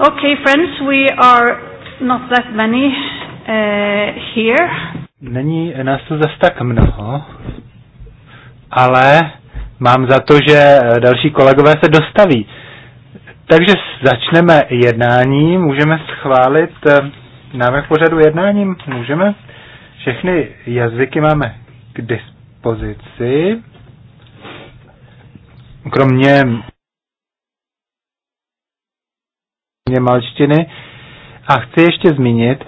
Okay, friends, we are not that many uh, here. Není nás tu zase tak mnoho, ale mám za to, že eh, další kolegové se dostaví. Takže začneme jednání, můžeme schválit eh, návrh pořadu jednáním, můžeme. Všechny jazyky máme k dispozici, kromě kromě malštiny. A chci ještě zmínit,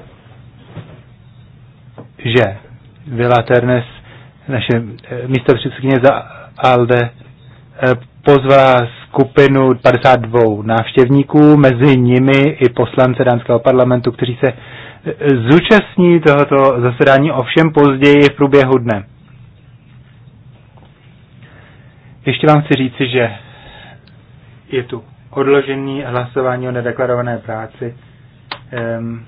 že Vila Ternes, naše eh, místo předsedkyně za ALDE, eh, pozvala skupinu 52 návštěvníků, mezi nimi i poslance dánského parlamentu, kteří se eh, zúčastní tohoto zasedání ovšem později v průběhu dne. Ještě vám chci říci, že je tu odložení hlasování o nedeklarované práci um,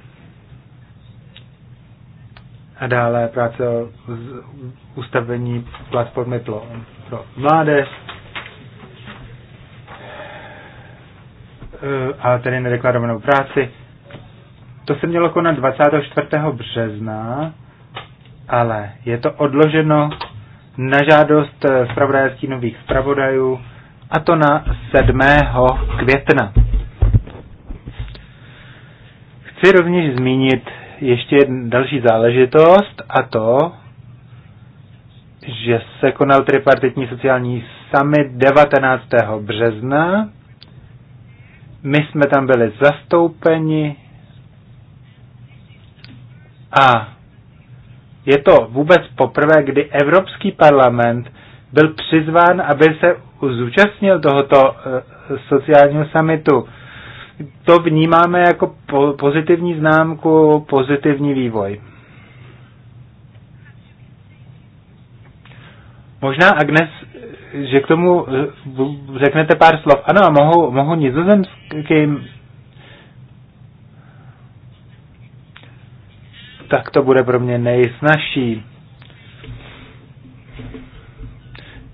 a dále práce o ustavení platformy pro, pro mládež e, a tedy nedeklarovanou práci. To se mělo konat 24. března, ale je to odloženo na žádost e, zpravodajství nových zpravodajů a to na 7. května. Chci rovněž zmínit ještě další záležitost a to, že se konal tripartitní sociální summit 19. března. My jsme tam byli zastoupeni a je to vůbec poprvé, kdy Evropský parlament byl přizván, aby se zúčastnil tohoto eh, sociálního summitu. To vnímáme jako pozitivní známku, pozitivní vývoj. Možná, Agnes, že k tomu eh, řeknete pár slov. Ano, a mohu, mohu nizozemským. Tak to bude pro mě nejsnažší.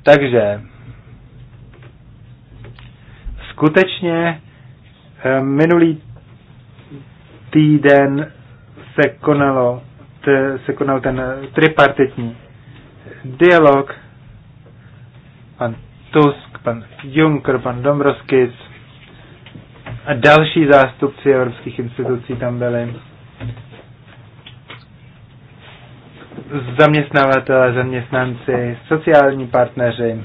Takže, skutečně eh, minulý týden se, konalo, se konal ten eh, tripartitní dialog. Pan Tusk, pan Juncker, pan Dombrovskis a další zástupci evropských institucí tam byli. Zaměstnavatele, zaměstnanci, sociální partneři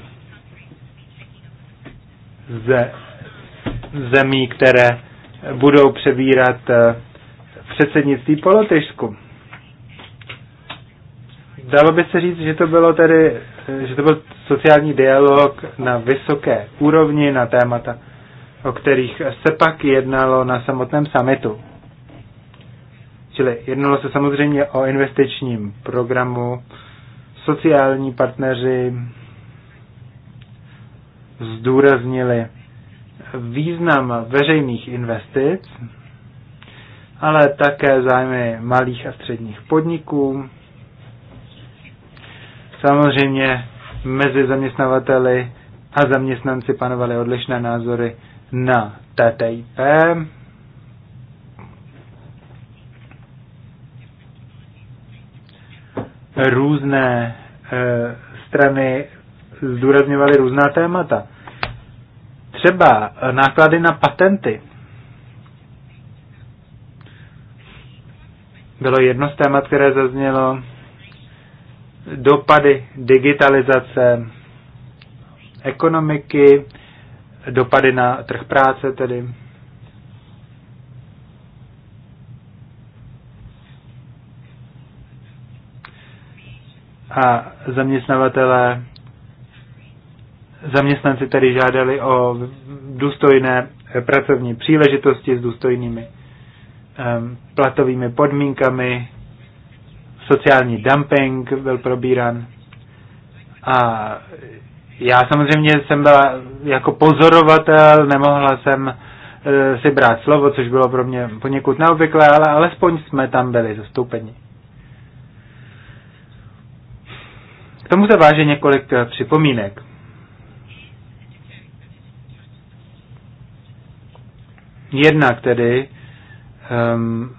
ze zemí, které budou přebírat eh, předsednictví po Lotyšsku. Dalo by se říct, že to bylo tedy, eh, že to byl sociální dialog na vysoké úrovni, na témata, o kterých se pak jednalo na samotném summitu. Čili jednalo se samozřejmě o investičním programu, sociální partneři zdůraznili význam veřejných investic, ale také zájmy malých a středních podniků. Samozřejmě mezi zaměstnavateli a zaměstnanci panovaly odlišné názory na TTIP. Různé e, strany zdůrazňovaly různá témata. Třeba náklady na patenty. Bylo jedno z témat, které zaznělo. Dopady digitalizace ekonomiky, dopady na trh práce tedy. A zaměstnavatele zaměstnanci tady žádali o důstojné pracovní příležitosti s důstojnými platovými podmínkami, sociální dumping byl probíran. A já samozřejmě jsem byla jako pozorovatel, nemohla jsem eh, si brát slovo, což bylo pro mě poněkud neobvyklé, ale alespoň jsme tam byli zastoupeni. K tomu se váže několik eh, připomínek. Jednak tedy um,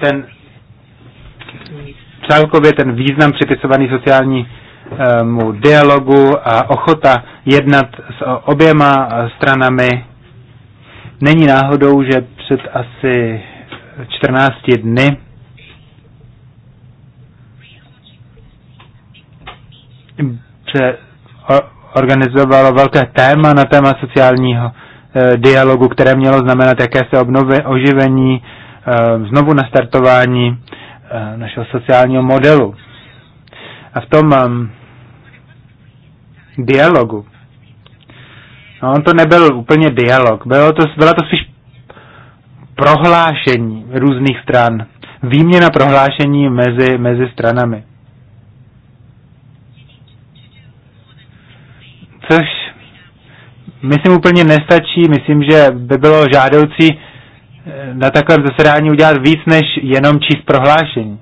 ten celkově ten význam připisovaný sociálnímu dialogu a ochota jednat s oběma stranami. Není náhodou, že před asi 14 dny organizovalo velké téma na téma sociálního Eh, dialogu, které mělo znamenat jakési obnovy, oživení, eh, znovu nastartování eh, našeho sociálního modelu. A v tom dialogu, no, on to nebyl úplně dialog, bylo to, byla to spíš prohlášení různých stran, výměna prohlášení mezi, mezi stranami. Což myslím úplně nestačí, myslím, že by bylo žádoucí eh, na takovém zasedání udělat víc, než jenom číst prohlášení.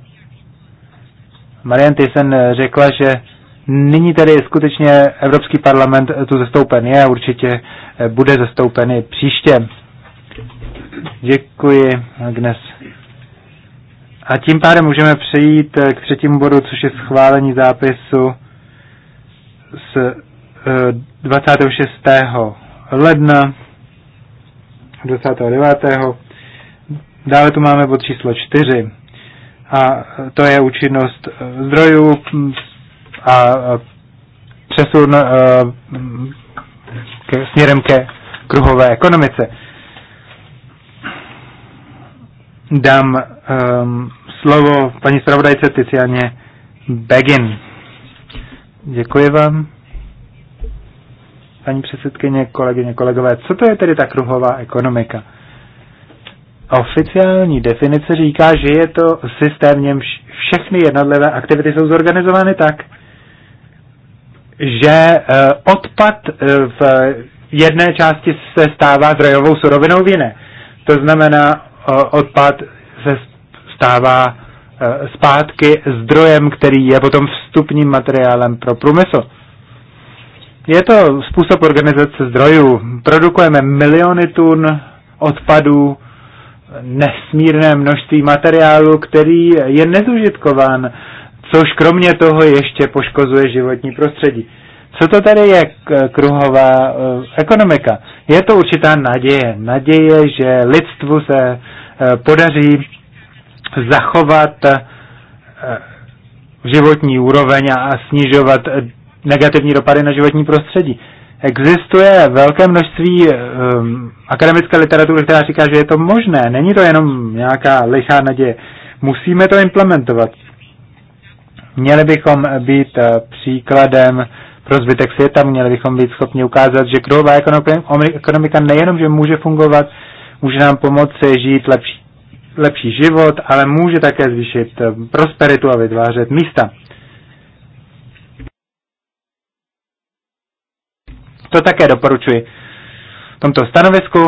Marian Thyssen eh, řekla, že nyní tady skutečně Evropský parlament eh, tu zastoupen je a určitě bude zastoupen i příště. Děkuji, Agnes. A tím pádem můžeme přejít k třetímu bodu, což je schválení zápisu s 26. ledna 29. Dále tu máme bod číslo 4 a to je účinnost eh, zdrojů a eh, přesun eh, ke, směrem ke kruhové ekonomice. Dám um, slovo paní zpravodajce Ticianě Begin. Děkuji vám paní předsedkyně, kolegyně, kolegové, co to je tedy ta kruhová ekonomika? Oficiální definice říká, že je to systém, v němž všechny jednotlivé aktivity jsou zorganizovány tak, že eh, odpad eh, v jedné části se stává zdrojovou surovinou v jiné. To znamená, odpad se stává eh, zpátky zdrojem, který je potom vstupním materiálem pro průmysl. Je to způsob organizace zdrojů. Produkujeme miliony tun odpadů, nesmírné množství materiálu, který je nezužitkován, což kromě toho ještě poškozuje životní prostředí. Co to tady je kruhová eh, ekonomika? Je to určitá naděje. Naděje, že lidstvu se eh, podaří zachovat eh, životní úroveň a snižovat negativní dopady na životní prostředí. Existuje velké množství um, akademické literatury, která říká, že je to možné. Není to jenom nějaká lichá naděje. Musíme to implementovat. Měli bychom být eh, příkladem pro zbytek světa, měli bychom být schopni ukázat, že kruhová ekonomika nejenom, že může fungovat, může nám pomoci žít lepší, lepší život, ale může také zvýšit eh, prosperitu a vytvářet místa. To také doporučuji v tomto stanovisku,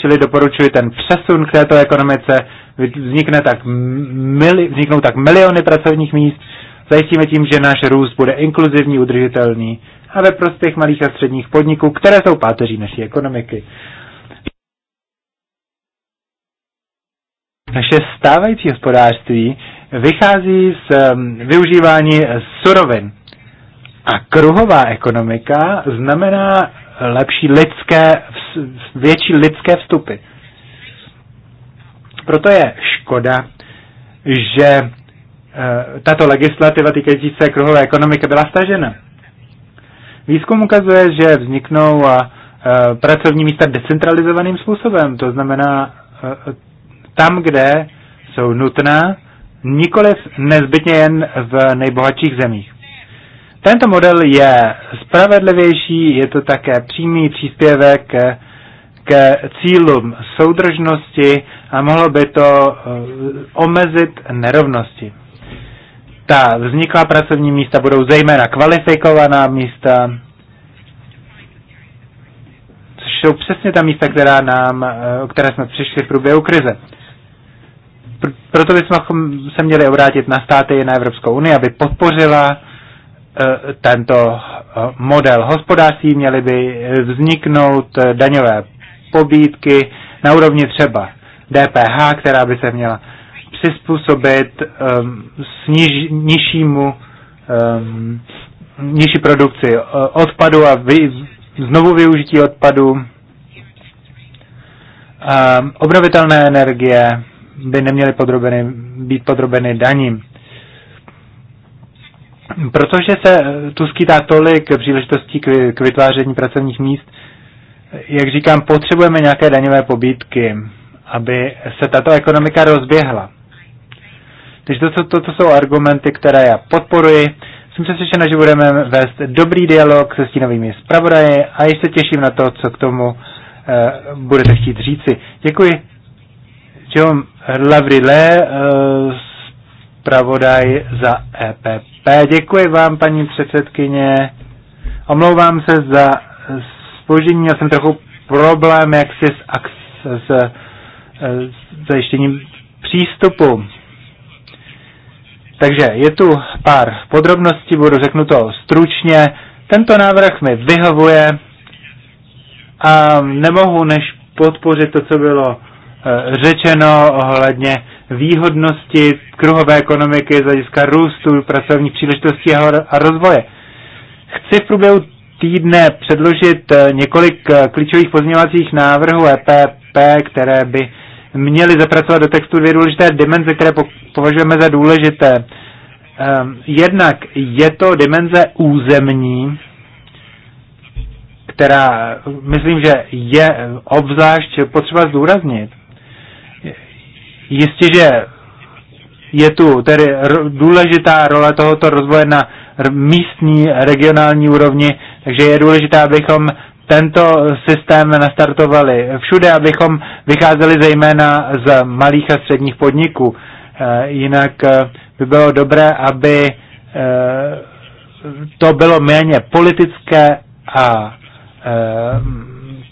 čili doporučuji ten přesun k této ekonomice. Vznikne tak mili, vzniknou tak miliony pracovních míst. Zajistíme tím, že náš růst bude inkluzivní, udržitelný a ve prospěch malých a středních podniků, které jsou páteří naší ekonomiky. Naše stávající hospodářství vychází z um, využívání surovin. A kruhová ekonomika znamená lepší lidské, větší lidské vstupy. Proto je škoda, že eh, tato legislativa týkající se kruhové ekonomiky byla stažena. Výzkum ukazuje, že vzniknou eh, pracovní místa decentralizovaným způsobem, to znamená eh, tam, kde jsou nutná, nikoliv nezbytně jen v nejbohatších zemích. Tento model je spravedlivější, je to také přímý příspěvek eh, k cílům soudržnosti a mohlo by to eh, omezit nerovnosti. Ta vzniklá pracovní místa budou zejména kvalifikovaná místa, což jsou přesně ta místa, která nám, o eh, které jsme přišli v průběhu krize. Proto bychom se měli obrátit na státy i na Evropskou unii, aby podpořila Eh, tento eh, model hospodářství, měly by eh, vzniknout daňové pobídky na úrovni třeba DPH, která by se měla přizpůsobit um, ehm, sniž, nižšímu um, nižší produkci odpadu a vy, znovu využití odpadu. Um, obnovitelné energie by neměly podrobeny, být podrobeny daním. Protože se eh, tu skýtá tolik příležitostí k vytváření pracovních míst, jak říkám, potřebujeme nějaké daňové pobídky, aby se tato ekonomika rozběhla. Takže toto to, to jsou argumenty, které já podporuji. Jsem přesvědčena, že budeme vést dobrý dialog se stínovými zpravodaji a již se těším na to, co k tomu uh, budete chtít říci. Děkuji. John Lavrile uh, eh, zpravodaj za EPP. Děkuji vám, paní předsedkyně. Omlouvám se za spoždění, měl jsem trochu problém, jak si s, s, s, s zajištěním přístupu. Takže je tu pár podrobností, budu řeknu to stručně. Tento návrh mi vyhovuje a nemohu než podpořit to, co bylo řečeno ohledně výhodnosti kruhové ekonomiky z hlediska růstu, pracovních příležitostí a rozvoje. Chci v průběhu týdne předložit eh, několik eh, klíčových pozměňovacích návrhů EPP, které by měly zapracovat do textu dvě důležité dimenze, které považujeme za důležité. Ehm, jednak je to dimenze územní, která myslím, že je obzvlášť potřeba zdůraznit. Jistě, že je tu tedy důležitá role tohoto rozvoje na místní, regionální úrovni, takže je důležité, abychom tento systém nastartovali všude, abychom vycházeli zejména z malých a středních podniků. Eh, jinak eh, by bylo dobré, aby eh, to bylo méně politické a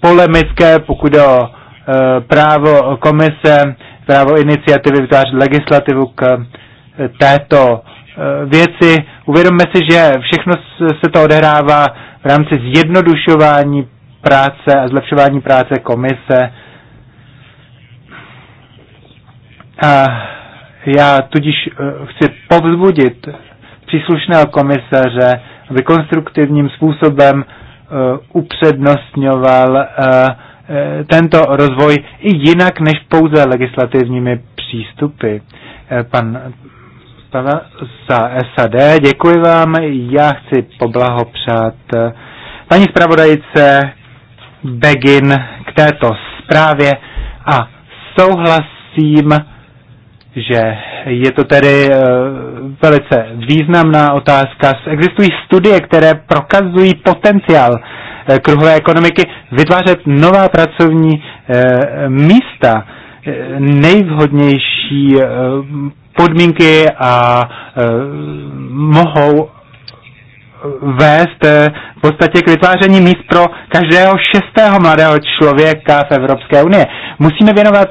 polemické, pokud o právo komise právo iniciativy vytvářet legislativu k eh, této eh, věci. Uvědomme si, že všechno se to odehrává v rámci zjednodušování práce a zlepšování práce komise. A já tudíž eh, chci povzbudit příslušného komisaře, aby konstruktivním způsobem upřednostňoval Eh, tento rozvoj i jinak než pouze legislativními přístupy. Eh, pan Pavel za SAD, děkuji vám, já chci poblahopřát eh, paní zpravodajice Begin k této zprávě a souhlasím, že je to tedy velice významná otázka. Existují studie, které prokazují potenciál Eh, kruhové ekonomiky, vytvářet nová pracovní eh, místa, eh, nejvhodnější podmínky a mohou vést v podstatě k vytváření míst pro každého šestého mladého člověka v Evropské unii. Musíme věnovat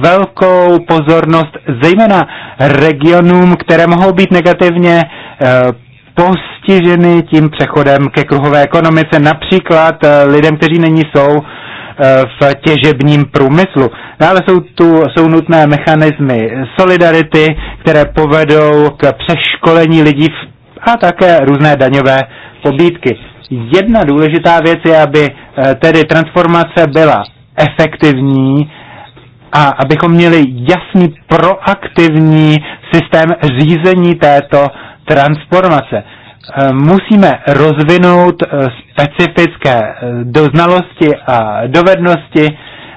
velkou pozornost zejména regionům, které mohou být negativně postiženy tím přechodem ke kruhové ekonomice, například eh, lidem, kteří není jsou eh, v těžebním průmyslu. Dále no, jsou tu jsou nutné mechanismy solidarity, které povedou k přeškolení lidí a také různé daňové pobídky. Jedna důležitá věc je, aby eh, tedy transformace byla efektivní a abychom měli jasný proaktivní systém řízení této transformace. Eh, musíme rozvinout eh, specifické eh, doznalosti a dovednosti,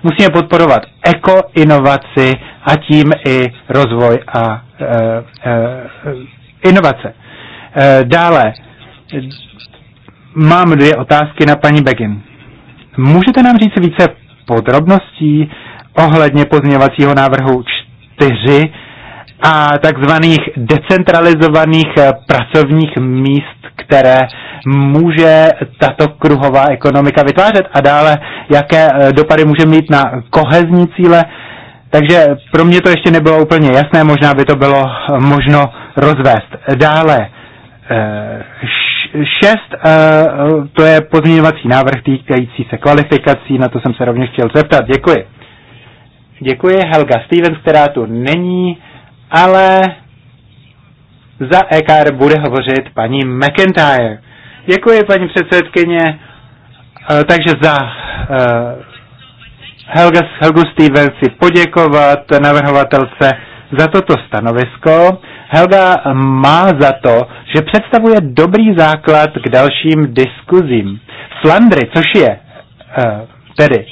musíme podporovat ekoinovaci a tím i rozvoj a inovace. Dále mám dvě otázky na paní Begin. Můžete nám říct více podrobností ohledně pozměňovacího návrhu 4, a takzvaných decentralizovaných eh, pracovních míst, které může tato kruhová ekonomika vytvářet a dále, jaké eh, dopady může mít na kohezní cíle. Takže pro mě to ještě nebylo úplně jasné, možná by to bylo eh, možno rozvést. Dále, šest, to je pozměňovací návrh týkající se kvalifikací, na to jsem se rovněž chtěl zeptat. Děkuji. Děkuji Helga Stevens, která tu není ale za EKR bude hovořit paní McIntyre. Děkuji, paní předsedkyně. E, takže za e, Helga, Helgu Stevens si poděkovat navrhovatelce za toto stanovisko. Helga má za to, že představuje dobrý základ k dalším diskuzím. Flandry, což je e, tedy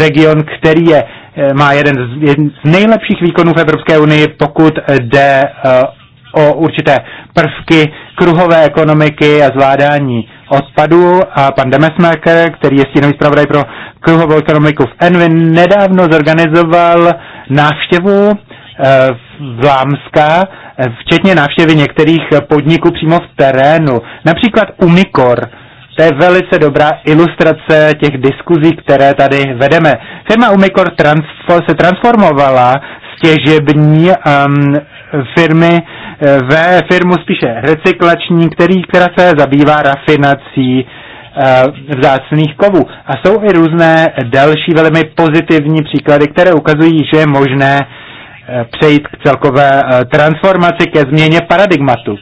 region, který je Eh, má jeden z, jeden z nejlepších výkonů v Evropské unii, pokud jde eh, o určité prvky kruhové ekonomiky a zvládání odpadů a pan Demesmaker, který je stínový zpravodaj pro kruhovou ekonomiku v Envy, nedávno zorganizoval návštěvu eh, v Lámska, včetně návštěvy některých podniků přímo v terénu, například umikor to je velice dobrá ilustrace těch diskuzí, které tady vedeme. Firma Umicor transfo- se transformovala z těžební um, firmy eh, ve firmu spíše recyklační, který, která se zabývá rafinací eh, vzácných kovů. A jsou i různé další velmi pozitivní příklady, které ukazují, že je možné eh, přejít k celkové transformaci, ke změně paradigmatu.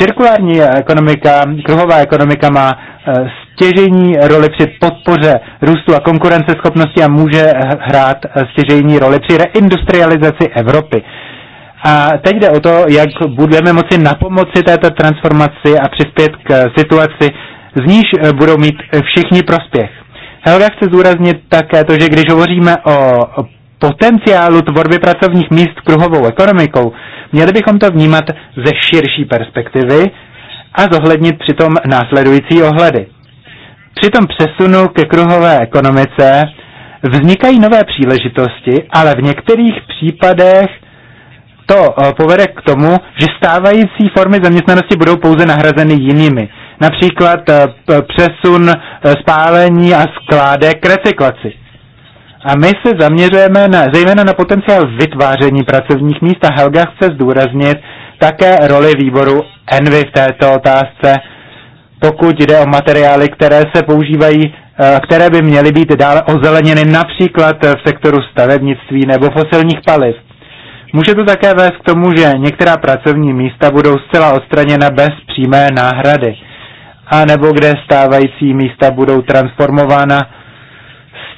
Cirkulární ekonomika, kruhová ekonomika má eh, stěžení roli při podpoře růstu a konkurenceschopnosti a může hrát eh, stěžení roli při reindustrializaci Evropy. A teď jde o to, jak budeme moci na pomoci této transformaci a přispět k situaci, z níž eh, budou mít všichni prospěch. Helga chce zúraznit také to, že když hovoříme o potenciálu tvorby pracovních míst kruhovou ekonomikou, měli bychom to vnímat ze širší perspektivy a zohlednit přitom následující ohledy. Při tom přesunu ke kruhové ekonomice vznikají nové příležitosti, ale v některých případech to eh, povede k tomu, že stávající formy zaměstnanosti budou pouze nahrazeny jinými. Například eh, přesun eh, spálení a skládek k recyklaci. A my se zaměřujeme na, zejména na potenciál vytváření pracovních míst a Helga chce zdůraznit také roli výboru Envy v této otázce, pokud jde o materiály, které se používají, eh, které by měly být dále ozeleněny například v sektoru stavebnictví nebo fosilních paliv. Může to také vést k tomu, že některá pracovní místa budou zcela odstraněna bez přímé náhrady, a nebo kde stávající místa budou transformována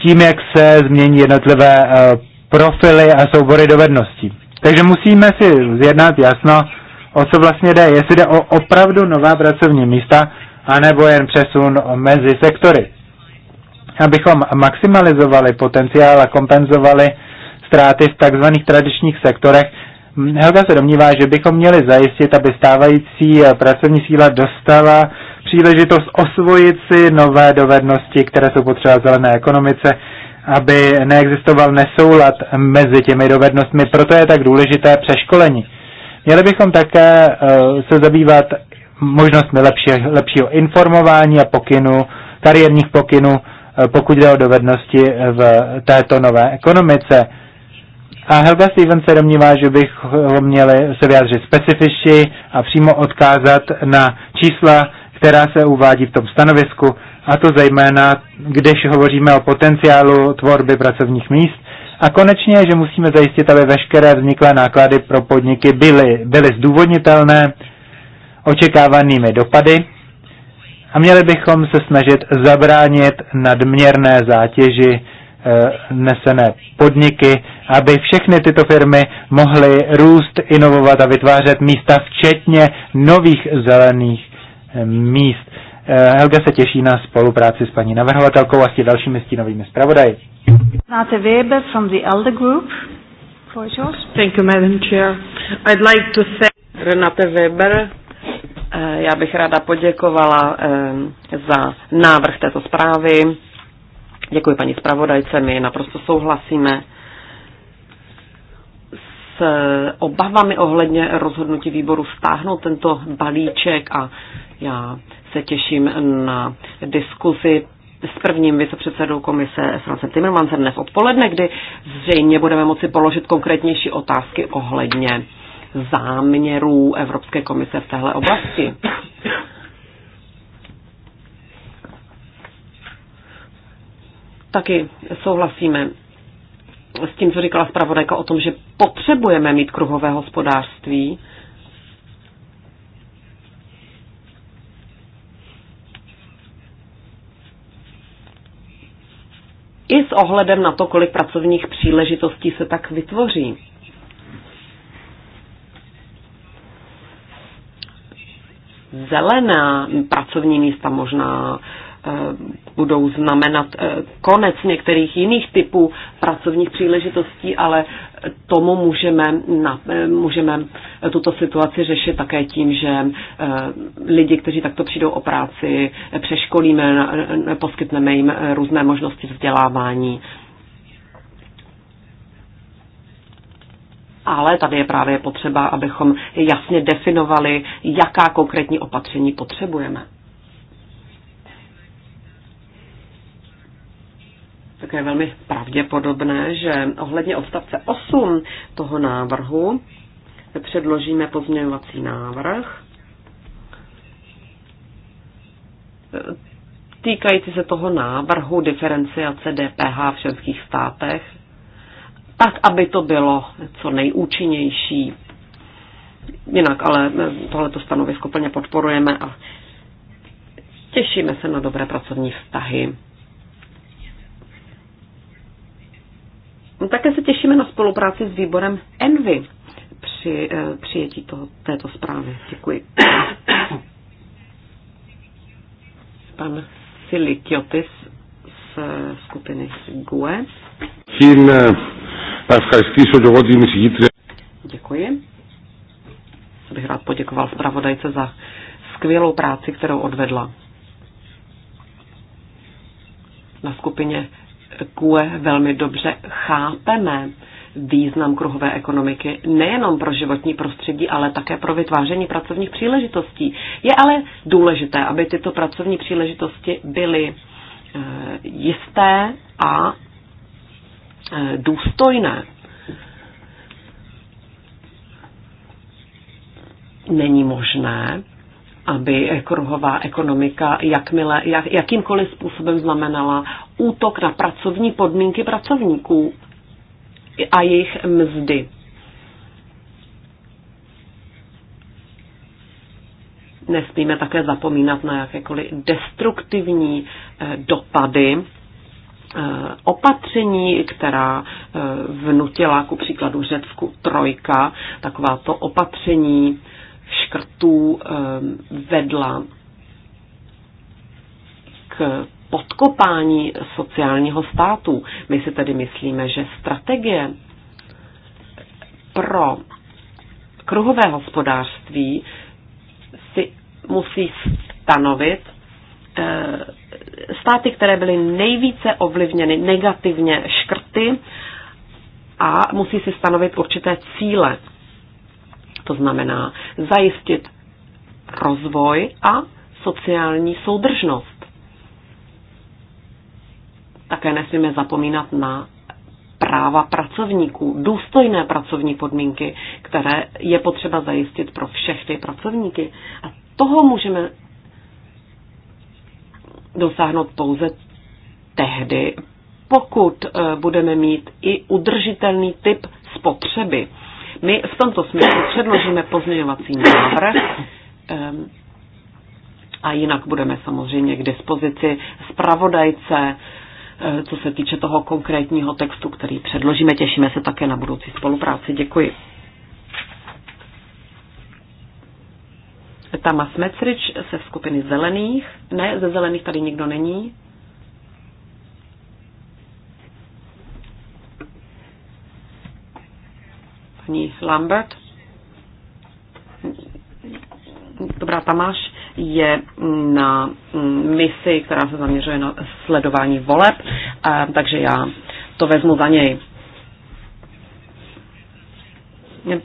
tím, jak se změní jednotlivé eh, profily a soubory dovedností. Takže musíme si zjednat jasno, o co vlastně jde, jestli jde o opravdu nová pracovní místa, anebo jen přesun mezi sektory. Abychom maximalizovali potenciál a kompenzovali ztráty v tzv. tradičních sektorech, hm, Helga se domnívá, že bychom měli zajistit, aby stávající eh, pracovní síla dostala příležitost osvojit si nové dovednosti, které jsou potřeba zelené ekonomice, aby neexistoval nesoulad mezi těmi dovednostmi. Proto je tak důležité přeškolení. Měli bychom také eh, se zabývat možnostmi lepšího, lepšího informování a pokynu, kariérních pokynů, eh, pokud jde o dovednosti v této nové ekonomice. A Helga Stevens se domnívá, že bychom měli se vyjádřit specifičtěji a přímo odkázat na čísla která se uvádí v tom stanovisku, a to zejména, když hovoříme o potenciálu tvorby pracovních míst. A konečně, že musíme zajistit, aby veškeré vzniklé náklady pro podniky byly, byly zdůvodnitelné očekávanými dopady a měli bychom se snažit zabránit nadměrné zátěži e, nesené podniky, aby všechny tyto firmy mohly růst, inovovat a vytvářet místa, včetně nových zelených míst. Eh, Helga se těší na spolupráci s paní navrhovatelkou a s dalšími stínovými zpravodaji. Renate Weber from the Elder Group. Thank you, Madam Chair. I'd like to thank Renate Weber. Eh, já bych ráda poděkovala eh, za návrh této zprávy. Děkuji paní zpravodajce, my naprosto souhlasíme Eh, obavami ohledně rozhodnutí výboru stáhnout tento balíček a já se těším na diskuzi s prvním vicepředsedou komise Francem Timmermansem dnes odpoledne, kdy zřejmě budeme moci položit konkrétnější otázky ohledně záměrů Evropské komise v téhle oblasti. Taky souhlasíme s tím, co říkala zpravodajka o tom, že potřebujeme mít kruhové hospodářství, i s ohledem na to, kolik pracovních příležitostí se tak vytvoří. Zelená pracovní místa možná, Eh, budou znamenat eh, konec některých jiných typů pracovních příležitostí, ale tomu můžeme, na, eh, můžeme tuto situaci řešit také tím, že lidi, kteří takto přijdou o práci, přeškolíme, poskytneme jim různé možnosti vzdělávání. Ale tady je právě potřeba, abychom jasně definovali, jaká konkrétní opatření potřebujeme. tak je velmi pravděpodobné, že ohledně odstavce 8 toho návrhu předložíme pozměňovací návrh týkající se toho návrhu diferenciace DPH v členských státech, tak, aby to bylo co nejúčinnější. Jinak ale eh, tohleto stanovisko plně podporujeme a těšíme se na dobré pracovní vztahy No, také se těšíme na spolupráci s výborem Envy při eh, přijetí toho, této zprávy. Děkuji. Pan Silikiotis z eh, skupiny GUE. Eh, Děkuji. Bych rád poděkoval zpravodajce za skvělou práci, kterou odvedla. Na skupině KUE velmi dobře chápeme význam kruhové ekonomiky nejenom pro životní prostředí, ale také pro vytváření pracovních příležitostí. Je ale důležité, aby tyto pracovní příležitosti byly eh, jisté a eh, důstojné. Není možné, aby kruhová ekonomika jakmile, jak, jakýmkoliv způsobem znamenala útok na pracovní podmínky pracovníků a jejich mzdy. Nesmíme také zapomínat na jakékoliv destruktivní eh, dopady eh, opatření, která eh, vnutila ku příkladu Řecku trojka, takováto opatření škrtů ehm, vedla k podkopání sociálního státu. My si tedy myslíme, že strategie pro kruhové hospodářství si musí stanovit ehm, státy, které byly nejvíce ovlivněny negativně škrty a musí si stanovit určité cíle. To znamená zajistit rozvoj a sociální soudržnost. Také nesmíme zapomínat na práva pracovníků, důstojné pracovní podmínky, které je potřeba zajistit pro všechny pracovníky. A toho můžeme dosáhnout pouze tehdy, pokud eh, budeme mít i udržitelný typ spotřeby. My v tomto smyslu předložíme pozměňovací návrh ehm, a jinak budeme samozřejmě k dispozici zpravodajce, eh, co se týče toho konkrétního textu, který předložíme. Těšíme se také na budoucí spolupráci. Děkuji. Tama Smecrič se skupiny zelených. Ne, ze zelených tady nikdo není. paní Lambert, dobrá Tamáš, je na misi, která se zaměřuje na sledování voleb, takže já to vezmu za něj.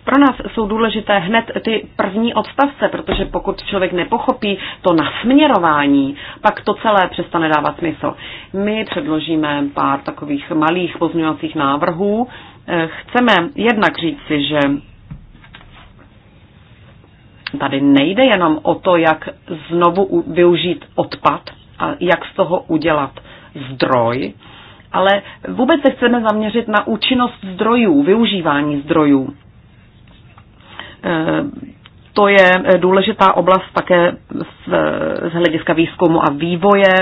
Pro nás jsou důležité hned ty první odstavce, protože pokud člověk nepochopí to nasměrování, pak to celé přestane dávat smysl. My předložíme pár takových malých pozměňovacích návrhů, Eh, chceme jednak říci, že tady nejde jenom o to, jak znovu využít odpad a jak z toho udělat zdroj, ale vůbec se chceme zaměřit na účinnost zdrojů, využívání zdrojů eh, to je eh, důležitá oblast také eh, z, hlediska výzkumu a vývoje.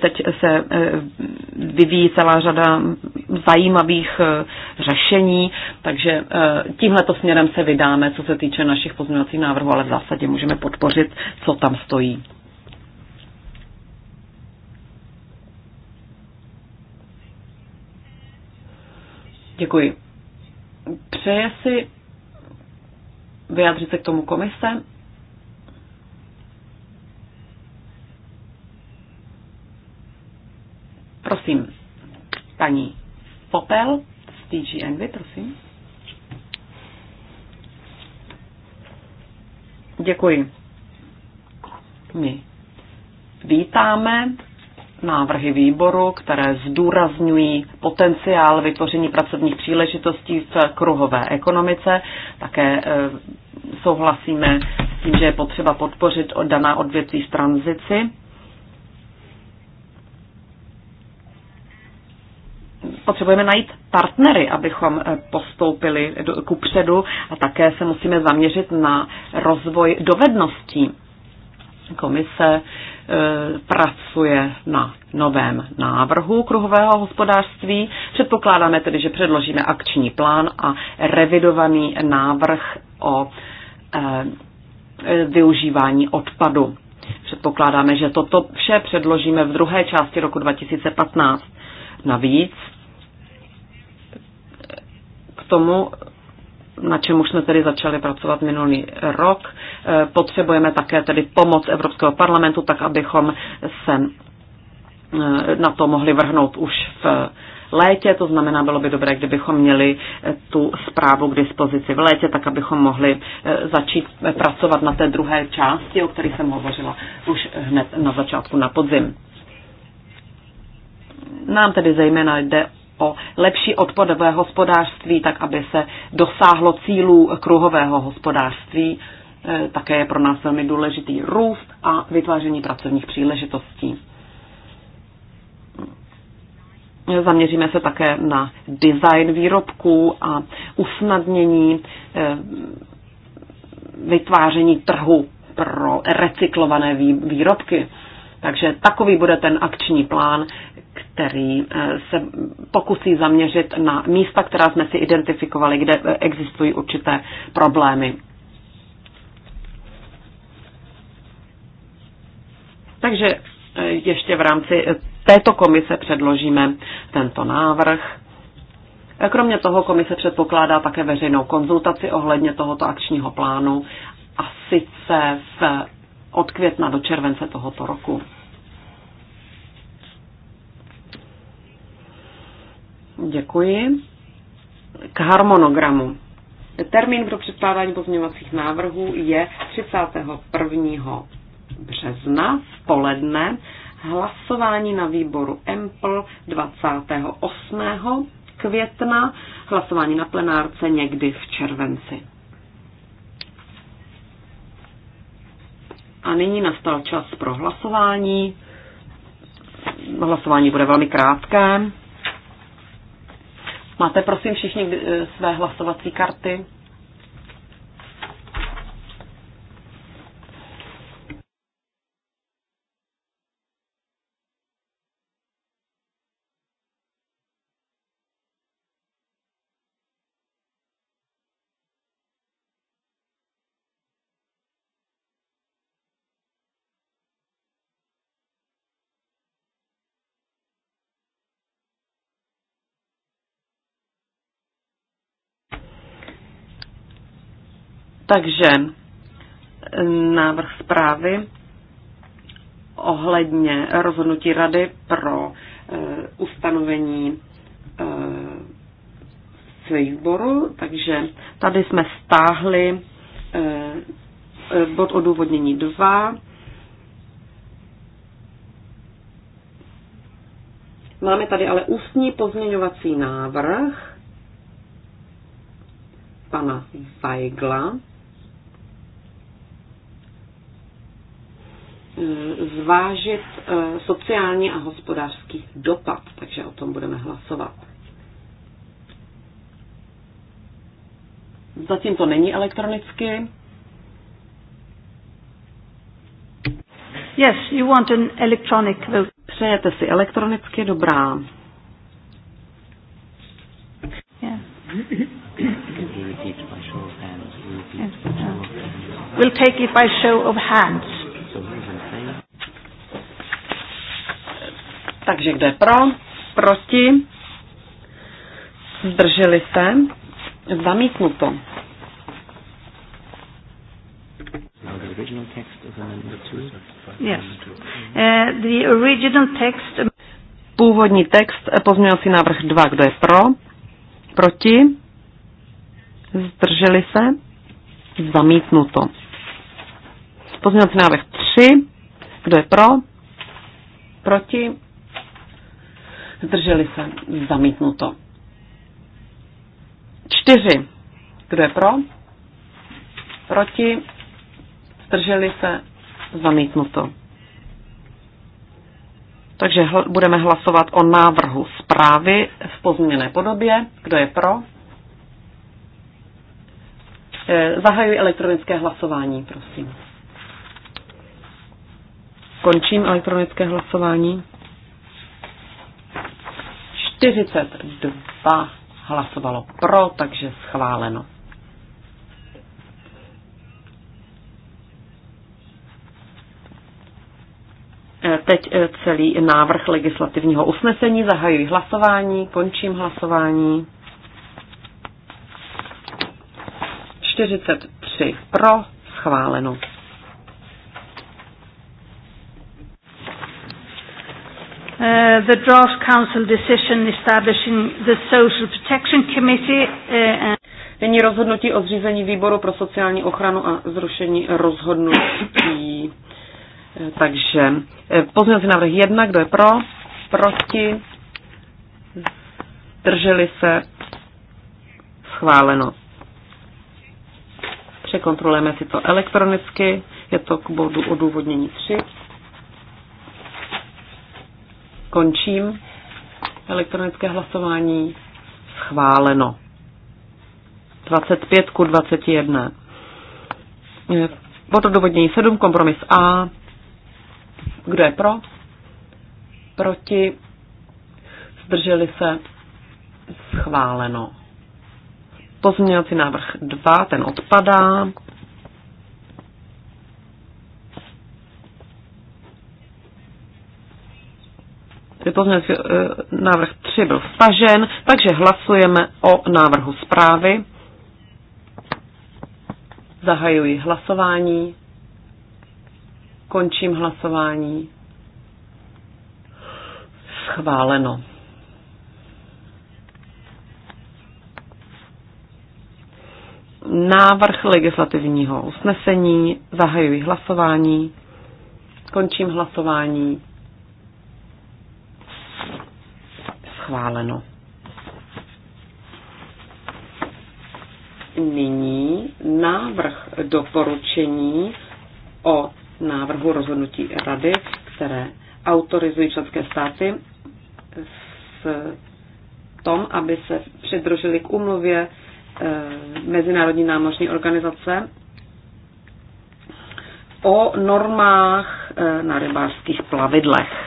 Teď se eh, vyvíjí celá řada zajímavých řešení, takže tímhleto směrem se vydáme, co se týče našich pozměňovacích návrhů, ale v zásadě můžeme podpořit, co tam stojí. Děkuji. Přeje si vyjádřit se k tomu komise. Prosím, paní Popel z DG Envy, prosím. Děkuji. My vítáme návrhy výboru, které zdůrazňují potenciál vytvoření pracovních příležitostí v kruhové ekonomice. Také eh, souhlasíme s tím, že je potřeba podpořit daná odvětví v tranzici. potřebujeme najít partnery, abychom eh, postoupili ku předu a také se musíme zaměřit na rozvoj dovedností. Komise Eh, pracuje na novém návrhu kruhového hospodářství. Předpokládáme tedy, že předložíme akční plán a revidovaný návrh o eh, využívání odpadu. Předpokládáme, že toto vše předložíme v druhé části roku 2015. Navíc k tomu, na čem už jsme tedy začali pracovat minulý rok, Eh, potřebujeme také tedy pomoc Evropského parlamentu, tak abychom se eh, na to mohli vrhnout už v eh, létě, to znamená, bylo by dobré, kdybychom měli tu zprávu k dispozici v létě, tak abychom mohli začít pracovat na té druhé části, o které jsem hovořila už hned na začátku na podzim. Nám tedy zejména jde o lepší odpadové hospodářství, tak aby se dosáhlo cílů kruhového hospodářství, Eh, také je pro nás velmi důležitý růst a vytváření pracovních příležitostí. Zaměříme se také na design výrobků a usnadnění eh, vytváření trhu pro recyklované výrobky. Takže takový bude ten akční plán, který eh, se pokusí zaměřit na místa, která jsme si identifikovali, kde existují určité problémy. Takže e, ještě v rámci e, této komise předložíme tento návrh. E, kromě toho komise předpokládá také veřejnou konzultaci ohledně tohoto akčního plánu a sice v, od května do července tohoto roku. Děkuji. K harmonogramu. Termín pro předkládání pozměňovacích návrhů je 31 března v poledne, hlasování na výboru EMPL 28. května, hlasování na plenárce někdy v červenci. A nyní nastal čas pro hlasování. Hlasování bude velmi krátké. Máte prosím všichni eh, své hlasovací karty? Takže návrh zprávy ohledně rozhodnutí Rady pro eh, ustanovení eh, svých výboru, takže tady jsme stáhli eh, bod odůvodnění 2. Máme tady ale ústní pozměňovací návrh pana Weigla, zvážit eh, sociální a hospodářský dopad, takže o tom budeme hlasovat. Zatím to není elektronicky. Yes, you want an electronic vote. Přejete si elektronicky, dobrá. Yeah. We'll take it by show of hands. Uh, Takže kde pro? Proti? Zdrželi se? Zamítnuto. Yes. Původní text, pozměňovací návrh 2, kdo je pro? Proti? Zdrželi se? Zamítnuto. Pozměňovací návrh 3, kdo je pro? Proti? zdrželi se, zamítnuto. Čtyři. Kdo je pro? Proti? Zdrželi se? Zamítnuto. Takže hl- budeme hlasovat o návrhu zprávy v pozměněné podobě. Kdo je pro? E, zahajuji elektronické hlasování, prosím. Končím elektronické hlasování. 42 hlasovalo pro, takže schváleno. E, teď e, celý návrh legislativního usnesení. Zahajuji hlasování, končím hlasování. 43 pro, schváleno. Uh, the draft council decision establishing the social protection committee uh, and Nyní rozhodnutí o zřízení výboru pro sociální ochranu a zrušení rozhodnutí. Eh, takže eh, pozměňovací návrh jedna, kdo je pro, proti, drželi se, schváleno. Překontrolujeme si to elektronicky, je to k bodu odůvodnění 3. Končím. Elektronické hlasování schváleno. 25 ku 21. Eh, bod odůvodnění 7, kompromis A. Kdo je pro? Proti? Zdrželi se? Schváleno. Pozměňovací návrh 2, ten odpadá. Pozměňovací eh, návrh 3 byl stažen, takže hlasujeme o návrhu zprávy. Zahajuji hlasování. Končím hlasování. Schváleno. Návrh legislativního usnesení. Zahajuji hlasování. Končím hlasování. schváleno. Nyní návrh doporučení o návrhu rozhodnutí Rady, které autorizují členské státy s tom, aby se přidružili k umluvě eh, Mezinárodní námořní organizace o normách eh, na rybářských plavidlech.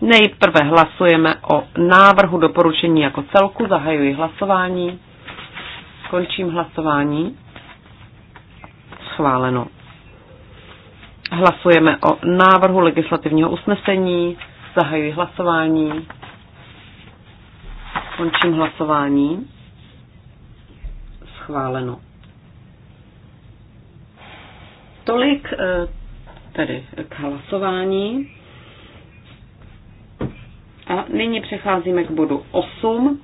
Nejprve hlasujeme o návrhu doporučení jako celku. Zahajuji hlasování. Končím hlasování. Schváleno. Hlasujeme o návrhu legislativního usnesení. Zahajuji hlasování. Končím hlasování. Schváleno. Tolik eh, tedy k hlasování. A nyní přecházíme k bodu 8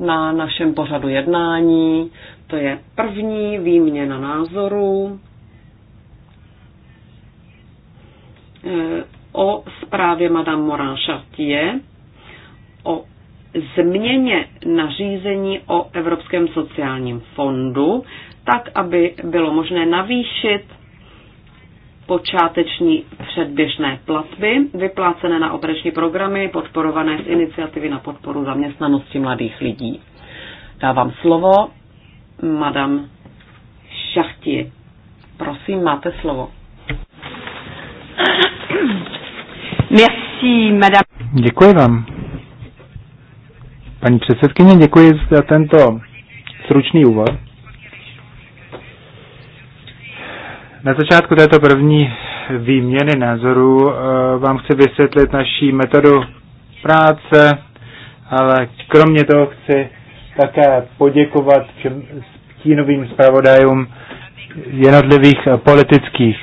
na našem pořadu jednání. To je první výměna názorů eh, o zprávě Madame Morin Chartier o změně nařízení o Evropském sociálním fondu, tak, aby bylo možné navýšit počáteční předběžné platby, vyplácené na operační programy, podporované z iniciativy na podporu zaměstnanosti mladých lidí. Dávám slovo madam Šachti. Prosím, máte slovo. Merci, madame. Děkuji vám. Paní předsedkyně, děkuji za tento stručný úvod. Na začátku této první výměny názorů eh, vám chci vysvětlit naší metodu práce, ale kromě toho chci také poděkovat všem stínovým zpravodajům jednotlivých politických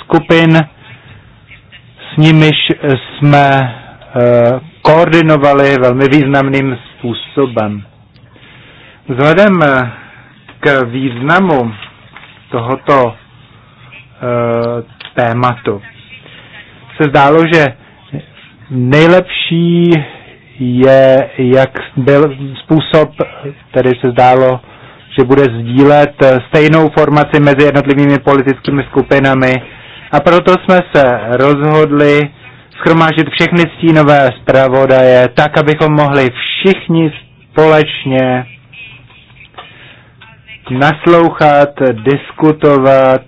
skupin. S nimiž jsme eh, koordinovali velmi významným způsobem. Vzhledem eh, k významu tohoto Eh, tématu. Se zdálo, že nejlepší je, jak byl způsob, tedy se zdálo, že bude sdílet stejnou formaci mezi jednotlivými politickými skupinami a proto jsme se rozhodli schromážit všechny stínové zpravodaje tak, abychom mohli všichni společně naslouchat, diskutovat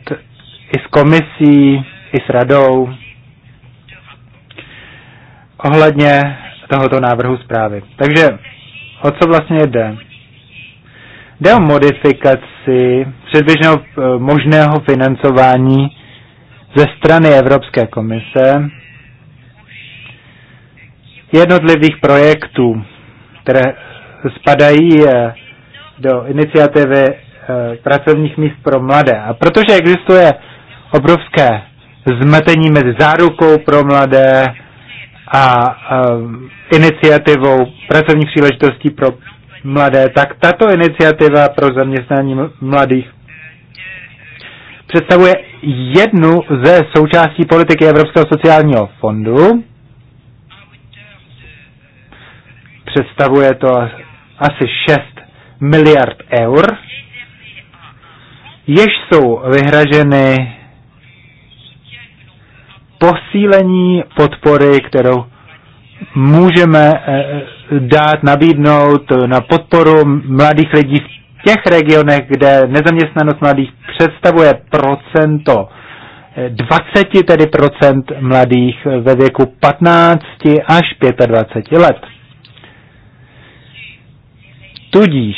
i s komisí, i s radou ohledně tohoto návrhu zprávy. Takže o co vlastně jde? Jde o modifikaci předběžného eh, možného financování ze strany Evropské komise jednotlivých projektů, které spadají eh, do iniciativy eh, pracovních míst pro mladé. A protože existuje obrovské zmetení mezi zárukou pro mladé a iniciativou pracovních příležitostí pro mladé, tak tato iniciativa pro zaměstnání mladých představuje jednu ze součástí politiky Evropského sociálního fondu. Představuje to asi 6 miliard eur, jež jsou vyhraženy posílení podpory, kterou můžeme eh, eh, dát, nabídnout na podporu mladých lidí v těch regionech, kde nezaměstnanost mladých představuje procento 20 eh, tedy procent mladých ve věku 15 až 25 let. Tudíž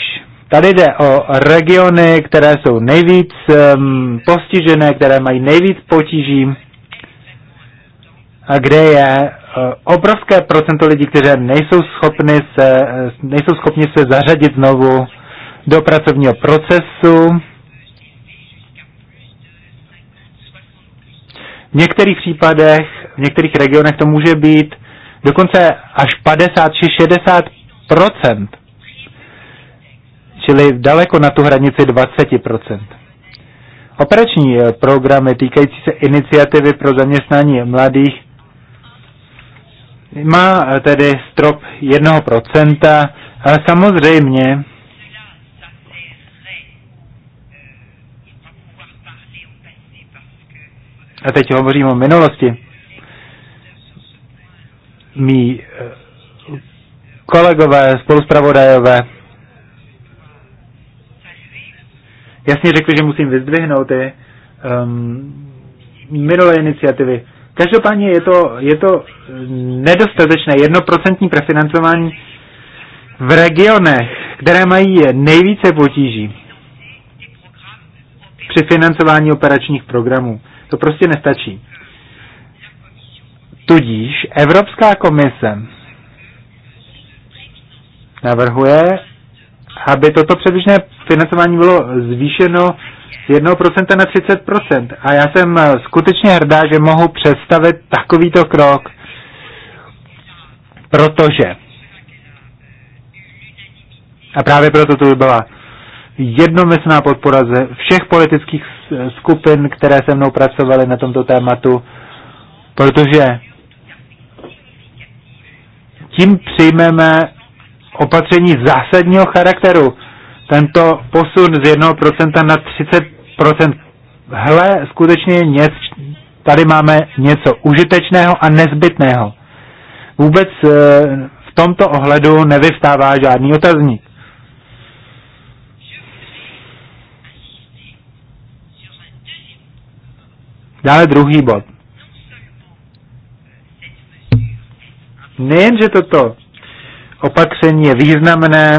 tady jde o regiony, které jsou nejvíc um, postižené, které mají nejvíc potíží kde je eh, obrovské procento lidí, kteří nejsou, schopni se, eh, nejsou schopni se zařadit znovu do pracovního procesu. V některých případech, v některých regionech to může být dokonce až 50 či 60 čili daleko na tu hranici 20 procent. Operační eh, programy týkající se iniciativy pro zaměstnání mladých má eh, tedy strop 1%, ale samozřejmě a teď hovořím o minulosti, mý eh, kolegové, spoluspravodajové. jasně řekli, že musím vyzdvihnout ty um, minulé iniciativy. Každopádně je to, je to eh, nedostatečné jednoprocentní prefinancování v regionech, které mají nejvíce potíží při financování operačních programů. To prostě nestačí. Tudíž Evropská komise navrhuje aby toto předběžné financování bylo zvýšeno z 1% na 30%. A já jsem eh, skutečně hrdá, že mohu představit takovýto krok, protože a právě proto to by byla jednomyslná podpora ze všech politických eh, skupin, které se mnou pracovaly na tomto tématu, protože tím přijmeme opatření zásadního charakteru. Tento posun z 1% na 30%. Hle, skutečně něco, tady máme něco užitečného a nezbytného. Vůbec eh, v tomto ohledu nevystává žádný otazník. Dále druhý bod. Nejenže toto opatření je významné,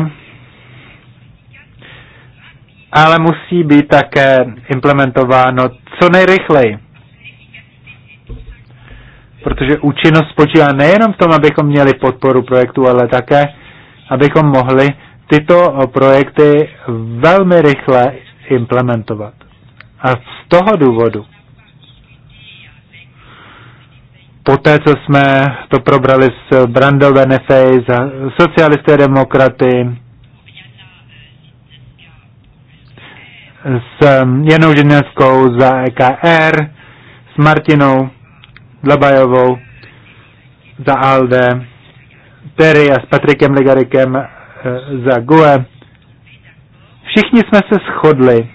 ale musí být také implementováno co nejrychleji. Protože účinnost spočívá nejenom v tom, abychom měli podporu projektu, ale také, abychom mohli tyto projekty velmi rychle implementovat. A z toho důvodu poté, co jsme to probrali s Brandel Benefej, za socialisté demokraty, s um, Janou Ženevskou za EKR, s Martinou Dlabajovou za ALDE, Terry a s Patrikem Ligarikem eh, za GUE. Všichni jsme se shodli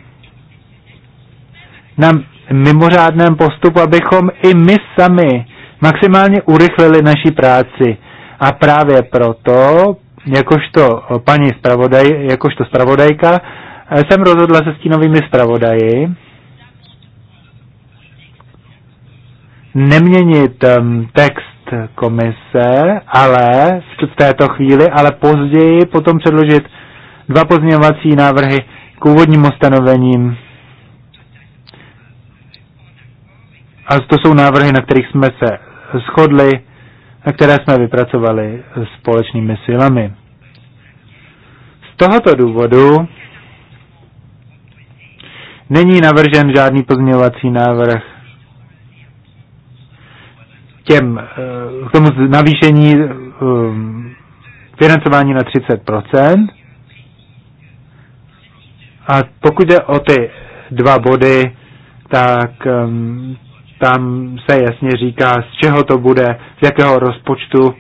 na mimořádném postupu, abychom i my sami maximálně urychlili naší práci. A právě proto, jakožto paní spravodaj, jakožto spravodajka, jsem rozhodla se stínovými zpravodaji neměnit text komise, ale v této chvíli, ale později potom předložit dva pozměňovací návrhy k úvodním ustanovením. A to jsou návrhy, na kterých jsme se shodli a které jsme vypracovali společnými silami. Z tohoto důvodu není navržen žádný pozměňovací návrh těm, eh, k tomu navýšení eh, financování na 30%. A pokud jde o ty dva body, tak eh, tam se jasně říká, z čeho to bude, z jakého rozpočtu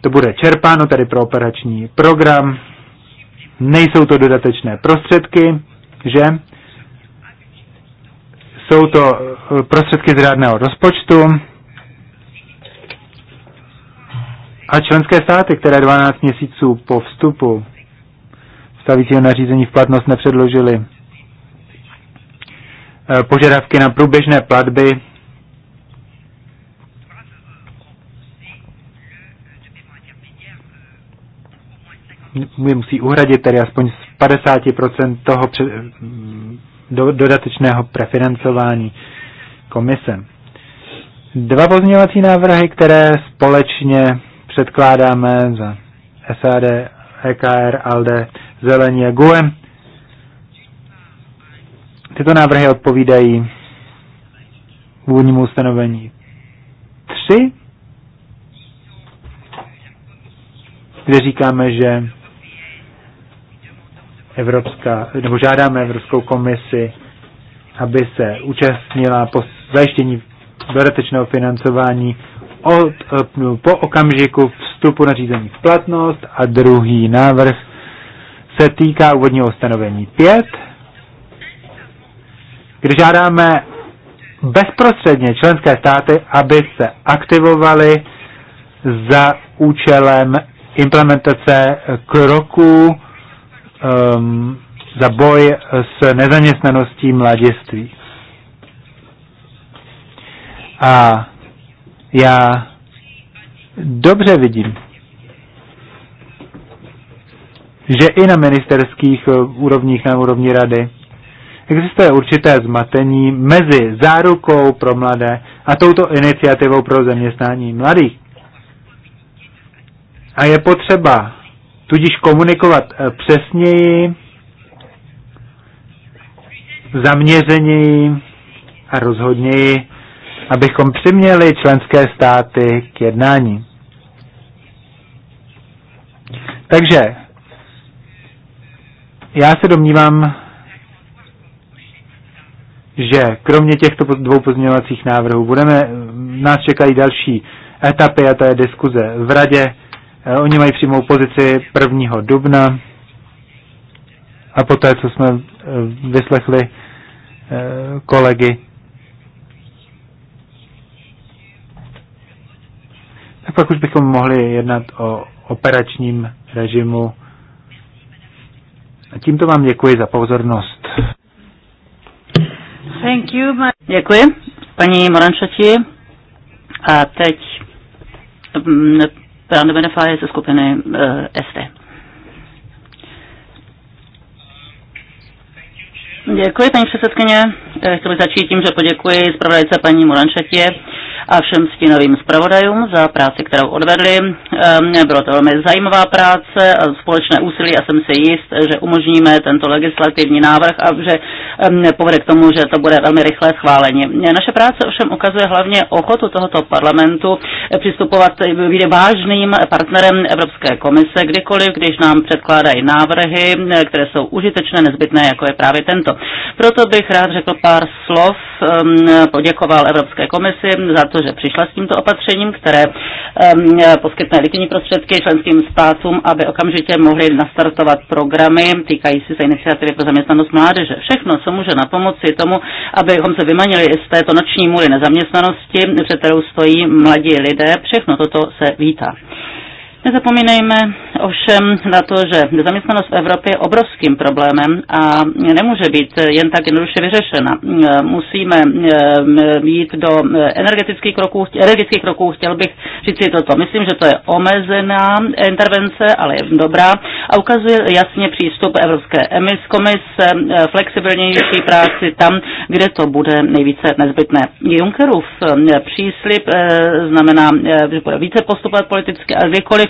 to bude čerpáno, tedy pro operační program. Nejsou to dodatečné prostředky, že? Jsou to eh, prostředky z řádného rozpočtu a členské státy, které 12 měsíců po vstupu stavícího nařízení v platnost nepředložili Eh, požadavky na průběžné platby. musí uhradit tedy aspoň z 50% toho před, eh, do, dodatečného prefinancování komise. Dva pozměňovací návrhy, které společně předkládáme za SAD, EKR, ALDE, Zelení a GUEM Tyto návrhy odpovídají původnímu ustanovení 3, kde říkáme, že Evropská, nebo žádáme Evropskou komisi, aby se účastnila po zajištění dodatečného financování od, po okamžiku vstupu na řízení v platnost a druhý návrh se týká úvodního ustanovení 5, kdy žádáme bezprostředně členské státy, aby se aktivovaly za účelem implementace kroků um, za boj s nezaměstnaností mladiství. A já dobře vidím, že i na ministerských úrovních, na úrovni rady, Existuje určité zmatení mezi zárukou pro mladé a touto iniciativou pro zaměstnání mladých. A je potřeba tudíž komunikovat eh, přesněji, zaměřeněji a rozhodněji, abychom přiměli členské státy k jednání. Takže já se domnívám, že kromě těchto dvou pozměňovacích návrhů budeme, nás čekají další etapy a to je diskuze v radě. Eh, oni mají přímou pozici 1. dubna a poté, co jsme eh, vyslechli eh, kolegy, tak pak už bychom mohli jednat o operačním režimu. A tímto vám děkuji za pozornost. Thank you, Děkuji, paní Morančati. A teď mm, Brando Benefáje ze skupiny uh, eh, SD. Děkuji, paní předsedkyně. Eh, Chtěl bych začít tím, že poděkuji zpravodajce paní Morančatě a všem stínovým zpravodajům za práci, kterou odvedli. Ehm, bylo to velmi zajímavá práce a společné úsilí a jsem si jist, že umožníme tento legislativní návrh a že ehm, povede k tomu, že to bude velmi rychlé schválení. Naše práce ovšem ukazuje hlavně ochotu tohoto parlamentu přistupovat eh, být vážným partnerem Evropské komise kdykoliv, když nám předkládají návrhy, eh, které jsou užitečné, nezbytné, jako je právě tento. Proto bych rád řekl pár slov, ehm, poděkoval Evropské komisi za to, protože přišla s tímto opatřením, které poskytne likvidní prostředky členským státům, aby okamžitě mohly nastartovat programy týkající se iniciativy pro zaměstnanost mládeže. Všechno, co může na pomoci tomu, abychom se vymanili z této noční můry nezaměstnanosti, před kterou stojí mladí lidé, všechno toto se vítá. Nezapomínejme ovšem na to, že nezaměstnanost v Evropě je obrovským problémem a nemůže být jen tak jednoduše vyřešena. Musíme eh, jít do energetických kroků, energetických kroků. Chtěl bych říct si toto. Myslím, že to je omezená intervence, ale je dobrá a ukazuje jasně přístup Evropské emis komise, eh, flexibilnější práci tam, kde to bude nejvíce nezbytné. Junckerův eh, příslip znamená, že bude více postupovat politicky, ale kdykoliv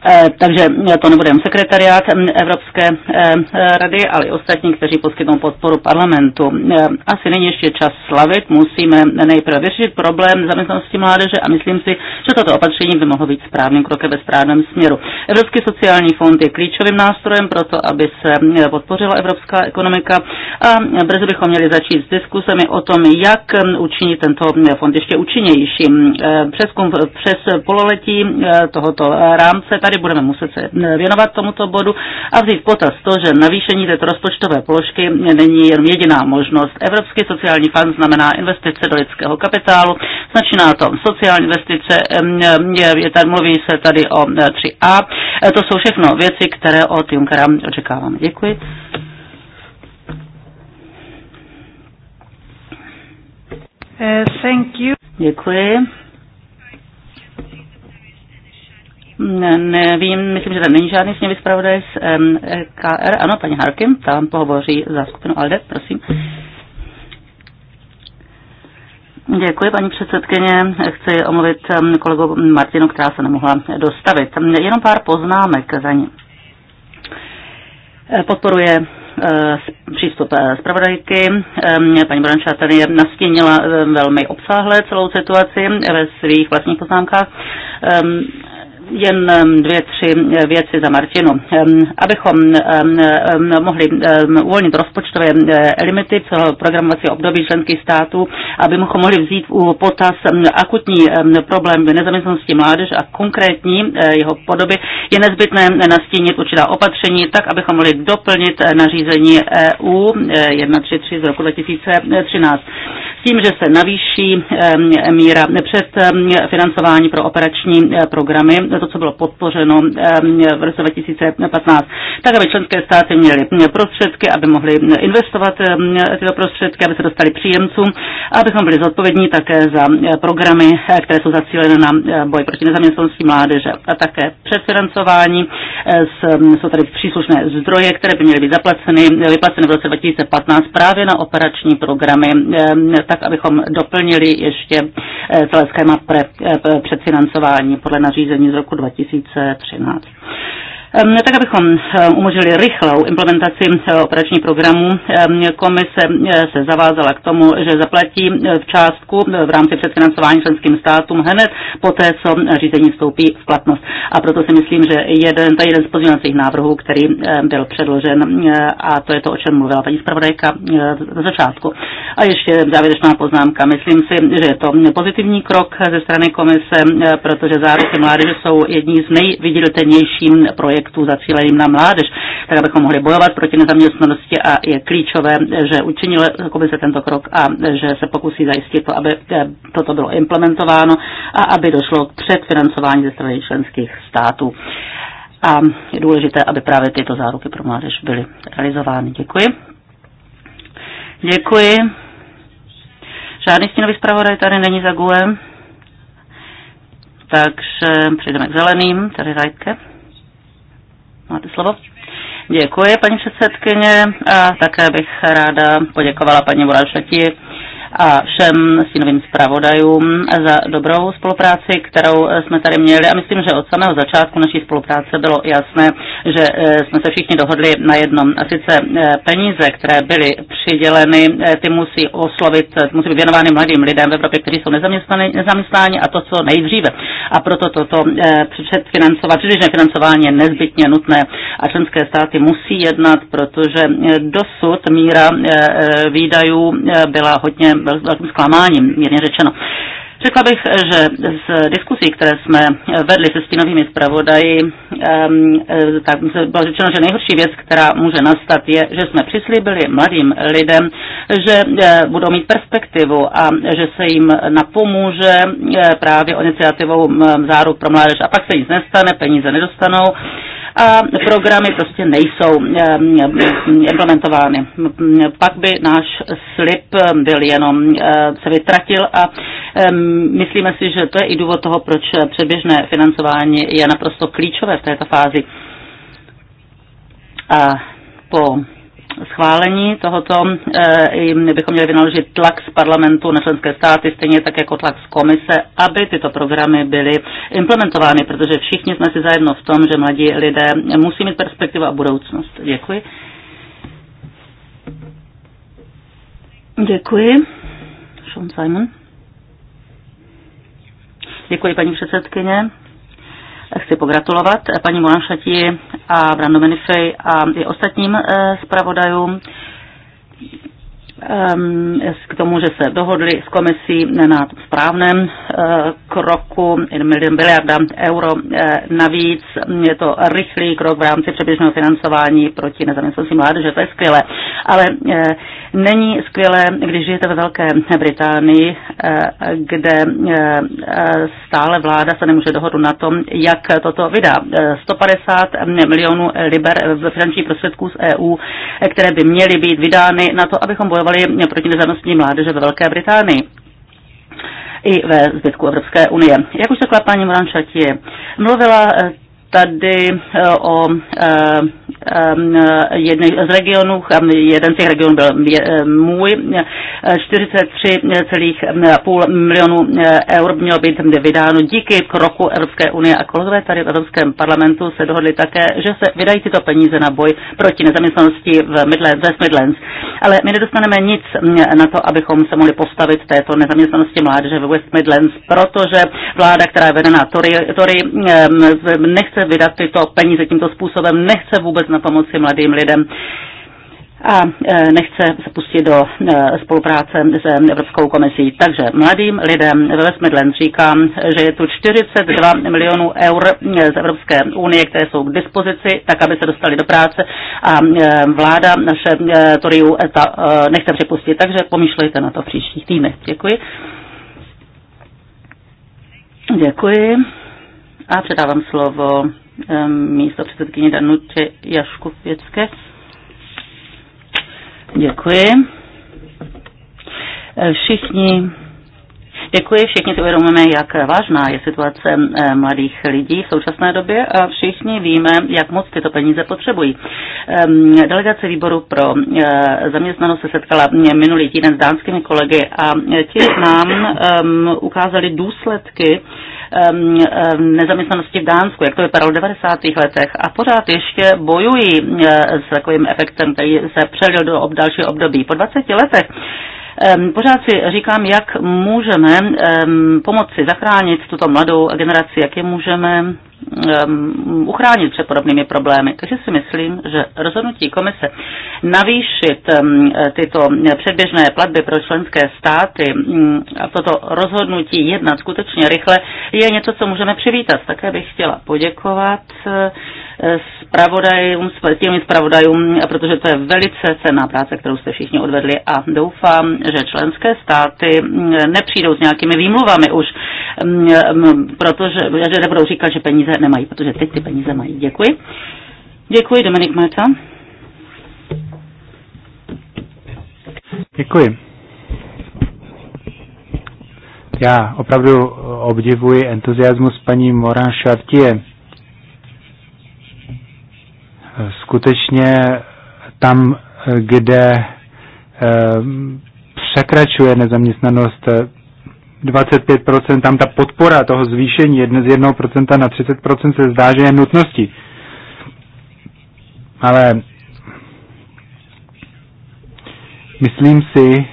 Eh, takže eh, to nebude jen sekretariát mm, Evropské eh, rady, ale i ostatní, kteří poskytnou podporu parlamentu. Asi není ještě čas slavit, musíme nejprve vyřešit problém zaměstnanosti mládeže a myslím si, že toto opatření by mohlo být správným krokem ve správném směru. Evropský sociální fond je klíčovým nástrojem pro to, aby se mm, podpořila evropská ekonomika a brzy bychom měli začít s diskusemi o tom, jak mm, učinit tento fond ještě účinnější. Přes, přes pololetí tohoto rámce tady budeme muset se eh, věnovat tomuto bodu a vzít potaz to, že navýšení této rozpočtové položky není jen jediná možnost. Evropský sociální fond znamená investice do lidského kapitálu, značí to sociální investice, je, tady, mluví se tady o 3A. Eh, eh, to jsou všechno věci, které od Junckera očekáváme. Děkuji. Thank you. Děkuji. nevím, myslím, že tam není žádný sněvy zpravodaj z KR. Ano, paní Harkin, tam pohovoří za skupinu ALDE, prosím. Děkuji, paní předsedkyně. Chci omluvit kolegu Martinu, která se nemohla dostavit. Jenom pár poznámek za ní. Podporuje eh, přístup eh, zpravodajky. Paní Branča tady nastínila velmi obsáhle celou situaci ve svých vlastních poznámkách. Jen dvě, tři věci za Martinu. Abychom mohli uvolnit rozpočtové limity celého programovacího období členských států, abychom mohli vzít u potaz akutní problém nezaměstnanosti mládeže a konkrétní eh, jeho podoby, je nezbytné nastínit určitá opatření tak, abychom mohli doplnit eh, nařízení EU 133 eh, z roku 2013 tím, že se navýší míra financování pro operační e, programy, to, co bylo podpořeno v roce 2015, tak aby členské státy měly prostředky, aby mohly investovat tyto prostředky, aby se dostali příjemcům a abychom byli zodpovědní také za e, programy, e, které jsou zacílené na boj proti nezaměstnanosti mládeže a také předfinancování. Jsou tady příslušné zdroje, které by měly být zaplaceny, vyplaceny v roce 2015 právě na operační programy tak abychom doplnili ještě eh, celé schéma pre, eh, předfinancování podle nařízení z roku 2013. No, tak, abychom umožnili rychlou implementaci eh, operační programu, komise eh, se zavázala k tomu, že zaplatí eh, v částku v rámci předfinancování členským státům hned poté, co řízení vstoupí v platnost. A proto si myslím, že jeden, to je jeden z pozměňovacích návrhů, který byl předložen, a to je to, o čem mluvila paní zpravodajka na začátku. A ještě závěrečná poznámka. Myslím si, že je to pozitivní krok ze strany komise, protože záruky mládeže jsou jedním z nejviditelnějších projektů projektů zacíleným na mládež, tak abychom mohli bojovat proti nezaměstnanosti a je klíčové, že učinil komise tento krok a že se pokusí zajistit to, aby eh, toto bylo implementováno a aby došlo k předfinancování ze strany členských států. A je důležité, aby právě tyto záruky pro mládež byly realizovány. Děkuji. Děkuji. Žádný stínový zpravodaj tady není za GUE. Takže přejdeme k zeleným, tady Rajke. Máte slovo? Děkuji, paní předsedkyně. A také bych ráda poděkovala paní Vorášati a všem stínovým zpravodajům za dobrou spolupráci, kterou jsme tady měli. A myslím, že od samého začátku naší spolupráce bylo jasné, že eh, jsme se všichni dohodli na jednom. A sice eh, peníze, které byly přiděleny, eh, ty musí oslovit, musí být věnovány mladým lidem v Evropě, kteří jsou nezaměstnáni a to, co nejdříve. A proto toto předfinancování, předběžné financování je nezbytně nutné a členské státy musí jednat, protože dosud míra výdajů byla hodně velkým zklamáním, mírně řečeno. Řekla bych, že z diskusí, které jsme vedli se stínovými zpravodaji, eh, tak bylo řečeno, že nejhorší věc, která může nastat, je, že jsme přislíbili mladým lidem, že eh, budou mít perspektivu a že se jim napomůže eh, právě iniciativou záruk pro mládež. A pak se nic nestane, peníze nedostanou a programy prostě nejsou eh, eh, implementovány. Pak by náš slib eh, byl jenom, se vytratil a myslíme si, že to je i důvod toho, proč předběžné financování je naprosto klíčové v této fázi. A po schválení tohoto eh, bychom měli vynaložit tlak z parlamentu na členské státy, stejně tak jako tlak z komise, aby tyto programy byly implementovány, protože všichni jsme si zajedno v tom, že mladí lidé musí mít perspektivu a budoucnost. Děkuji. Děkuji. Sean Simon. Děkuji, paní předsedkyně. Chci pogratulovat paní Monašati a Brandomini Frey a i ostatním eh, zpravodajům. Ehm, k tomu, že se dohodli s komisí na správném eh, kroku miliarda euro. Eh, navíc je to rychlý krok v rámci předběžného financování proti nezaměstnanosti mládeže, to je skvělé. Ale eh, není skvělé, když žijete ve Velké Británii, kde stále vláda se nemůže dohodnout na tom, jak toto vydá. 150 milionů liber finančních prostředků z EU, které by měly být vydány na to, abychom bojovali bojovali proti nezaměstnanosti mládeže ve Velké Británii i ve zbytku Evropské unie. Jak už řekla paní Morančatě, mluvila eh, tady eh, o eh, Ehm, eh, jedny z regionů, ehm, jeden z těch regionů byl ehm, můj, 43,5 eh, milionů eh, eur mělo být vydáno díky kroku Evropské unie a kolegové tady v Evropském parlamentu se dohodli také, že se vydají tyto peníze na boj proti nezaměstnanosti v Midlands, West Midlands. Ale my nedostaneme nic mm, na to, abychom se mohli postavit této nezaměstnanosti mládeže ve West Midlands, protože vláda, která je vedená Tory, Tory nechce vydat tyto peníze tímto způsobem, nechce vůbec na pomoci mladým lidem a e, nechce se pustit do e, spolupráce s Evropskou komisí. Takže mladým lidem ve West říkám, že je tu 42 milionů eur e, z Evropské unie, které jsou k dispozici, tak aby se dostali do práce a vláda naše Toriu ETA nechce připustit. Takže pomýšlejte na to v příštích týdnech. Děkuji. Děkuji. A předávám slovo Ehm, místo předsedkyně Danutě Jaškověcké. Děkuji. Eh, všichni Děkuji, všichni si uvědomujeme, jak vážná je situace eh, mladých lidí v současné době a všichni víme, jak moc tyto peníze potřebují. Ehm, delegace výboru pro eh, zaměstnanost se setkala minulý týden s dánskými kolegy a ti nám ehm, ukázali důsledky Um, um, nezaměstnanosti v Dánsku, jak to vypadalo v 90. letech a pořád ještě bojují uh, s takovým efektem, který se přelil do dalšího období. Po 20 letech um, Pořád si říkám, jak můžeme pomoci zachránit tuto mladou generaci, jak je můžeme um, uchránit před podobnými problémy. Takže si myslím, že rozhodnutí komise navýšit um, tyto předběžné platby pro členské státy um, a toto rozhodnutí jednat skutečně rychle je něco, co můžeme přivítat. Také bych chtěla poděkovat uh, zpravodajům, těmi zpravodajům, protože to je velice cenná práce, kterou jste všichni odvedli a doufám, že členské státy mm, nepřijdou s nějakými výmluvami už, mm, mm, protože že nebudou říkat, že peníze nemají, protože teď ty peníze mají. Děkuji. Děkuji, Dominik Marta. Děkuji. Já opravdu obdivuji entuziasmus paní Moran Chartier skutečně tam, kde eh, překračuje nezaměstnanost 25%, eh, tam ta podpora toho zvýšení z 1% na 30% se zdá, že je nutností. Ale myslím si,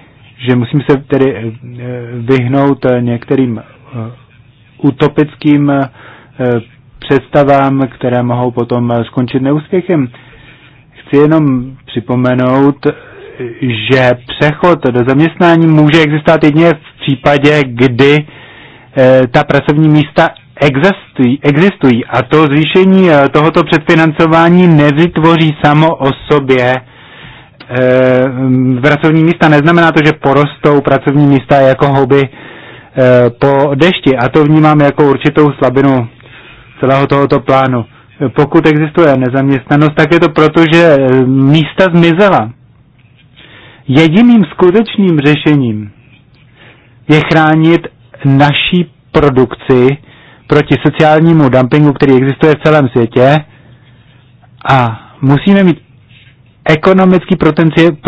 že musím se tedy eh, vyhnout některým utopickým představám, které mohou potom eh, skončit neúspěchem. Chci jenom připomenout, že přechod do zaměstnání může existovat jedině v případě, kdy eh, ta pracovní místa existují, existují. A to zvýšení eh, tohoto předfinancování nevytvoří samo o sobě pracovní místa. Neznamená to, že porostou pracovní místa jako hobby po dešti. A to vnímám jako určitou slabinu celého tohoto plánu. Pokud existuje nezaměstnanost, tak je to proto, že eh, místa zmizela. Jediným skutečným řešením je chránit naší produkci proti sociálnímu dumpingu, který existuje v celém světě a musíme mít ekonomický pro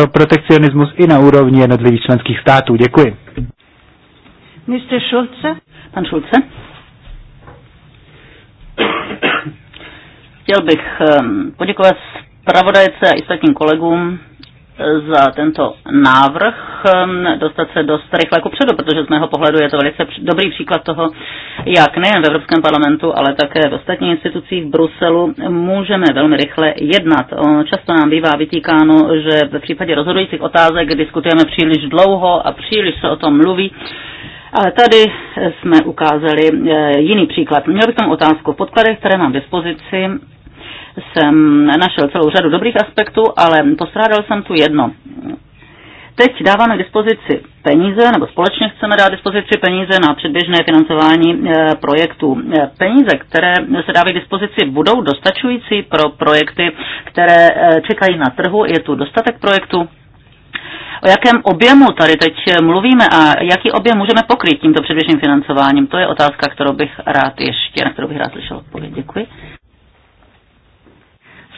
protekcionismus i na úrovni jednotlivých členských států. Děkuji. Mr. Schulze. Pan Schulze. Chtěl bych ehm, poděkovat zpravodajce a ostatním kolegům eh, za tento návrh ehm, dostat se dost rychle předu, protože z mého pohledu je to velice dobrý příklad toho, jak nejen v Evropském parlamentu, ale také v ostatních institucích v Bruselu můžeme velmi rychle jednat. Často nám bývá vytýkáno, že v případě rozhodujících otázek diskutujeme příliš dlouho a příliš se o tom mluví ale tady jsme ukázali eh, jiný příklad. Měl bych tam otázku. V podkladech, které mám k dispozici, jsem našel celou řadu dobrých aspektů, ale postrádal jsem tu jedno. Teď dáváme k dispozici peníze, nebo společně chceme dát dispozici peníze na předběžné financování eh, projektů. Eh, peníze, které se dávají k dispozici, budou dostačující pro projekty, které čekají na trhu. Je tu dostatek projektů? O jakém objemu tady teď eh, mluvíme a jaký objem můžeme pokryt tímto předběžným financováním? To je otázka, kterou bych rád ještě, na kterou bych rád slyšel odpověď. Děkuji.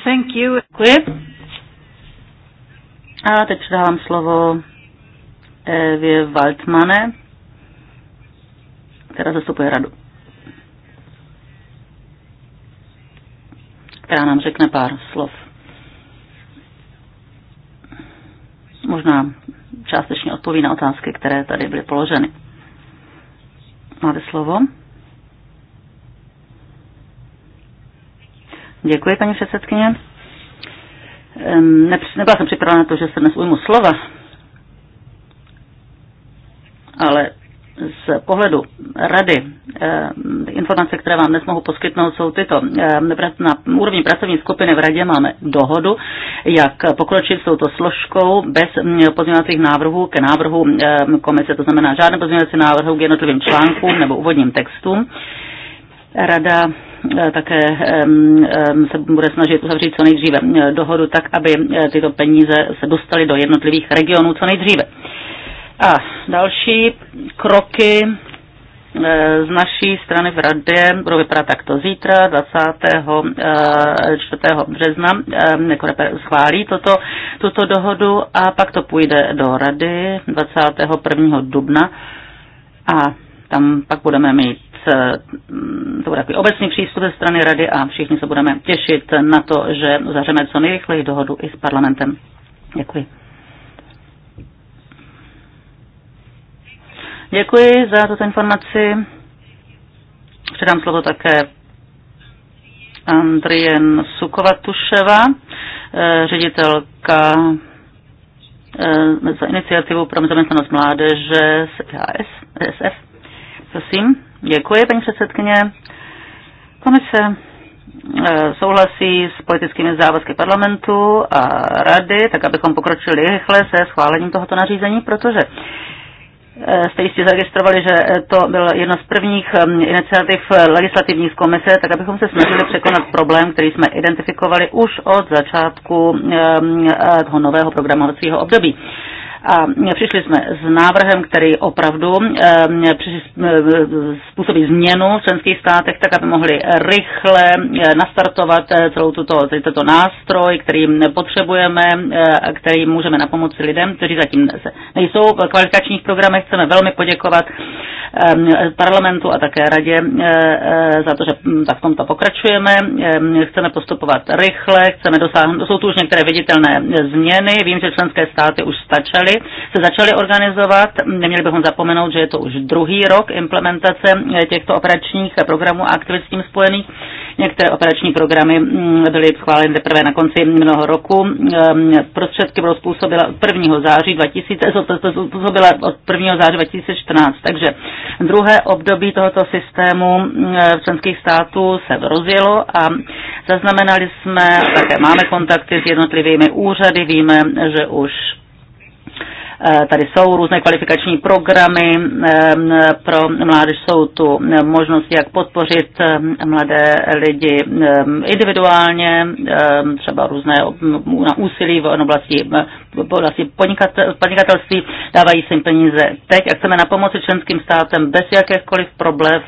Thank you. Děkuji. A teď předávám slovo Evě Waldmane, která zastupuje radu. Která nám řekne pár slov. možná částečně odpoví na otázky, které tady byly položeny. Máte slovo? Děkuji, paní předsedkyně. Nebyla jsem připravena na to, že se dnes ujmu slova, ale z pohledu rady eh, informace, které vám dnes mohu poskytnout, jsou tyto. Eh, na úrovni pracovní skupiny v radě máme dohodu, jak pokročit s touto složkou bez mm, pozměňovacích návrhů ke návrhu eh, komise, to znamená žádné pozměňovací návrhu k jednotlivým článkům nebo úvodním textům. Rada také se bude snažit uzavřít co nejdříve dohodu tak, aby tyto peníze se dostaly do jednotlivých regionů co nejdříve. A další kroky eh, z naší strany v radě budou vypadat takto zítra, 24. Eh, března, eh, jako schválí toto, tuto dohodu a pak to půjde do rady 21. dubna a tam pak budeme mít to bude takový obecný přístup ze strany rady a všichni se budeme těšit na to, že zařeme co nejrychleji dohodu i s parlamentem. Děkuji. Děkuji za tuto informaci. Předám slovo také Andrien Sukovatuševa, eh, ředitelka eh, za iniciativu pro zaměstnanost mládeže z IHS, SF. Prosím, děkuji, paní předsedkyně. Komise eh, souhlasí s politickými závazky parlamentu a rady, tak abychom pokročili rychle se schválením tohoto nařízení, protože Eh, jste jistě zaregistrovali, že eh, to byla jedna z prvních eh, iniciativ legislativních z komise, tak abychom se snažili překonat problém, který jsme identifikovali už od začátku toho nového programovacího období. A přišli jsme s návrhem, který opravdu eh, eh, způsobí změnu v členských státech, tak aby mohli rychle eh, nastartovat celou tuto, tento nástroj, který potřebujeme, který můžeme na pomoci lidem, kteří zatím nejsou v kvalifikačních programech. Chceme velmi poděkovat parlamentu a také radě za to, že hm, tak v tomto pokračujeme. Chceme postupovat rychle, chceme dosáhnout, jsou tu už některé viditelné změny, vím, že členské státy už stačaly se začaly organizovat. Neměli bychom zapomenout, že je to už druhý rok implementace eh, těchto operačních programů a aktivit s tím spojených. Některé operační programy mm, byly schváleny teprve na konci mnoho roku. Ehm, prostředky byly způsobila od 1. září 2000, eh, způsobila od 1. září 2014. Takže druhé období tohoto systému mm, eh, v členských států se rozjelo a zaznamenali jsme, také máme kontakty s jednotlivými úřady, víme, že už Eh, tady jsou různé kvalifikační programy eh, pro mládež, jsou tu eh, možnosti, jak podpořit mladé lidi individuálně, třeba různé na úsilí v oblasti, v oblasti podnikatelství, dávají se jim peníze teď a chceme na pomoci členským státem bez jakýchkoliv problémů,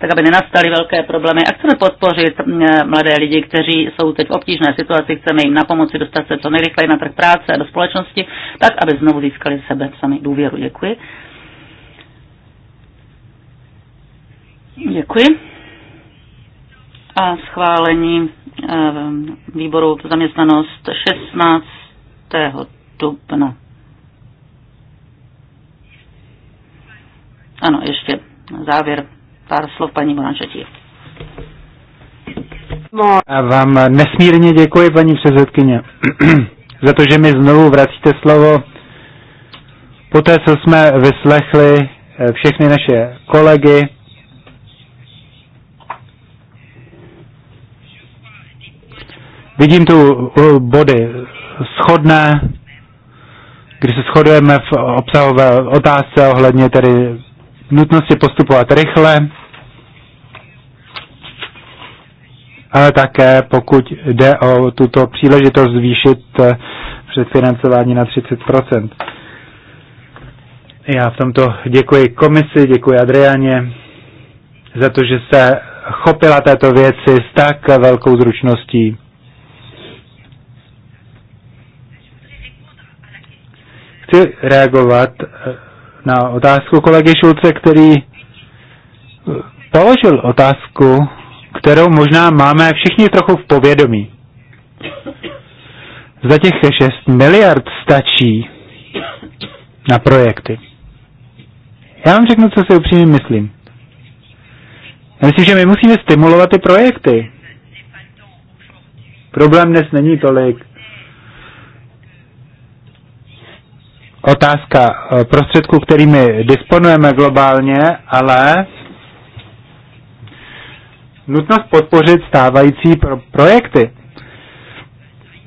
tak aby nenastaly velké problémy a chceme podpořit mladé lidi, kteří jsou teď v obtížné situaci, chceme jim na pomoci dostat se co nejrychleji na trh práce a do společnosti, tak aby znovu získali sebe sami důvěru. Děkuji. Děkuji. A schválení eh, výboru zaměstnanost 16. dubna. Ano, ještě závěr pár slov paní Bonačetí. A vám nesmírně děkuji, paní předsedkyně, za to, že mi znovu vracíte slovo Poté, co jsme vyslechli eh, všechny naše kolegy, vidím tu eh, body schodné, když se shodujeme v obsahové otázce ohledně tedy nutnosti postupovat rychle, ale také pokud jde o tuto příležitost zvýšit eh, předfinancování na 30 já v tomto děkuji komisi, děkuji Adriáně za to, že se chopila této věci s tak velkou zručností. Chci reagovat eh, na otázku kolegy Šulce, který eh, položil otázku, kterou možná máme všichni trochu v povědomí. Za těch 6 miliard stačí na projekty. Já vám řeknu, co si upřímně myslím. Já myslím, že my musíme stimulovat ty projekty. Problém dnes není tolik. Otázka eh, prostředků, kterými disponujeme globálně, ale nutnost podpořit stávající pro projekty.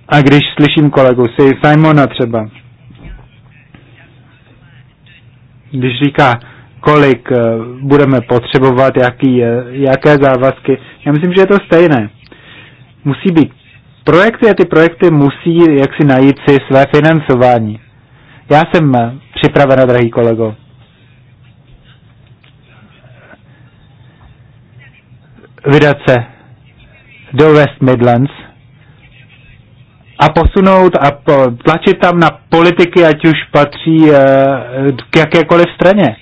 A když slyším kolegu si Simona třeba, když říká, kolik eh, budeme potřebovat, jaký, jaké závazky, já myslím, že je to stejné. Musí být projekty a ty projekty musí jaksi najít si své financování. Já jsem eh, připravena, drahý kolego. Vydat se do West Midlands a posunout a tlačit tam na politiky, ať už patří eh, k jakékoliv straně.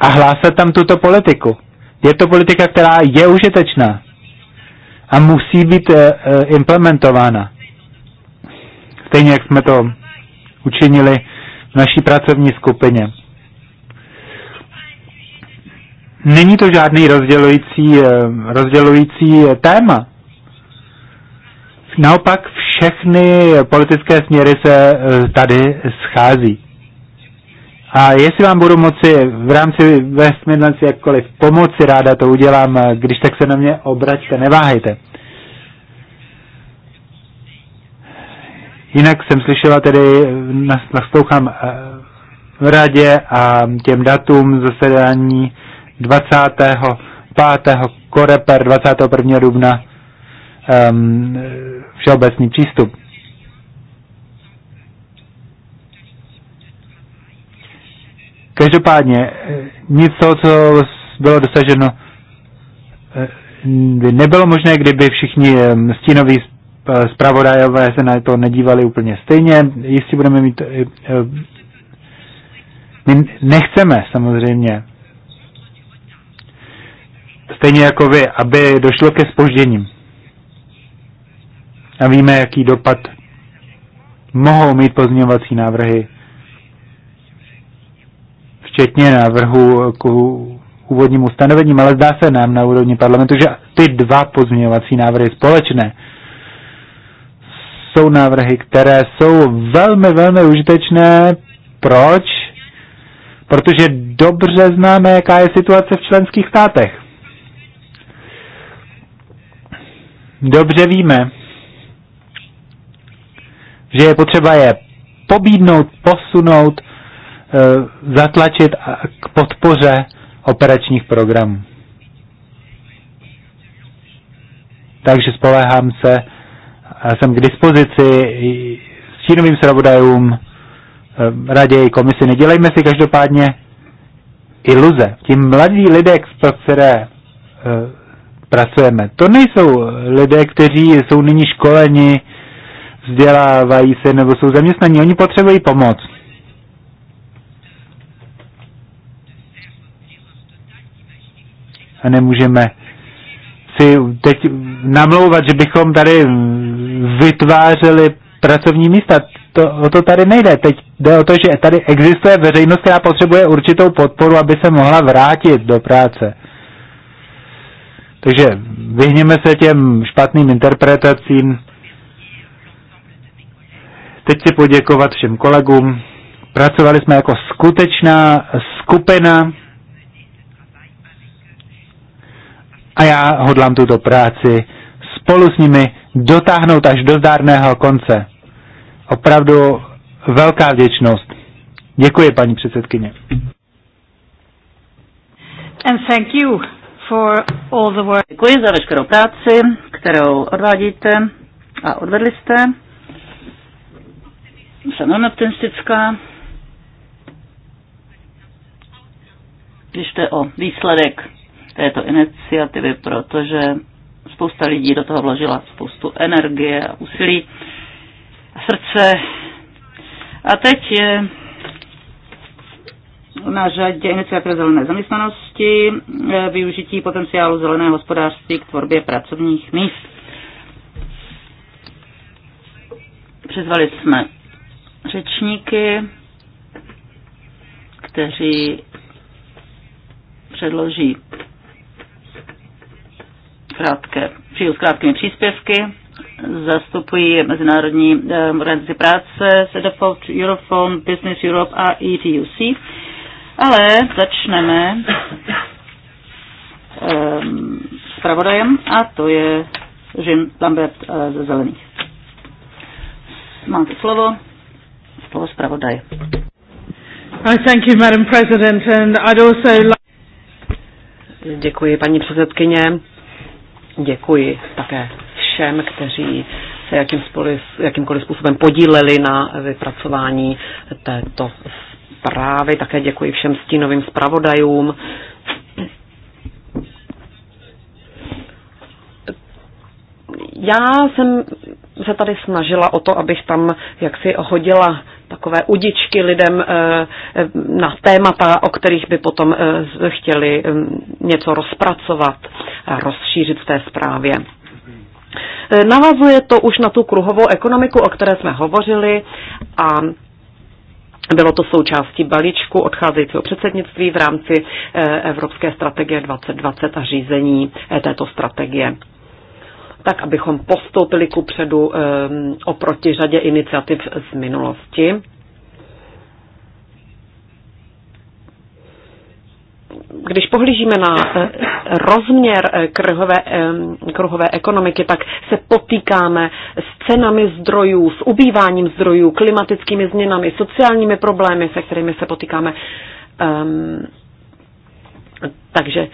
A hlásat tam tuto politiku. Je to politika, která je užitečná a musí být eh, eh, implementována. Stejně jak jsme to učinili v naší pracovní skupině. Není to žádný rozdělující, rozdělující téma Naopak všechny politické směry se eh, tady schází. A jestli vám budu moci v rámci West Midlands jakkoliv pomoci, ráda to udělám, eh, když tak se na mě obraťte, neváhejte. Jinak jsem slyšela tedy, eh, naslouchám v radě a těm datům zasedání 25. Koreper 21. dubna ehm, všeobecný přístup. Každopádně eh, nic toho, co bylo dosaženo, eh, by nebylo možné, kdyby všichni eh, stínoví zpravodajové se na to nedívali úplně stejně. Jistě budeme mít... My nechceme samozřejmě, stejně jako vy, aby došlo ke spožděním a víme, jaký dopad mohou mít pozměňovací návrhy, včetně návrhu k úvodním ustanovením, ale zdá se nám na úrovni parlamentu, že ty dva pozměňovací návrhy společné jsou návrhy, které jsou velmi, velmi užitečné. Proč? Protože dobře známe, jaká je situace v členských státech. Dobře víme, že je potřeba je pobídnout, posunout, eh, zatlačit k podpoře operačních programů. Takže spolehám se, jsem k dispozici s čínovým zpravodajům, eh, raději komisi. Nedělejme si každopádně iluze. Ti mladí lidé, pro které eh, pracujeme, to nejsou lidé, kteří jsou nyní školeni vzdělávají se nebo jsou zaměstnaní. Oni potřebují pomoc. A nemůžeme si teď namlouvat, že bychom tady vytvářeli pracovní místa. To, o to tady nejde. Teď jde o to, že tady existuje veřejnost, která potřebuje určitou podporu, aby se mohla vrátit do práce. Takže vyhněme se těm špatným interpretacím Teď chci poděkovat všem kolegům. Pracovali jsme jako skutečná skupina a já hodlám tuto práci spolu s nimi dotáhnout až do zdárného konce. Opravdu velká vděčnost. Děkuji, paní předsedkyně. And thank you for all the work. Děkuji za veškerou práci, kterou odvádíte a odvedli jste jsem Když jde o výsledek této iniciativy, protože spousta lidí do toho vložila spoustu energie a úsilí a srdce. A teď je na řadě iniciativa zelené zaměstnanosti, využití potenciálu zeleného hospodářství k tvorbě pracovních míst. Přizvali jsme řečníky, kteří předloží krátké, přijdu s krátkými příspěvky. Zastupují Mezinárodní eh, organizaci práce, SEDAFOV, Eurofond, Business Europe a ETUC. Ale začneme ehm, s pravodajem a to je Jean Lambert eh, ze Zelených. Máte slovo slovo zpravodaj. Děkuji, paní předsedkyně. Děkuji také všem, kteří se jakým spolu, jakýmkoliv způsobem podíleli na vypracování této zprávy. Také děkuji všem stínovým zpravodajům. Já jsem se tady snažila o to, abych tam jaksi hodila takové udičky lidem eh, eh, na témata, o kterých by potom eh, chtěli něco rozpracovat a rozšířit v té zprávě. Navazuje to už na tu kruhovou ekonomiku, o které jsme hovořili a bylo to součástí balíčku odcházejícího předsednictví v rámci Evropské strategie 2020 a řízení této strategie tak abychom postoupili ku předu ehm, oproti řadě iniciativ z minulosti. když pohlížíme na eh, rozměr eh, kruhové, ehm, kruhové ekonomiky, tak se potýkáme s cenami zdrojů, s ubýváním zdrojů, klimatickými změnami, sociálními problémy, se kterými se potýkáme. Um, takže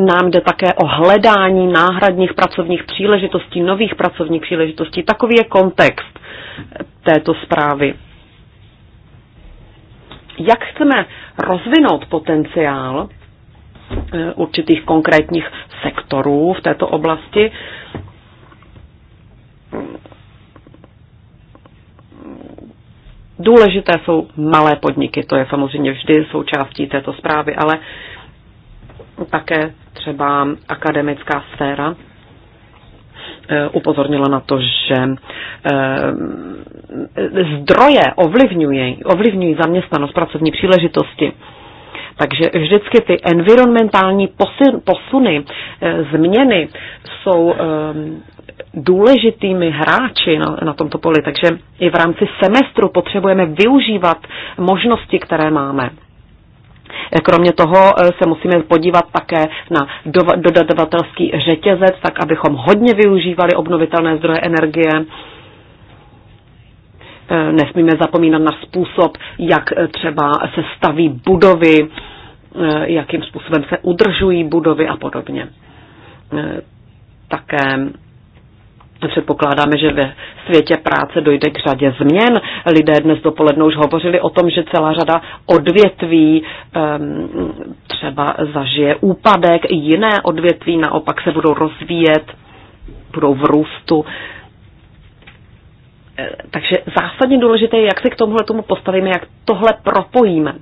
nám jde také o hledání náhradních pracovních příležitostí, nových pracovních příležitostí. Takový je kontext této zprávy. Jak chceme rozvinout potenciál eh, určitých konkrétních sektorů v této oblasti? Důležité jsou malé podniky, to je samozřejmě vždy součástí této zprávy, ale také třeba akademická sféra eh, upozornila na to, že eh, zdroje ovlivňují, ovlivňují zaměstnanost pracovní příležitosti. Takže vždycky ty environmentální posuny, eh, změny jsou důležitými hráči na, na tomto poli. Takže i v rámci semestru potřebujeme využívat možnosti, které máme. Kromě toho eh, se musíme podívat také na dodavatelský řetězec, tak abychom hodně využívali obnovitelné zdroje energie. Eh, nesmíme zapomínat na způsob, jak eh, třeba se staví budovy, jakým způsobem se udržují budovy a podobně. Také Předpokládáme, že ve světě práce dojde k řadě změn. Lidé dnes dopoledne už hovořili o tom, že celá řada odvětví ehm, třeba zažije úpadek, jiné odvětví naopak se budou rozvíjet, budou v růstu. Eh, takže zásadně důležité je, jak se k tomuhle tomu postavíme, jak tohle propojíme.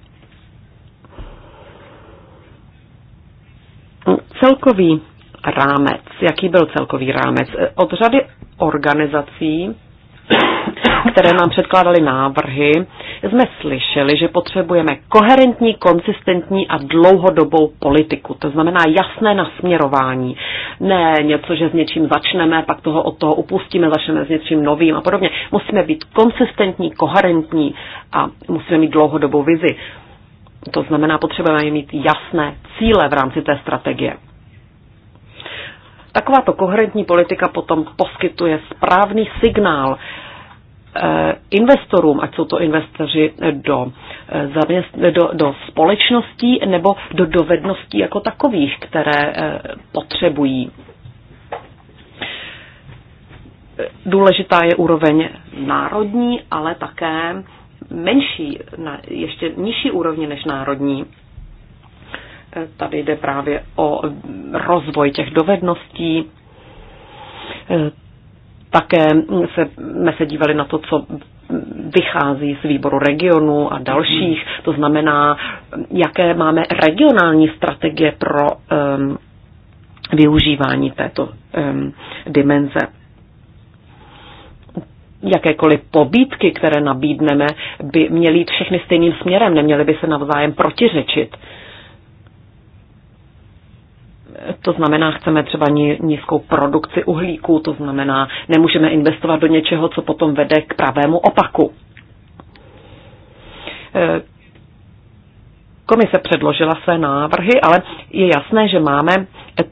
Hm, celkový rámec. Jaký byl celkový rámec? Od řady organizací, které nám předkládaly návrhy, jsme slyšeli, že potřebujeme koherentní, konsistentní a dlouhodobou politiku. To znamená jasné nasměrování. Ne něco, že s něčím začneme, pak toho od toho upustíme, začneme s něčím novým a podobně. Musíme být konsistentní, koherentní a musíme mít dlouhodobou vizi. To znamená, potřebujeme mít jasné cíle v rámci té strategie. Takováto koherentní politika potom poskytuje správný signál eh, investorům, ať jsou to investoři do, eh, do, do společností nebo do dovedností jako takových, které eh, potřebují. Důležitá je úroveň národní, ale také menší, ještě nižší úrovně než národní Tady jde právě o rozvoj těch dovedností. Také jsme se dívali na to, co vychází z výboru regionu a dalších, mhm. to znamená, jaké máme regionální strategie pro um, využívání této um, dimenze. Jakékoliv pobídky, které nabídneme, by měly jít všechny stejným směrem, neměly by se navzájem protiřečit. Uh, to znamená, chceme třeba nízkou produkci uhlíku, to znamená, nemůžeme investovat do něčeho, co potom vede k pravému opaku. E, komise předložila své návrhy, ale je jasné, že máme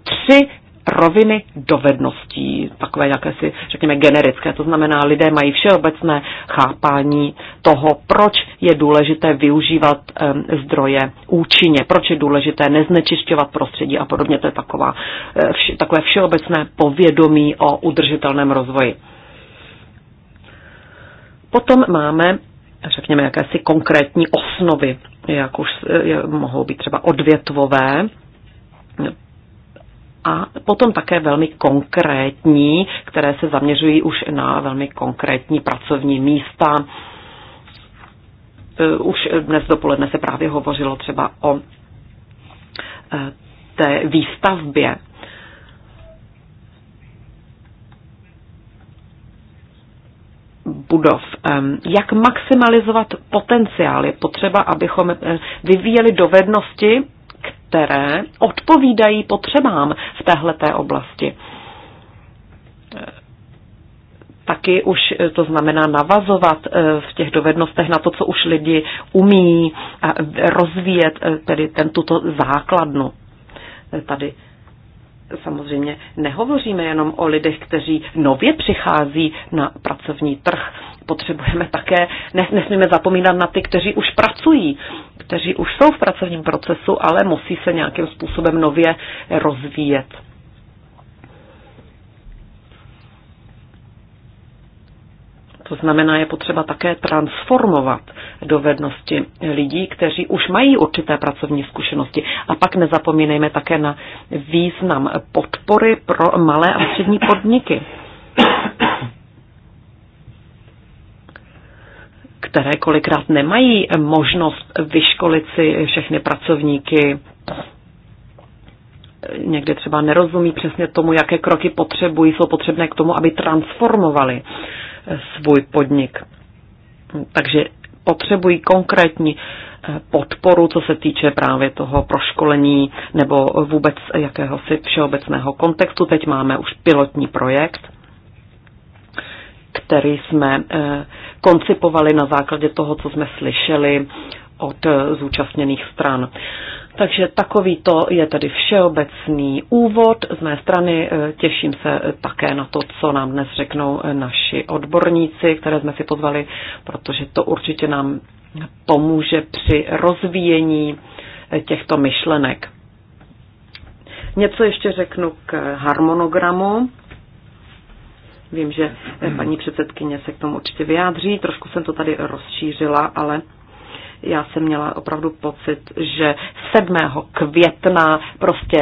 tři roviny dovedností, takové jakési, řekněme, generické. To znamená, lidé mají všeobecné chápání toho, proč je důležité využívat um, zdroje účinně, proč je důležité neznečišťovat prostředí a podobně. To je taková, e, vš, takové všeobecné povědomí o udržitelném rozvoji. Potom máme řekněme, jakési konkrétní osnovy, jak už e, mohou být třeba odvětvové, a potom také velmi konkrétní, které se zaměřují už na velmi konkrétní pracovní místa. E, už dnes dopoledne se právě hovořilo třeba o e, té výstavbě. budov. E, jak maximalizovat potenciál? Je potřeba, abychom vyvíjeli dovednosti které odpovídají potřebám v téhleté oblasti. Taky už eh, to znamená navazovat eh, v těch dovednostech na to, co už lidi umí a eh, rozvíjet tedy ten, tuto základnu. Tady samozřejmě nehovoříme jenom o lidech, kteří nově přichází na pracovní trh potřebujeme také, nesmíme zapomínat na ty, kteří už pracují, kteří už jsou v pracovním procesu, ale musí se nějakým způsobem nově rozvíjet. To znamená, je potřeba také transformovat dovednosti lidí, kteří už mají určité pracovní zkušenosti. A pak nezapomínejme také na význam podpory pro malé a střední podniky. které kolikrát nemají možnost vyškolit si všechny pracovníky, někde třeba nerozumí přesně tomu, jaké kroky potřebují, jsou potřebné k tomu, aby transformovali svůj podnik. Takže potřebují konkrétní eh, podporu, co se týče právě toho proškolení nebo vůbec jakéhosi všeobecného kontextu. Teď máme už pilotní projekt, který jsme eh, koncipovali na základě toho, co jsme slyšeli od eh, zúčastněných stran. Takže takovýto je tedy všeobecný úvod. Z mé strany eh, těším se také na to, co nám dnes řeknou naši odborníci, které jsme si pozvali, protože to určitě nám pomůže při rozvíjení těchto myšlenek. Něco ještě řeknu k harmonogramu. Vím, že eh, paní předsedkyně se k tomu určitě vyjádří, trošku jsem to tady rozšířila, ale já jsem měla opravdu pocit, že 7. května prostě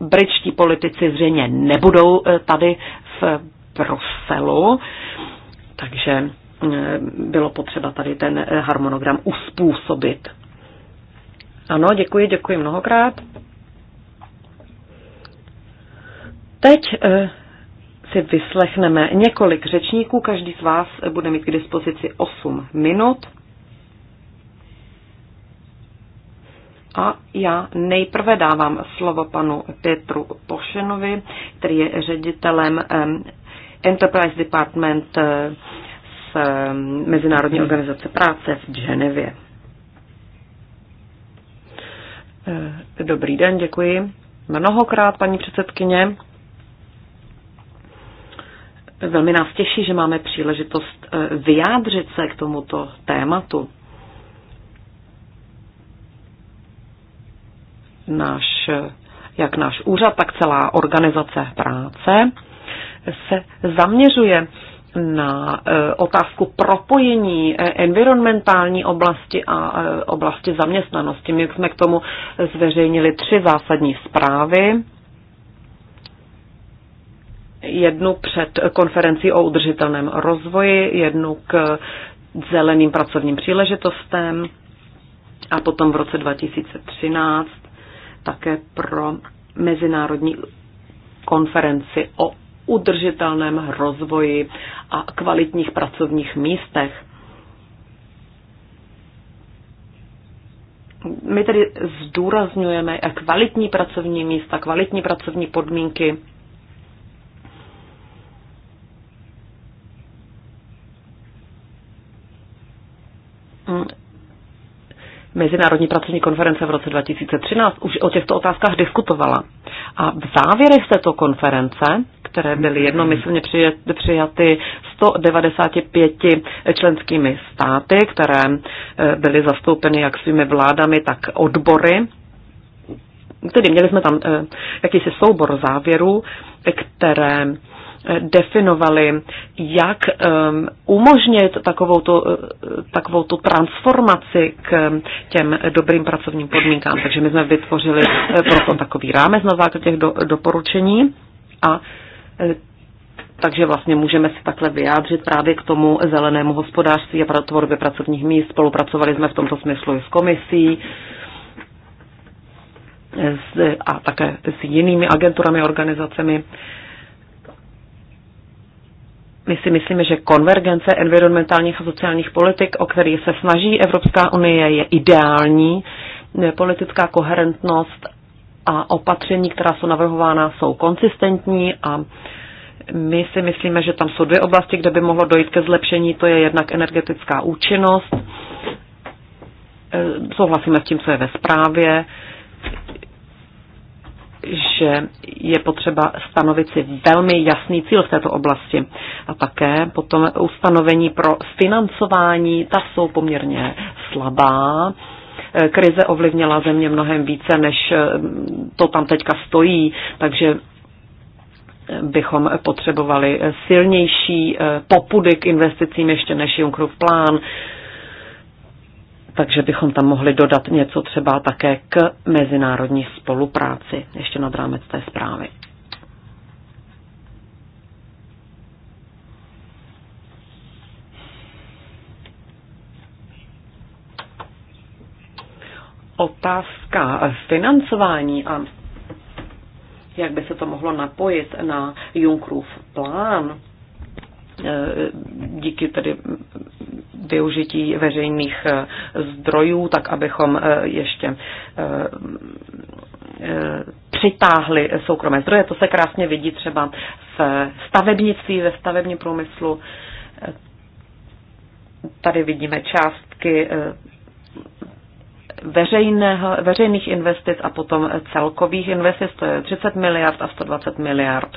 britští politici zřejmě nebudou eh, tady v Bruselu, takže eh, bylo potřeba tady ten harmonogram uspůsobit. Ano, děkuji, děkuji mnohokrát. Teď si vyslechneme několik řečníků. Každý z vás bude mít k dispozici 8 minut. A já nejprve dávám slovo panu Petru Pošenovi, který je ředitelem Enterprise Department z eh, Mezinárodní organizace práce v Ženevě. Eh, dobrý den, děkuji. Mnohokrát, paní předsedkyně. Velmi nás těší, že máme příležitost eh, vyjádřit se k tomuto tématu. Náš, eh, jak náš úřad, tak celá organizace práce se zaměřuje na eh, otázku propojení environmentální oblasti a oblasti zaměstnanosti. My jsme k tomu zveřejnili tři zásadní zprávy jednu před konferencí o udržitelném rozvoji, jednu k zeleným pracovním příležitostem a potom v roce 2013 také pro mezinárodní konferenci o udržitelném rozvoji a kvalitních pracovních místech. My tedy zdůrazňujeme kvalitní pracovní místa, kvalitní pracovní podmínky Mezinárodní pracovní konference v roce 2013 už o těchto otázkách diskutovala. A v závěrech této konference, které byly jednomyslně přijaty 195 členskými státy, které eh, byly zastoupeny jak svými vládami, tak odbory, tedy měli jsme tam eh, jakýsi soubor závěrů, které definovali, jak um, umožnit takovou tu, uh, takovou tu transformaci k těm dobrým pracovním podmínkám. Takže my jsme vytvořili uh, proto takový rámec na základě těch do, doporučení a uh, takže vlastně můžeme se takhle vyjádřit právě k tomu zelenému hospodářství a tvorbě pracovních míst. Spolupracovali jsme v tomto smyslu i s komisí a také s jinými agenturami, organizacemi my si myslíme, že konvergence environmentálních a sociálních politik, o které se snaží Evropská unie, je ideální. Politická koherentnost a opatření, která jsou navrhována, jsou konsistentní a my si myslíme, že tam jsou dvě oblasti, kde by mohlo dojít ke zlepšení. To je jednak energetická účinnost. E, souhlasíme s tím, co je ve zprávě že je potřeba stanovit si velmi jasný cíl v této oblasti. A také potom ustanovení pro financování, ta jsou poměrně slabá. Eh, krize ovlivnila země mnohem více, než eh, to tam teďka stojí, takže eh, bychom potřebovali silnější popudy k investicím ještě než Junckerův plán takže bychom tam mohli dodat něco třeba také k mezinárodní spolupráci, ještě nad rámec té zprávy. Otázka financování a jak by se to mohlo napojit na Junkrův plán Eh, díky tedy využití veřejných eh, zdrojů, tak abychom eh, ještě přitáhli soukromé zdroje. To se krásně vidí třeba v stavebnictví, ve stavebním průmyslu. Tady vidíme částky veřejného, veřejných investic a potom celkových investic, to je 30 miliard a 120 miliard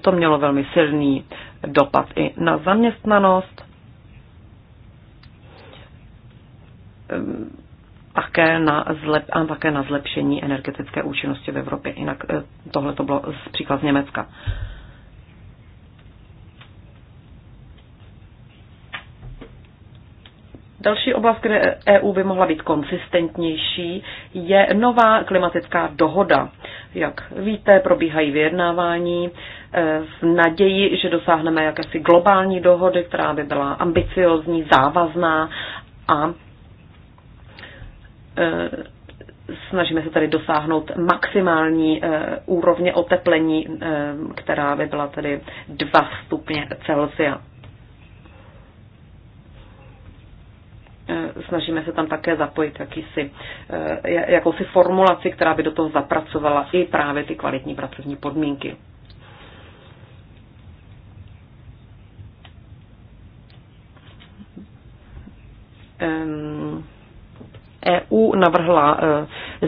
to mělo velmi silný dopad i na zaměstnanost. Ehm, také na, zlep, a také na zlepšení energetické účinnosti v Evropě. Jinak eh, tohle to bylo příklad z Německa. Uh, Další oblast, kde EU by mohla být konsistentnější, je nová klimatická dohoda. Jak víte, probíhají vyjednávání e, v naději, že dosáhneme jakési globální dohody, která by byla ambiciozní, závazná a e, snažíme se tady dosáhnout maximální e, úrovně oteplení, která by byla tedy 2 stupně Celsia. E, snažíme se tam také zapojit jakýsi, e, jakousi formulaci, která by do toho zapracovala i právě ty kvalitní pracovní podmínky. EU e navrhla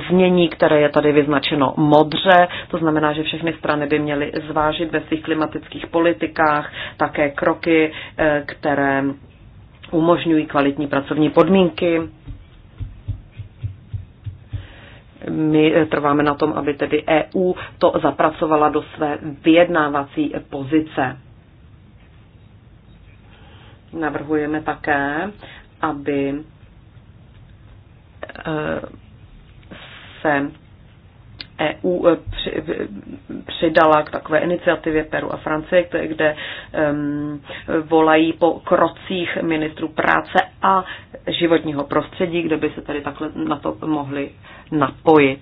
změní, které je tady vyznačeno modře, to znamená, že všechny strany by měly zvážit ve svých klimatických politikách také kroky, které umožňují kvalitní pracovní podmínky. My trváme na tom, aby tedy EU to zapracovala do své vyjednávací pozice. Navrhujeme také, aby eh, se EU e, přidala k takové iniciativě Peru a Francie, kde volají po krocích ministrů práce a životního prostředí, kde by se tady takhle na to mohli napojit.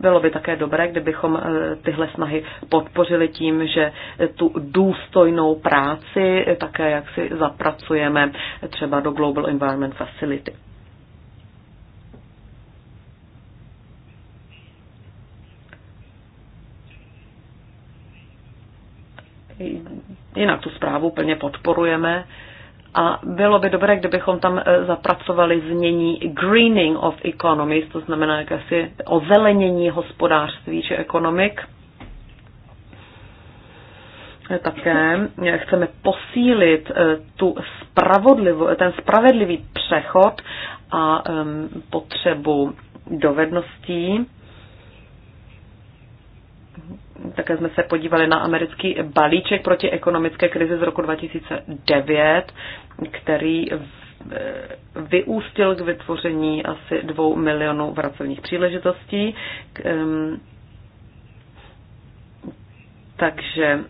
Bylo by také dobré, kdybychom eh, tyhle snahy podpořili tím, že tu důstojnou práci také jak si zapracujeme třeba do Global Environment Facility. Jinak tu zprávu plně podporujeme a bylo by dobré, kdybychom tam eh, zapracovali znění greening of economies, to znamená jakési ozelenění hospodářství či ekonomik. Eh, také eh, chceme posílit tu ten spravedlivý přechod a ehm, potřebu dovedností také jsme se podívali na americký balíček proti ekonomické krizi z roku 2009, který e, vyústil k vytvoření asi dvou milionů pracovních příležitostí. Takže e,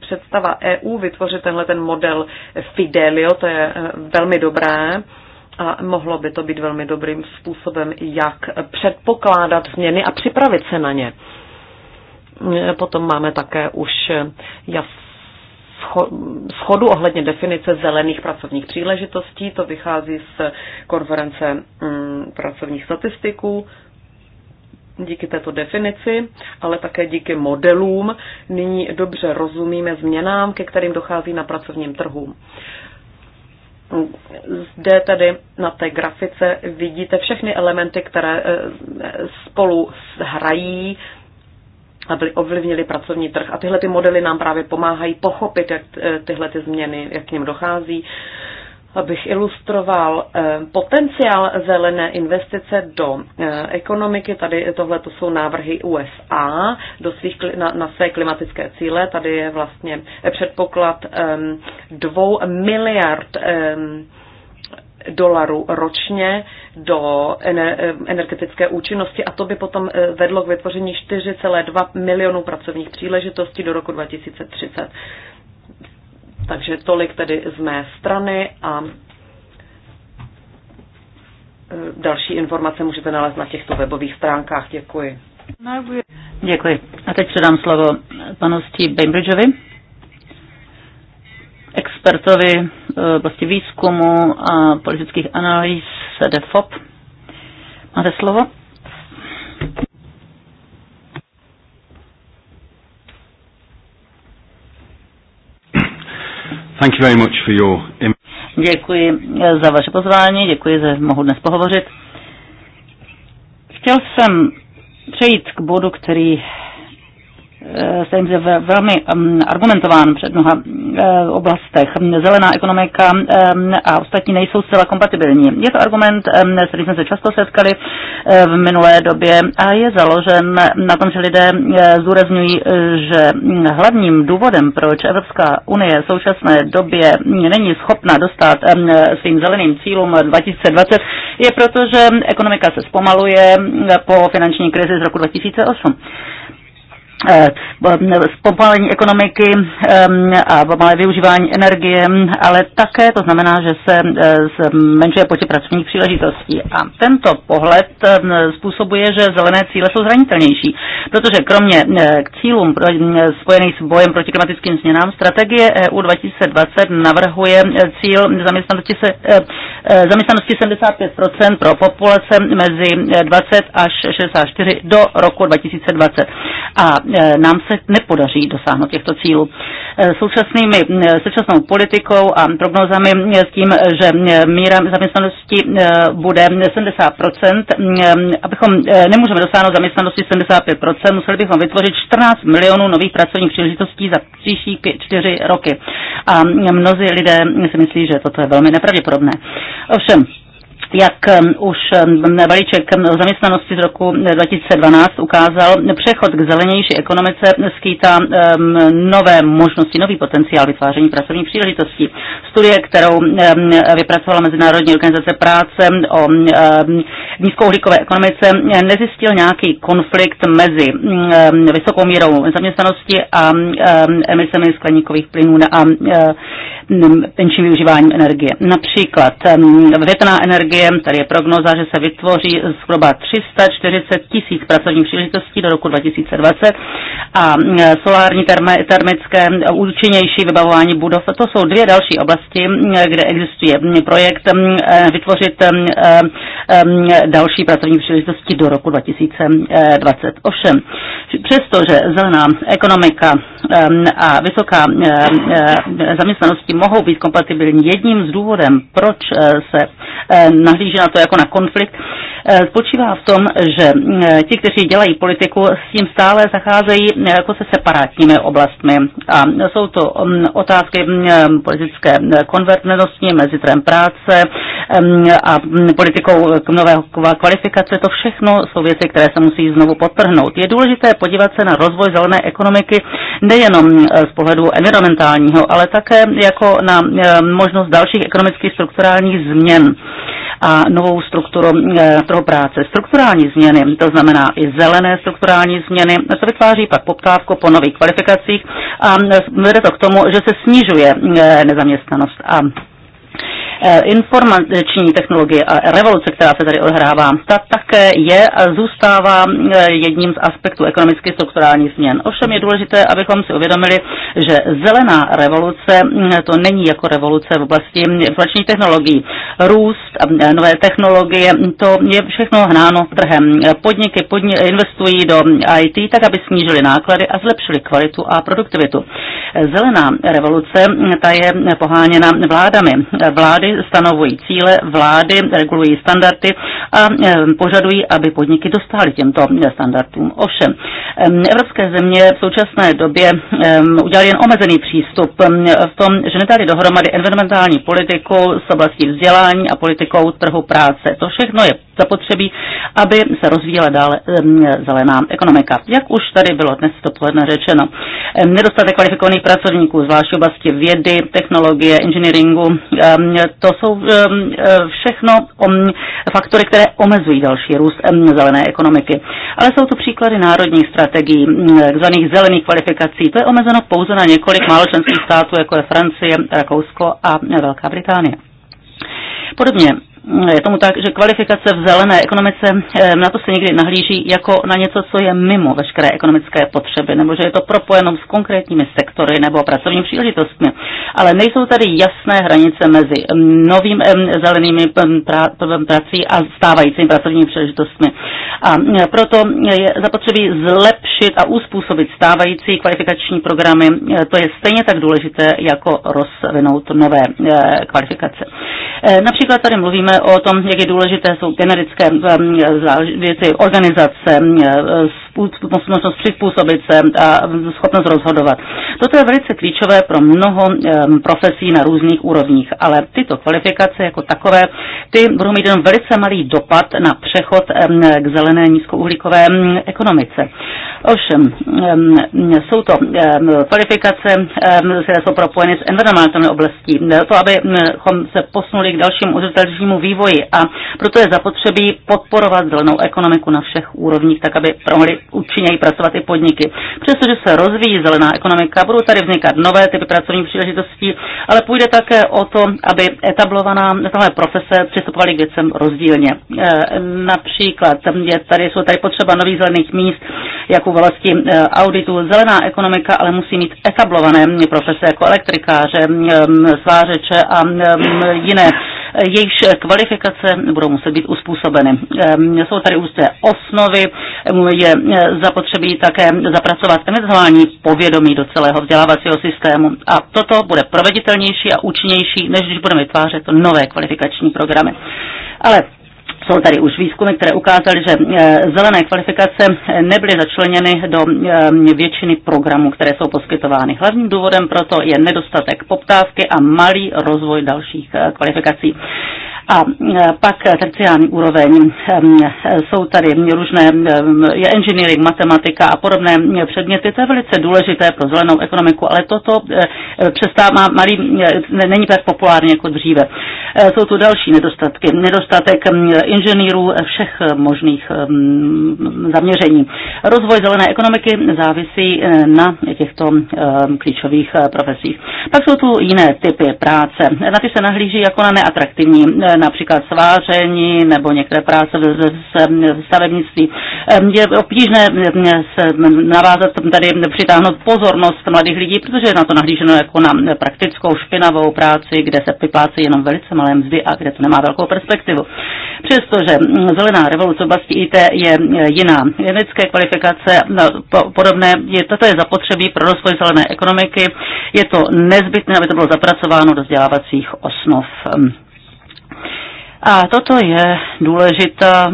představa EU vytvořit tenhle ten model Fidelio, to je e, velmi dobré a mohlo by to být velmi dobrým způsobem, jak předpokládat změny a připravit se na ně. Potom máme také už jas schodu ohledně definice zelených pracovních příležitostí. To vychází z konference mm, pracovních statistiků díky této definici, ale také díky modelům nyní dobře rozumíme změnám, ke kterým dochází na pracovním trhu. Zde tedy na té grafice vidíte všechny elementy, které eh, spolu hrají aby ovlivnili pracovní trh. A tyhle ty modely nám právě pomáhají pochopit, jak eh, tyhle ty změny, jak k ním dochází. Abych ilustroval eh, potenciál zelené investice do eh, ekonomiky, tady tohle to jsou návrhy USA do svých, na, na své klimatické cíle. Tady je vlastně předpoklad ehm, dvou miliard ehm, dolarů ročně do energetické účinnosti a to by potom eh, vedlo k vytvoření 4,2 milionů pracovních příležitostí do roku 2030. Takže tolik tedy z mé strany a eh, další informace můžete nalézt na těchto webových stránkách. Děkuji. Děkuji. A teď předám slovo panu Steve Bainbridgeovi expertovi vlastně výzkumu a politických analýz DEFOP. Máte slovo? Thank you very much for your... Děkuji eh, za vaše pozvání, děkuji, že mohu dnes pohovořit. Chtěl jsem přejít k bodu, který Eh, jsem velmi mm, argumentován před mnoha eh, oblastech. Mm, zelená ekonomika mm, a ostatní nejsou zcela kompatibilní. Je to argument, s kterým jsme se často setkali eh, v minulé době a je založen na tom, že lidé zdůrazňují, že hlavním důvodem, proč Evropská unie v současné době není schopna dostat svým zeleným cílům 2020, je proto, že ekonomika se zpomaluje po finanční krizi z roku 2008. Eh, zpomalení ekonomiky a pomalé využívání energie, ale také to znamená, že se zmenšuje eh, počet pracovních příležitostí. A tento pohled způsobuje, že zelené cíle jsou zranitelnější, protože kromě eh, k cílům spojených s bojem proti klimatickým změnám, strategie EU 2020 navrhuje cíl zaměstnanosti, se, zaměstnanosti 75% pro populace mezi 20 až 64 do roku 2020. A Eh, nám se nepodaří dosáhnout těchto cílů. Eh, současnými, eh, současnou politikou a prognozami s tím, že míra zaměstnanosti bude 70%, mm, abychom nemůžeme dosáhnout zaměstnanosti 75%, museli bychom vytvořit 14 milionů nových pracovních příležitostí za příští 4 roky. A mnozí lidé si myslí, že toto je velmi nepravděpodobné. Ovšem, jak um, už um, balíček um, zaměstnanosti z roku 2012 eh, ukázal, přechod k zelenější ekonomice skýtá nové možnosti, nový potenciál vytváření pracovních příležitostí. Studie, kterou vypracovala Mezinárodní organizace práce o nízkouhlíkové ekonomice, nezjistil nějaký konflikt mezi vysokou mírou zaměstnanosti a emisemi skleníkových plynů a uh, menším využíváním energie. Například větrná energie Unie, tady je prognoza, že se vytvoří zhruba 340 tisíc pracovních příležitostí do roku 2020 a e, solární termické e, účinnější vybavování budov. To jsou dvě další oblasti, e, kde existuje projekt vytvořit další pracovní příležitosti do roku 2020. Ovšem, přestože zelená ekonomika a vysoká zaměstnanosti mohou být kompatibilní, jedním z důvodem, proč se nahlíží na to jako na konflikt, eh, spočívá v tom, že eh, ti, kteří dělají politiku, s tím stále zacházejí eh, jako se separátními oblastmi. A jsou to mm, otázky mm, politické konvertnosti mezi trhem práce mm, a politikou nového kvalifikace. To všechno jsou věci, které se musí znovu potrhnout. Je důležité podívat se na rozvoj zelené ekonomiky nejenom z pohledu environmentálního, ale také jako na možnost dalších ekonomických strukturálních změn a novou strukturu eh, trhu práce. Strukturální změny, to znamená i zelené strukturální změny, to vytváří pak poptávku po nových kvalifikacích a eh, vede to k tomu, že se snižuje eh, nezaměstnanost. A Eh, informační technologie a revoluce, která se tady odhrává, ta také je a zůstává eh, jedním z aspektů ekonomicky strukturálních změn. Ovšem je důležité, abychom si uvědomili, že zelená revoluce hm, to není jako revoluce v oblasti informačních technologií. Růst a eh, nové technologie, to je všechno hnáno trhem. Podniky podni- investují do hm, IT tak, aby snížili náklady a zlepšili kvalitu a produktivitu. Zelená revoluce, ta je poháněna vládami. Vlády stanovují cíle, vlády regulují standardy a eh, požadují, aby podniky dostály těmto standardům. Ovšem, eh, evropské země v současné době eh, udělali jen omezený přístup v tom, že nedali dohromady environmentální politiku s oblastí vzdělání a politikou trhu práce. To všechno je zapotřebí, aby se rozvíjela dále zelená ekonomika. Jak už tady bylo dnes dopoledne řečeno, nedostatek kvalifikovaných pracovníků, zvlášť v oblasti vědy, technologie, inženýringu, to jsou všechno faktory, které omezují další růst zelené ekonomiky. Ale jsou tu příklady národních strategií, takzvaných zelených kvalifikací. To je omezeno pouze na několik málo členských států, jako je Francie, Rakousko a Velká Británie. Podobně Mm, je tomu tak, že kvalifikace v zelené ekonomice eh, na to se někdy nahlíží jako na něco, co je mimo veškeré ekonomické potřeby, nebo že je to propojeno s konkrétními sektory nebo pracovními příležitostmi. Ale nejsou tady jasné hranice mezi mm, novým mm, zelenými prací a stávajícími pracovními příležitostmi. A proto je zapotřebí zlepšit a uspůsobit stávající kvalifikační programy. Eh, to je stejně tak důležité, jako rozvinout nové eh, kvalifikace. Například tady mluvíme o tom, jak je důležité jsou generické věci, organizace, možnost přizpůsobit se a schopnost rozhodovat. Toto je velice klíčové pro mnoho profesí na různých úrovních, ale tyto kvalifikace jako takové, ty budou mít jen velice malý dopad na přechod k zelené nízkouhlíkové ekonomice. Ovšem, jsou to kvalifikace, které jsou propojeny s environmentální oblastí. To, abychom se posunuli k dalšímu udržitelnému vývoji a proto je zapotřebí podporovat zelenou ekonomiku na všech úrovních, tak aby mohli účinněji pracovat i podniky. Přestože se rozvíjí zelená ekonomika, budou tady vznikat nové typy pracovních příležitostí, ale půjde také o to, aby etablovaná tohle profese přistupovaly k věcem rozdílně. E, například je tady, jsou tady potřeba nových zelených míst, jako v oblasti eh, auditu. Zelená ekonomika ale musí mít etablované profese jako elektrikáře, svářeče a jiné jejichž kvalifikace budou muset být uspůsobeny. Ehm, jsou tady úzce osnovy, je eh, zapotřebí také zapracovat eventuální povědomí do celého vzdělávacího systému a toto bude proveditelnější a účinnější, než když budeme vytvářet nové kvalifikační programy. Ale jsou tady už výzkumy, které ukázaly, že eh, zelené kvalifikace eh, nebyly začleněny do eh, většiny programů, které jsou poskytovány. Hlavním důvodem proto je nedostatek poptávky a malý rozvoj dalších kvalifikací. A e, pak terciální úroveň. Jsou tady různé je engineering, matematika a podobné předměty. To je velice důležité pro zelenou ekonomiku, ale toto e, přestává malý, e, není tak populárně jako dříve. Jsou tu další nedostatky. Nedostatek inženýrů všech možných zaměření. Rozvoj zelené ekonomiky závisí na těchto klíčových profesích. Pak jsou tu jiné typy práce. Na ty se nahlíží jako na neatraktivní například sváření nebo některé práce v stavebnictví. Je obtížné navázat tady, přitáhnout pozornost mladých lidí, protože je na to nahlíženo jako na praktickou špinavou práci, kde se vyplácí jenom velice malé mzdy a kde to nemá velkou perspektivu. Přestože zelená revoluce v oblasti IT je jiná. Genetické kvalifikace no, podobné, je, toto je zapotřebí pro rozvoj zelené ekonomiky. Je to nezbytné, aby to bylo zapracováno do vzdělávacích osnov. A toto je důležitá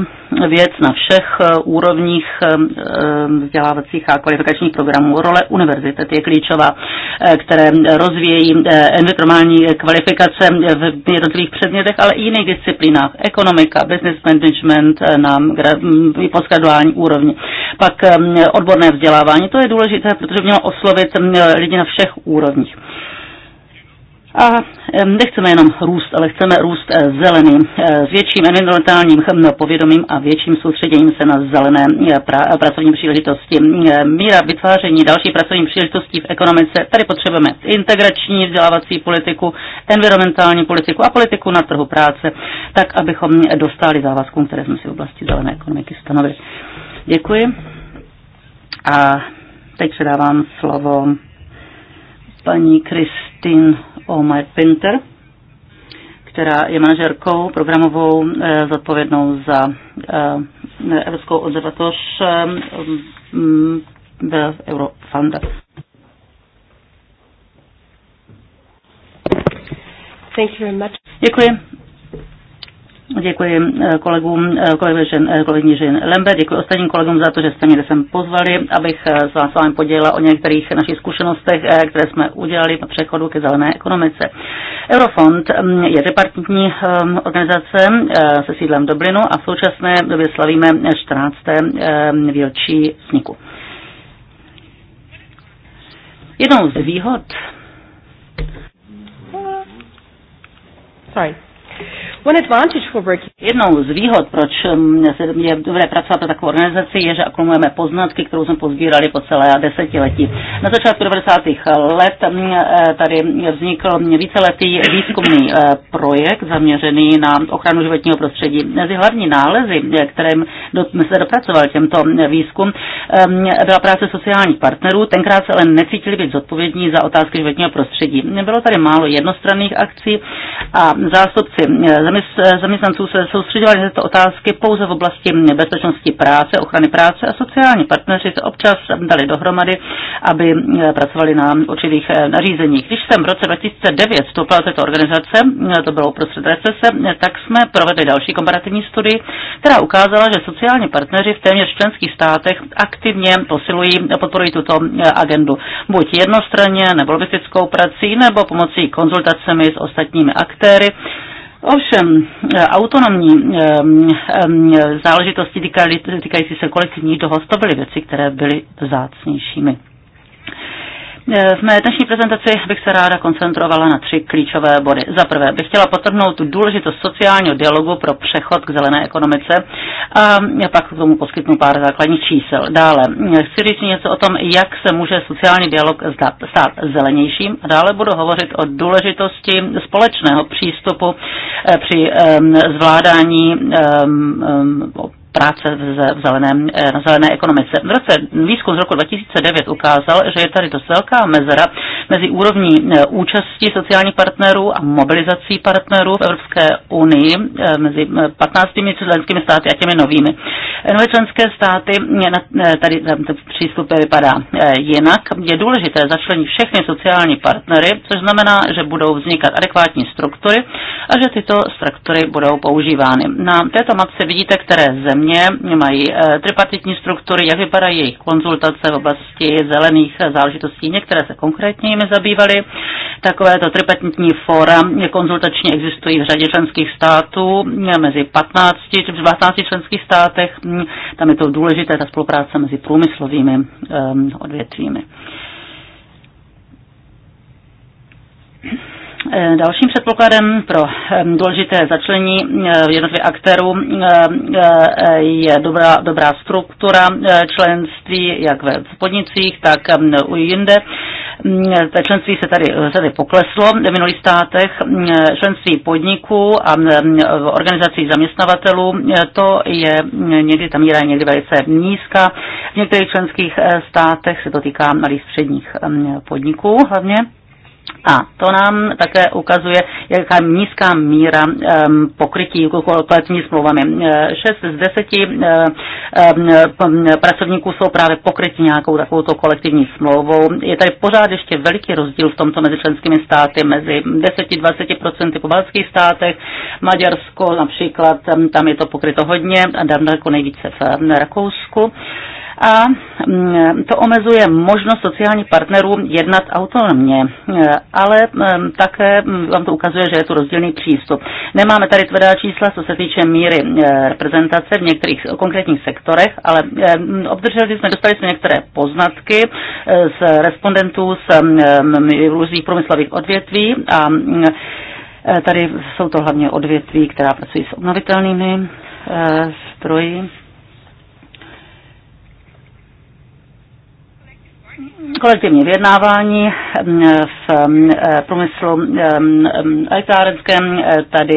věc na všech eh, úrovních eh, eh, vzdělávacích a kvalifikačních programů. Role univerzity je klíčová, které rozvíjí environmentální kvalifikace v jednotlivých předmětech, ale i jiných disciplínách. Ekonomika, business management na postgraduální úrovni. Pak odborné vzdělávání, to je důležité, protože mělo oslovit lidi na všech úrovních. A nechceme jenom růst, ale chceme růst eh, zelený eh, s větším environmentálním no, povědomím a větším soustředěním se na zelené eh, pra- pracovní příležitosti. Míra vytváření další pracovní příležitostí v ekonomice, tady potřebujeme integrační vzdělávací politiku, environmentální politiku a politiku na trhu práce, tak abychom dostali závazkům, které jsme si v oblasti zelené ekonomiky stanovili. Děkuji. A teď předávám slovo paní Kristin Omar Pinter, která je manažerkou programovou eh, zodpovědnou za eh, Evropskou observatoř eh, mm, v Eurofonda. Thank you very much. Děkuji. Děkuji eh, kolegům, eh, eh, kolegyni Žin Lembe, děkuji ostatním kolegům za to, že jste mě sem pozvali, abych s vás vámi podělila o některých našich zkušenostech, které jsme udělali na přechodu ke zelené ekonomice. Eurofond mm, je repartitní ehm, organizace se sídlem v Dublinu a v současné době slavíme 14. Ehm, výročí vzniku. Jednou z výhod Sorry. Jednou z výhod, proč je um, dobré pracovat na takové organizaci, je, že akumulujeme poznatky, kterou jsme pozbírali po celé desetiletí. Na začátku 90. let um, eh, tady vznikl víceletý výzkumný eh, projekt zaměřený na ochranu životního prostředí. Mezi hlavní nálezy, eh, kterým se dopracoval těmto výzkum, um, byla práce sociálních partnerů. Tenkrát se ale necítili být zodpovědní za otázky životního prostředí. Bylo tady málo jednostranných akcí a zástupci zaměřených Eh, zaměstnanců se soustředovali na tyto otázky pouze v oblasti bezpečnosti práce, ochrany práce a sociální partneři se občas dali dohromady, aby eh, pracovali na určitých eh, nařízeních. Když jsem v roce 2009 vstoupila této organizace, to bylo uprostřed recese, tak jsme provedli další komparativní studii, která ukázala, že sociální partneři v téměř členských státech aktivně posilují, podporují tuto agendu. Buď jednostranně nebo logistickou prací, nebo pomocí konzultacemi s ostatními aktéry, Ovšem, e, autonomní e, e, záležitosti týkající se kolektivních dohod, to byly věci, které byly zácnějšími. Eh, v mé dnešní prezentaci bych se ráda koncentrovala na tři klíčové body. Za prvé bych chtěla potrhnout důležitost sociálního dialogu pro přechod k zelené ekonomice a pak k tomu poskytnu pár základních čísel. Dále eh, chci říct něco o tom, jak se může sociální dialog stát zelenějším. Dále budu hovořit o důležitosti společného přístupu eh, při ehm, zvládání ehm, ehm, práce v zeleném, eh, na zelené ekonomice. V roce, výzkum z roku 2009 ukázal, že je tady dost velká mezera mezi úrovní eh, účasti sociálních partnerů a mobilizací partnerů v Evropské unii eh, mezi 15 členskými státy a těmi novými. Nové členské státy, tady ten přístup vypadá jinak, je důležité začlenit všechny sociální partnery, což znamená, že budou vznikat adekvátní struktury a že tyto struktury budou používány. Na této mapce vidíte, které země země mají eh, tripartitní struktury, jak vypadají jejich konzultace v oblasti zelených eh, záležitostí. Některé se konkrétně jimi zabývaly. Takovéto tripartitní fóra eh, konzultačně existují v řadě členských států, mezi 15, 12 členských státech. Hmm, tam je to důležité, ta spolupráce mezi průmyslovými odvětvími. Eh, dalším předpokladem pro ehm, důležité začlení eh, jednotlivých aktérů eh, je dobrá, dobrá struktura členství, jak ve podnicích, tak ehm, u jinde. Mm, členství se tady, tady pokleslo v minulých státech. Mm, členství podniků a mm, ehm, organizací zaměstnavatelů, to je někdy, ta míra je někdy velice nízká. V některých členských státech se to týká malých středních podniků hlavně. A to nám také ukazuje, jaká nízká míra pokrytí kolektivní smlouvami. E, šest z um, pracovníků jsou právě pokryti nějakou takovouto kolektivní smlouvou. Je tady pořád ještě veliký rozdíl v tomto mezi členskými státy, mezi 10-20% po balských státech, Maďarsko například, tam je to pokryto hodně, a jako nejvíce v Rakousku a mm, to omezuje možnost sociálních partnerů jednat autonomně, e, ale e, také mm, vám to ukazuje, že je tu rozdílný přístup. Nemáme tady tvrdá čísla, co se týče míry e, reprezentace v některých konkrétních sektorech, ale mm, obdrželi jsme, dostali jsme některé poznatky z respondentů z různých průmyslových odvětví a Tady jsou to hlavně odvětví, která pracují s obnovitelnými stroji. kolektivní vyjednávání mm, v mm, eh, průmyslu mm, eh, elektrárenském. Eh, tady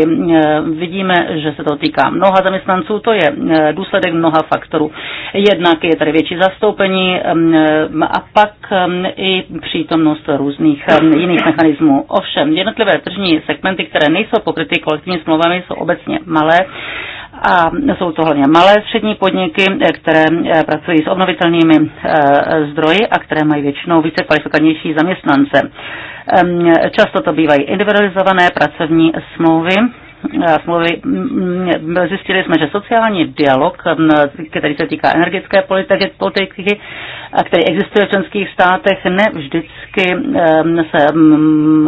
vidíme, že se to týká mnoha zaměstnanců, to je důsledek mnoha faktorů. Jednak je tady větší zastoupení a pak i přítomnost různých jiných mechanismů. Ovšem, jednotlivé tržní segmenty, které nejsou pokryty kolektivní smlouvami, jsou obecně malé a jsou to hlavně malé střední podniky, které eh, pracují s obnovitelnými eh, zdroji a které mají většinou více kvalifikovanější zaměstnance. Často to bývají individualizované pracovní smlouvy, smlouvy, zjistili jsme, že sociální dialog, který se týká energetické politiky, který existuje v členských státech, ne vždycky se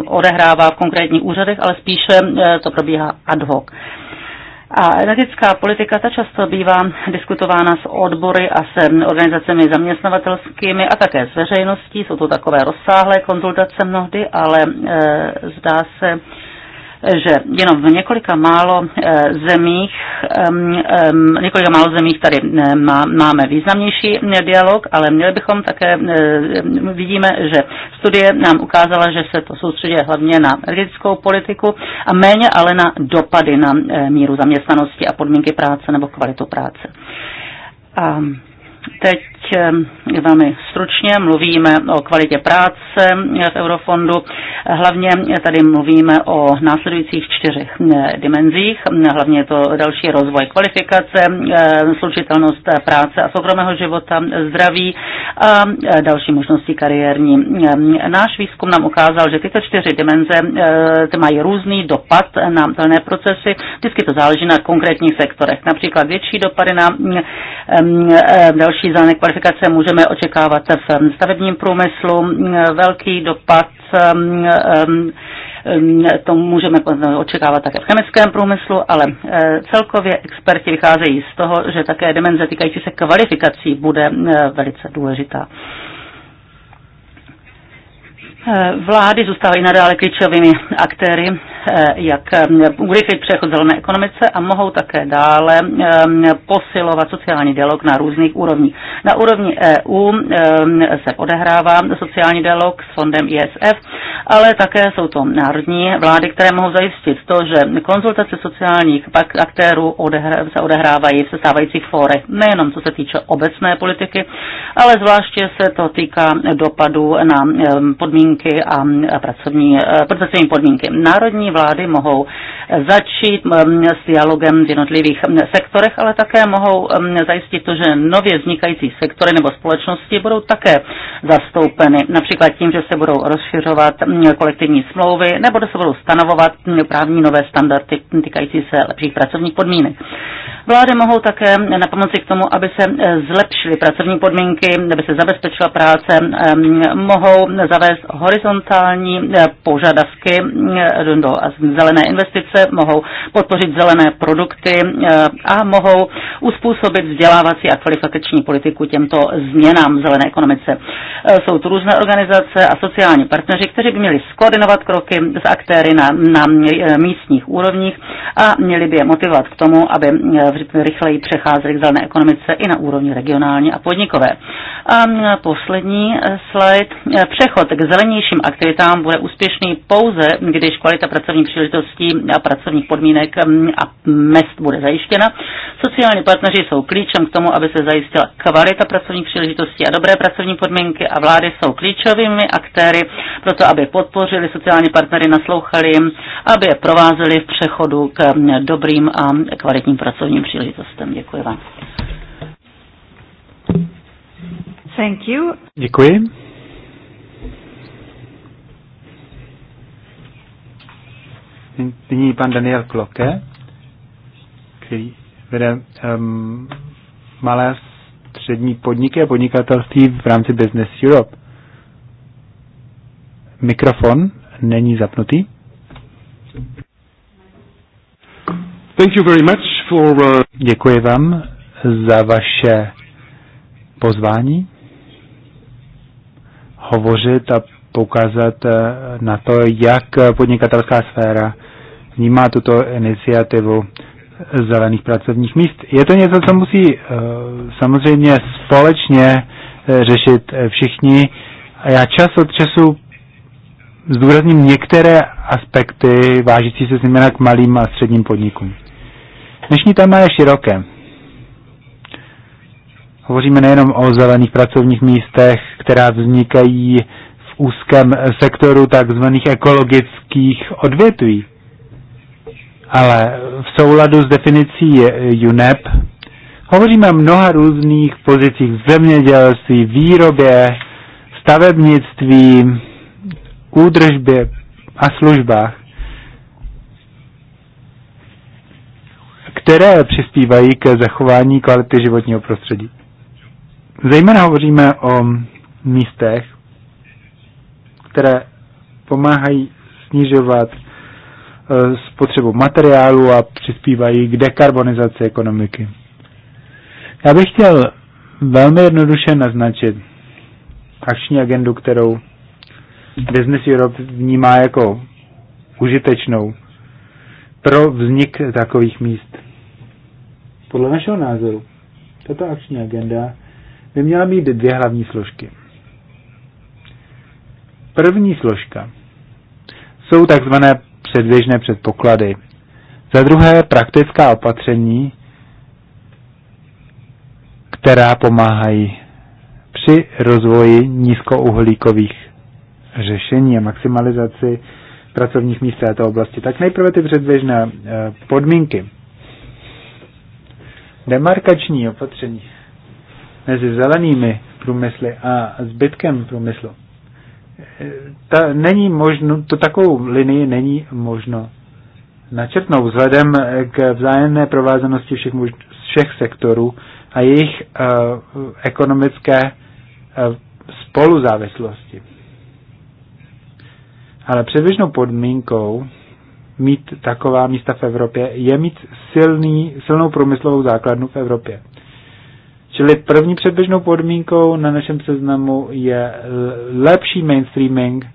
odehrává v konkrétních úřadech, ale spíše eh, to probíhá ad hoc. A energetická politika ta často bývá diskutována s odbory a s organizacemi zaměstnavatelskými a také s veřejností. Jsou to takové rozsáhlé konzultace mnohdy, ale e, zdá se, že jenom v několika málo eh, zemích, několika málo zemích tady máme významnější eh, dialog, ale měli bychom také, eh, vidíme, že studie nám ukázala, že se to soustředí hlavně na energetickou politiku a méně ale na dopady na míru zaměstnanosti a podmínky práce nebo kvalitu práce. A teď Eh, velmi stručně mluvíme o kvalitě práce eh, v Eurofondu. Hlavně tady mluvíme o následujících čtyřech eh, dimenzích. Hlavně je to další rozvoj kvalifikace, slučitelnost práce a soukromého života, zdraví a další možnosti kariérní. Náš výzkum nám ukázal, že tyto čtyři dimenze ty mají různý dopad na dané procesy. Vždycky to záleží na konkrétních sektorech. Například větší dopady na mm, mm, další kvalifikace aplikace můžeme očekávat v stavebním průmyslu. Velký dopad to můžeme očekávat také v chemickém průmyslu, ale e, celkově experti vycházejí z toho, že také dimenze týkající se kvalifikací bude velice důležitá. E, vlády zůstávají nadále klíčovými aktéry Eh, jak eh, urychlit přechod zelené ekonomice a mohou také dále eh, posilovat sociální dialog na různých úrovních. Na úrovni EU se odehrává sociální dialog s fondem ISF, ale také jsou to národní vlády, které mohou zajistit to, že konzultace sociálních aktérů se odehrávají v sestávajících fórech, nejenom co se týče obecné politiky, ale zvláště se to týká dopadu na podmínky a pracovní, pracovní podmínky. Národní vlády mohou eh, začít s dialogem v jednotlivých sektorech, ale také mohou zajistit to, že nově vznikající sektory nebo společnosti budou také zastoupeny, například tím, že se budou rozšiřovat kolektivní smlouvy nebo že se budou stanovovat právní nové standardy týkající se lepších pracovních podmínek. Vlády mohou také na pomoci k tomu, aby se eh, zlepšily pracovní podmínky, aby se zabezpečila práce, eh, mohou zavést horizontální eh, požadavky do zelené investice, mohou podpořit zelené produkty a mohou uspůsobit vzdělávací a kvalifikační politiku těmto změnám v zelené ekonomice. Jsou tu různé organizace a sociální partneři, kteří by měli skoordinovat kroky s aktéry na, na místních úrovních a měli by je motivovat k tomu, aby rychleji přecházeli k zelené ekonomice i na úrovni regionální a podnikové. A poslední e, slide. E, přechod k zelenějším aktivitám bude úspěšný pouze, když kvalita pracovních příležitostí a pracovních podmínek a mest bude zajištěna. Sociální partneři jsou klíčem k tomu, aby se zajistila kvalita pracovních příležitostí a dobré pracovní podmínky a vlády jsou klíčovými aktéry pro to, aby podpořili sociální partnery, naslouchali jim, aby je provázeli v přechodu k dobrým a kvalitním pracovním pracovním příležitostem. Děkuji vám. Thank you. Děkuji. Nyní pan Daniel Kloke, který vede um, malé střední podniky a podnikatelství v rámci Business Europe. Mikrofon není zapnutý. Thank you very much. Uh, Děkuji vám za vaše pozvání hovořit a poukázat eh, na to, jak podnikatelská sféra vnímá tuto iniciativu zelených pracovních míst. Je to něco, co musí eh, samozřejmě společně eh, řešit všichni. A já čas od času zdůrazním některé aspekty vážící se zejména k malým a středním podnikům. Dnešní téma je široké. Hovoříme nejenom o zelených pracovních místech, která vznikají v úzkém sektoru takzvaných ekologických odvětví, ale v souladu s definicí UNEP hovoříme o mnoha různých pozicích v zemědělství, výrobě, stavebnictví, údržbě a službách. které přispívají k zachování kvality životního prostředí. Zejména hovoříme o místech, které pomáhají snižovat eh, spotřebu materiálu a přispívají k dekarbonizaci ekonomiky. Já bych chtěl velmi jednoduše naznačit akční agendu, kterou Business Europe vnímá jako užitečnou pro vznik takových míst. Podle našeho názoru tato akční agenda by měla mít dvě hlavní složky. První složka jsou takzvané předběžné předpoklady. Za druhé praktická opatření, která pomáhají při rozvoji nízkouhlíkových řešení a maximalizaci pracovních míst v této oblasti. Tak nejprve ty předběžné eh, podmínky demarkační opatření mezi zelenými průmysly a zbytkem průmyslu, ta není možno, to takovou linii není možno načrtnout vzhledem k vzájemné provázanosti všech, mož, všech sektorů a jejich uh, ekonomické uh, spoluzávislosti. Ale předběžnou podmínkou mít taková místa v Evropě, je mít silný, silnou průmyslovou základnu v Evropě. Čili první předběžnou podmínkou na našem seznamu je lepší mainstreaming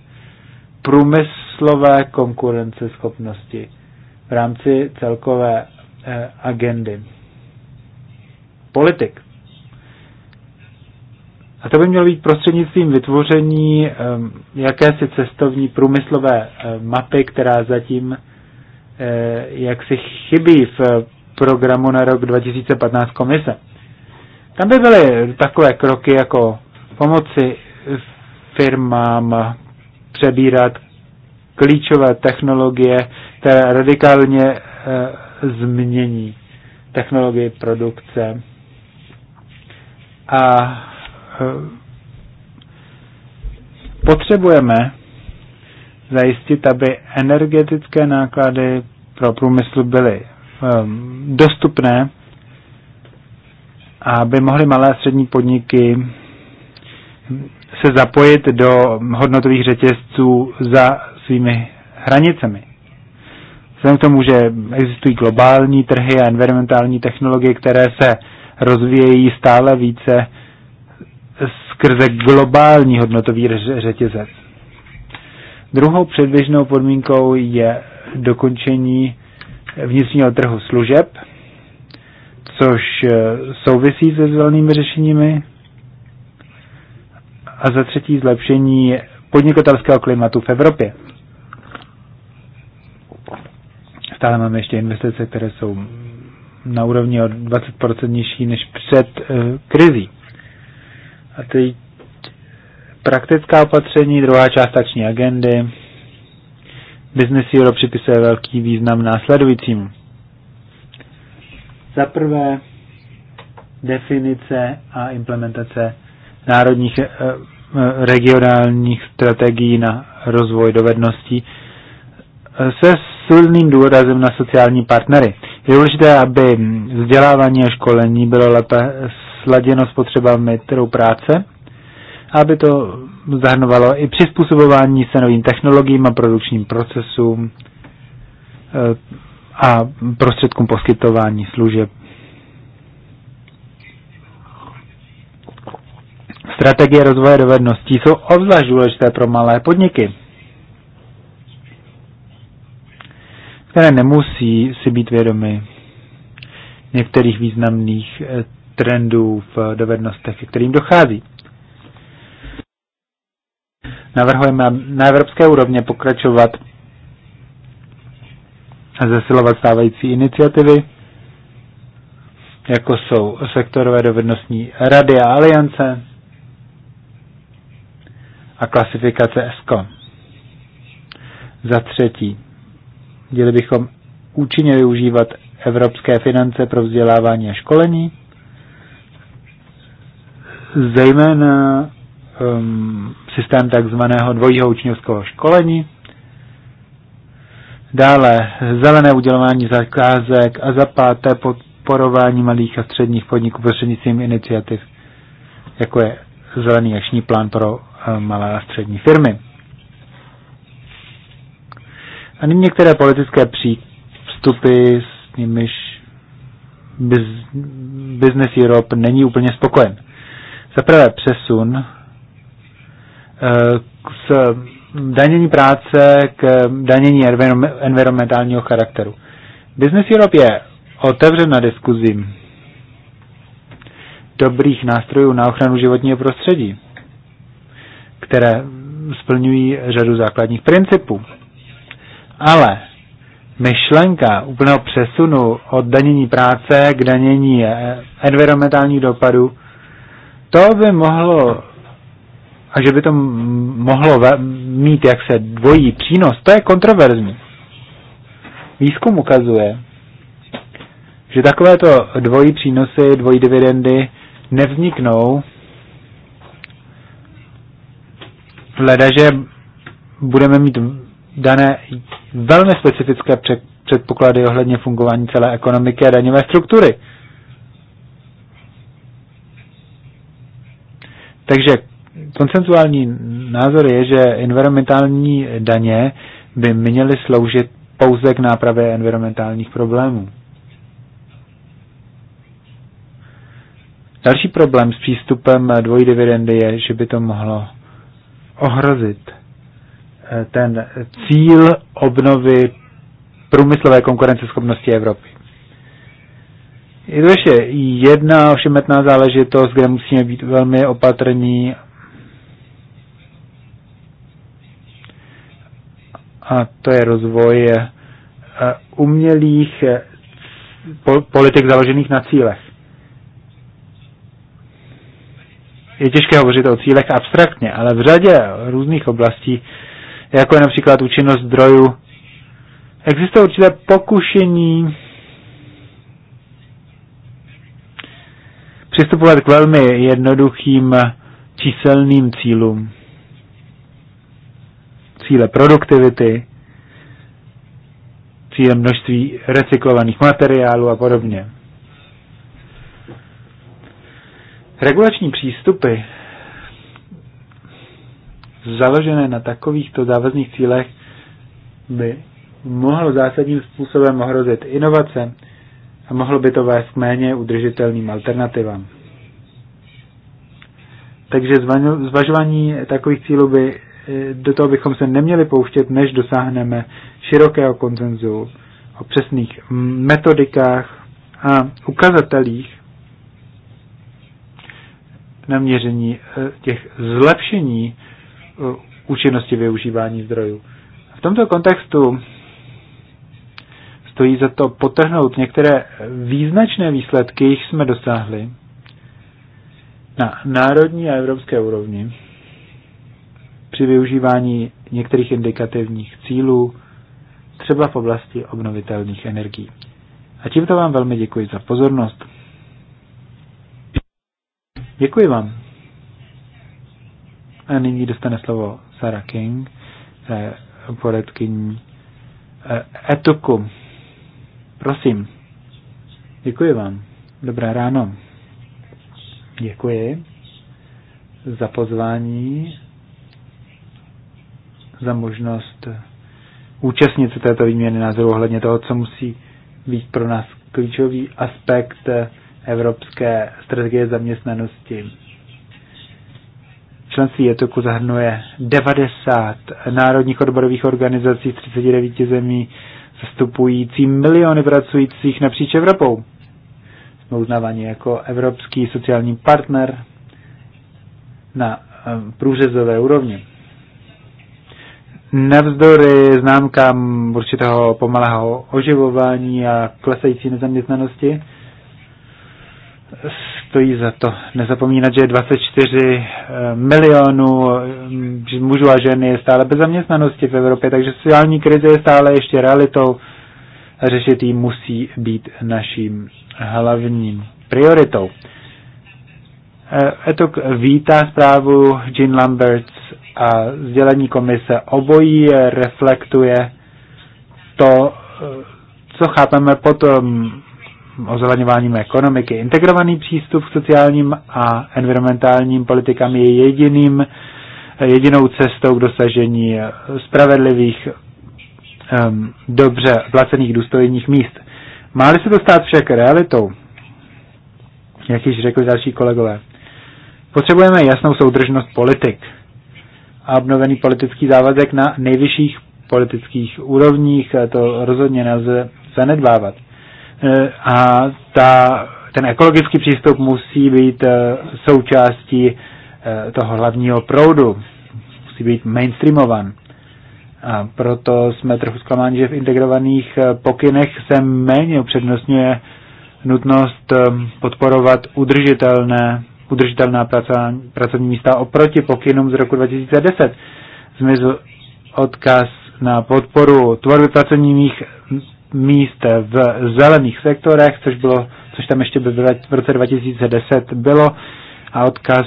průmyslové konkurenceschopnosti v rámci celkové eh, agendy. Politik. A to by mělo být prostřednictvím vytvoření jakési cestovní průmyslové mapy, která zatím eh, jak si chybí v programu na rok 2015 komise. Tam by byly takové kroky jako pomoci firmám přebírat klíčové technologie, které radikálně e, změní technologii produkce. A Eh, potřebujeme zajistit, aby energetické náklady pro průmysl byly ehm, dostupné a aby mohly malé a střední podniky se zapojit do hodnotových řetězců za svými hranicemi. Vzhledem k tomu, že existují globální trhy a environmentální technologie, které se rozvíjejí stále více, skrze globální hodnotový řetězec. Druhou předběžnou podmínkou je dokončení vnitřního trhu služeb, což eh, souvisí se zelenými řešeními. A za třetí zlepšení podnikatelského klimatu v Evropě. Stále máme ještě investice, které jsou na úrovni o 20% nižší než před eh, krizí. A teď praktická opatření, druhá část akční agendy. Business Euro připisuje velký význam následujícím. Za prvé, definice a implementace národních eh, eh, regionálních strategií na rozvoj dovedností eh, se silným důrazem na sociální partnery. Je důležité, aby vzdělávání a školení bylo lépe sladěno s potřebami trhu práce, aby to zahrnovalo i přizpůsobování se novým technologiím a produkčním procesům eh, a prostředkům poskytování služeb. Strategie rozvoje dovedností jsou obzvlášť důležité pro malé podniky, které nemusí si být vědomy některých významných eh, trendů v dovednostech, kterým dochází. Navrhujeme na evropské úrovně pokračovat a zesilovat stávající iniciativy, jako jsou sektorové dovednostní rady a aliance a klasifikace ESCO. Za třetí, měli bychom účinně využívat evropské finance pro vzdělávání a školení zejména um, systém takzvaného dvojího učňovského školení, dále zelené udělování zakázek a za páté podporování malých a středních podniků prostřednictvím iniciativ, jako je zelený akční plán pro um, malé a střední firmy. A nyní některé politické přístupy, s nimiž Business Europe není úplně spokojen. Za prvé přesun z eh, danění práce k danění environmentálního charakteru. Business Europe je otevřen na diskuzi dobrých nástrojů na ochranu životního prostředí, které splňují řadu základních principů. Ale myšlenka úplného přesunu od danění práce k danění eh, environmentálních dopadů to by mohlo a že by to mohlo mít jak se dvojí přínos, to je kontroverzní. Výzkum ukazuje, že takovéto dvojí přínosy, dvojí dividendy nevzniknou, hleda, že budeme mít dané velmi specifické předpoklady ohledně fungování celé ekonomiky a daňové struktury. Takže koncentuální názor je, že environmentální daně by měly sloužit pouze k nápravě environmentálních problémů. Další problém s přístupem dvojí dividendy je, že by to mohlo ohrozit eh, ten cíl obnovy průmyslové konkurenceschopnosti Evropy. Je to ještě jedna všemetná záležitost, kde musíme být velmi opatrní. A to je rozvoj eh, umělých eh, politik založených na cílech. Je těžké hovořit o cílech abstraktně, ale v řadě různých oblastí, jako je například účinnost zdrojů, existuje určité pokušení přistupovat k velmi jednoduchým eh, číselným cílům. Cíle produktivity, cíle množství recyklovaných materiálů a podobně. Regulační přístupy založené na takovýchto závazných cílech by mohlo zásadním způsobem ohrozit inovace, a mohlo by to vést k méně udržitelným alternativám. Takže zvažování takových cílů by, eh, do toho bychom se neměli pouštět, než dosáhneme širokého konsenzu o přesných metodikách a ukazatelích na měření eh, těch zlepšení eh, účinnosti využívání zdrojů. V tomto kontextu stojí za to potrhnout některé význačné výsledky, jich jsme dosáhli na národní a evropské úrovni při využívání některých indikativních cílů, třeba v oblasti obnovitelných energií. A tímto vám velmi děkuji za pozornost. Děkuji vám. A nyní dostane slovo Sarah King, eh, poradkyní eh, etoku. Prosím. Děkuji vám. Dobré ráno. Děkuji za pozvání, za možnost účastnit se této výměny názoru ohledně toho, co musí být pro nás klíčový aspekt evropské strategie zaměstnanosti. Členství JETOKu zahrnuje 90 národních odborových organizací z 39 zemí, zastupující miliony pracujících napříč Evropou. Jsme uznáváni jako evropský sociální partner na eh, průřezové úrovni. Navzdory známkám určitého pomalého oživování a klesající nezaměstnanosti, stojí za to nezapomínat, že 24 eh, milionů eh, mužů a žen je stále bez zaměstnanosti v Evropě, takže sociální krize je stále ještě realitou a řešit ji musí být naším hlavním prioritou. Eh, Etok vítá zprávu Jean Lamberts a sdělení komise. Obojí reflektuje to, co chápeme potom ozeleňováním ekonomiky. Integrovaný přístup k sociálním a environmentálním politikám je jediným, jedinou cestou k dosažení spravedlivých, dobře placených důstojných míst. Máli se to stát však realitou, jak již řekli další kolegové, potřebujeme jasnou soudržnost politik a obnovený politický závazek na nejvyšších politických úrovních, to rozhodně nelze zanedbávat. Eh, a ta, ten ekologický přístup musí být eh, součástí eh, toho hlavního proudu, musí být mainstreamovan. A proto jsme trochu zklamáni, že v integrovaných pokynech se méně upřednostňuje nutnost podporovat udržitelné, udržitelná pracovní, pracovní místa oproti pokynům z roku 2010. Zmizl odkaz na podporu tvorby pracovních míst v zelených sektorech, což, bylo, což tam ještě by v roce 2010 bylo, a odkaz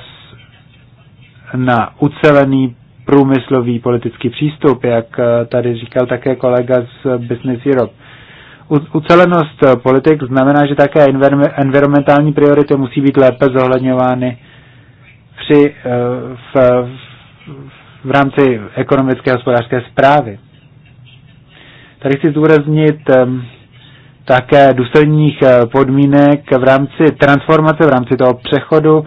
na ucelený průmyslový politický přístup, jak eh, tady říkal také kolega z Business Europe. Ucelenost politik znamená, že také environmentální priority musí být lépe zohledňovány při, eh, v, v, v rámci ekonomické a hospodářské zprávy. Tady chci zdůraznit také důsledních eh, podmínek v rámci transformace, v rámci toho přechodu.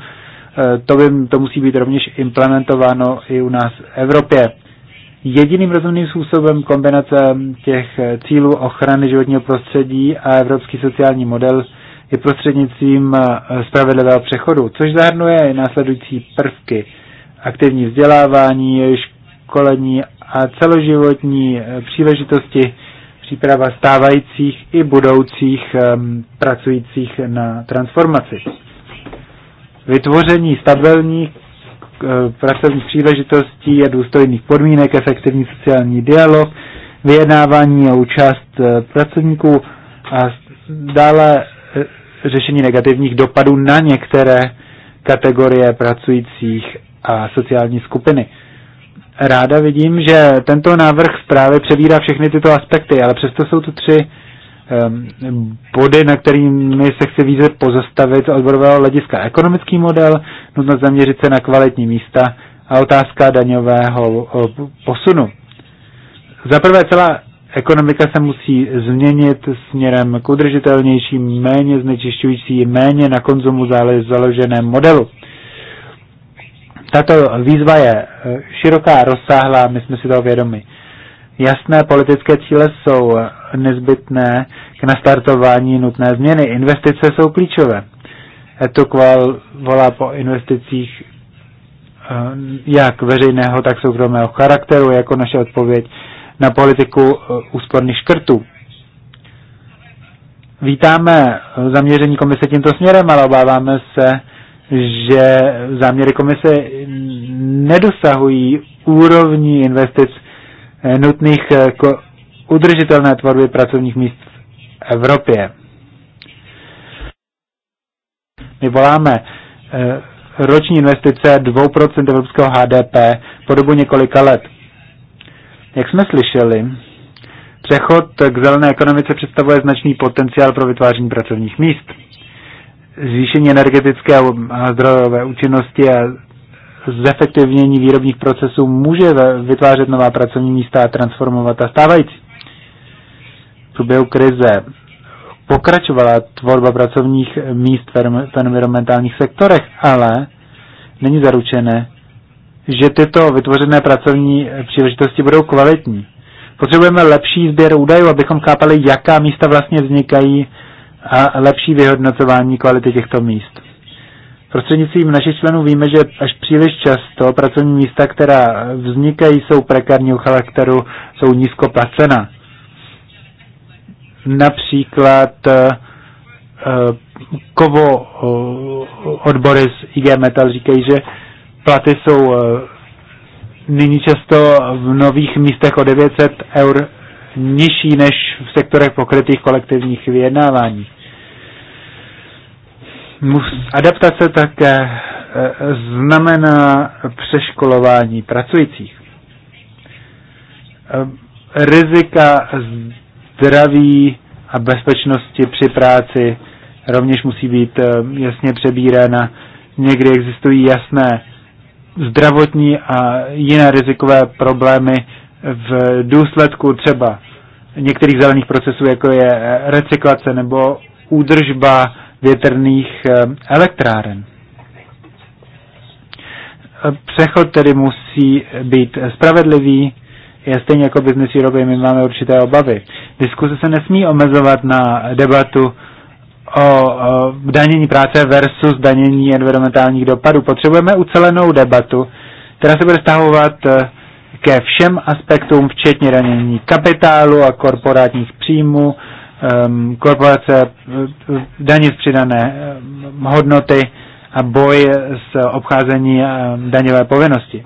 Eh, to, by, to musí být rovněž implementováno i u nás v Evropě. Jediným rozumným způsobem kombinace těch eh, cílů ochrany životního prostředí a evropský sociální model je prostřednictvím spravedlivého přechodu, což zahrnuje i následující prvky. Aktivní vzdělávání, školení a celoživotní příležitosti příprava stávajících i budoucích um, pracujících na transformaci. Vytvoření stabilních pracovních příležitostí a důstojných podmínek, efektivní sociální dialog, vyjednávání a účast eh, pracovníků a dále eh, řešení negativních dopadů na některé kategorie pracujících a sociální skupiny ráda vidím, že tento návrh zprávy přebírá všechny tyto aspekty, ale přesto jsou tu tři um, body, na kterými se chci více pozastavit z odborového hlediska. Ekonomický model, nutno zaměřit se na kvalitní místa a otázka daňového eh, posunu. Za prvé celá ekonomika se musí změnit směrem k udržitelnějším, méně znečišťující, méně na konzumu založeném modelu. Tato výzva je eh, široká, rozsáhlá, my jsme si toho vědomi. Jasné politické cíle jsou eh, nezbytné k nastartování nutné změny. Investice jsou klíčové. Etokval volá po investicích eh, jak veřejného, tak soukromého charakteru, jako naše odpověď na politiku úsporných škrtů. Vítáme zaměření komise tímto směrem, ale obáváme se, že záměry komise nedosahují úrovní investic eh, nutných eh, k udržitelné tvorbě pracovních míst v Evropě. My voláme eh, roční investice 2% evropského HDP po dobu několika let. Jak jsme slyšeli, přechod k zelené ekonomice představuje značný potenciál pro vytváření pracovních míst zvýšení energetické a zdrojové účinnosti a zefektivnění výrobních procesů může vytvářet nová pracovní místa a transformovat a stávající. V průběhu krize pokračovala tvorba pracovních míst v environmentálních sektorech, ale není zaručené, že tyto vytvořené pracovní příležitosti budou kvalitní. Potřebujeme lepší sběr údajů, abychom chápali, jaká místa vlastně vznikají a lepší vyhodnocování kvality těchto míst. Prostřednictvím našich členů víme, že až příliš často pracovní místa, která vznikají, jsou prekárního charakteru, jsou nízko placena. Například eh, kovo eh, odbory z IG Metal říkají, že platy jsou eh, nyní často v nových místech o 900 eur nižší než v sektorech pokrytých kolektivních vyjednávání. Adaptace také e, znamená přeškolování pracujících. E, rizika zdraví a bezpečnosti při práci rovněž musí být e, jasně přebírána. Někdy existují jasné zdravotní a jiné rizikové problémy, v důsledku třeba některých zelených procesů, jako je eh, recyklace nebo údržba větrných eh, elektráren. Eh, přechod tedy musí být spravedlivý, je stejně jako biznesí roby, my máme určité obavy. Diskuse se nesmí omezovat na debatu o, o danění práce versus danění environmentálních dopadů. Potřebujeme ucelenou debatu, která se bude stahovat ke všem aspektům, včetně danění kapitálu a korporátních příjmů, ehm, korporace eh, eh, daně z přidané ehm, hodnoty a boj s obcházení ehm, daňové povinnosti.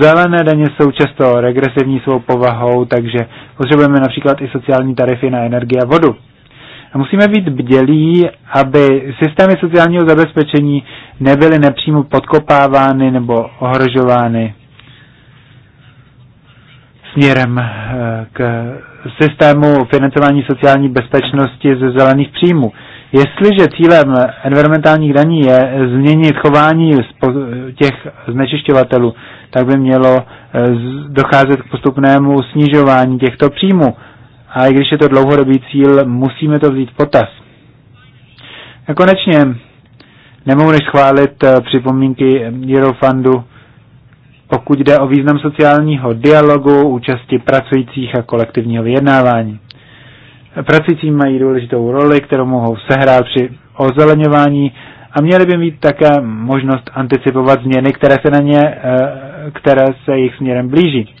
Zelené daně jsou často regresivní svou povahou, takže potřebujeme například i sociální tarify na energii a vodu. A musíme být bdělí, aby systémy sociálního zabezpečení nebyly nepřímo podkopávány nebo ohrožovány směrem eh, k systému financování sociální bezpečnosti ze zelených příjmů. Jestliže cílem environmentálních daní je změnit chování těch znečišťovatelů, tak by mělo eh, docházet k postupnému snižování těchto příjmů. A i když je to dlouhodobý cíl, musíme to vzít v potaz. A konečně nemohu než schválit eh, připomínky Eurofundu, pokud jde o význam sociálního dialogu, účasti pracujících a kolektivního vyjednávání. Pracující mají důležitou roli, kterou mohou sehrát při ozeleňování a měli by mít také možnost anticipovat změny, které se na ně, eh, které se jejich směrem blíží.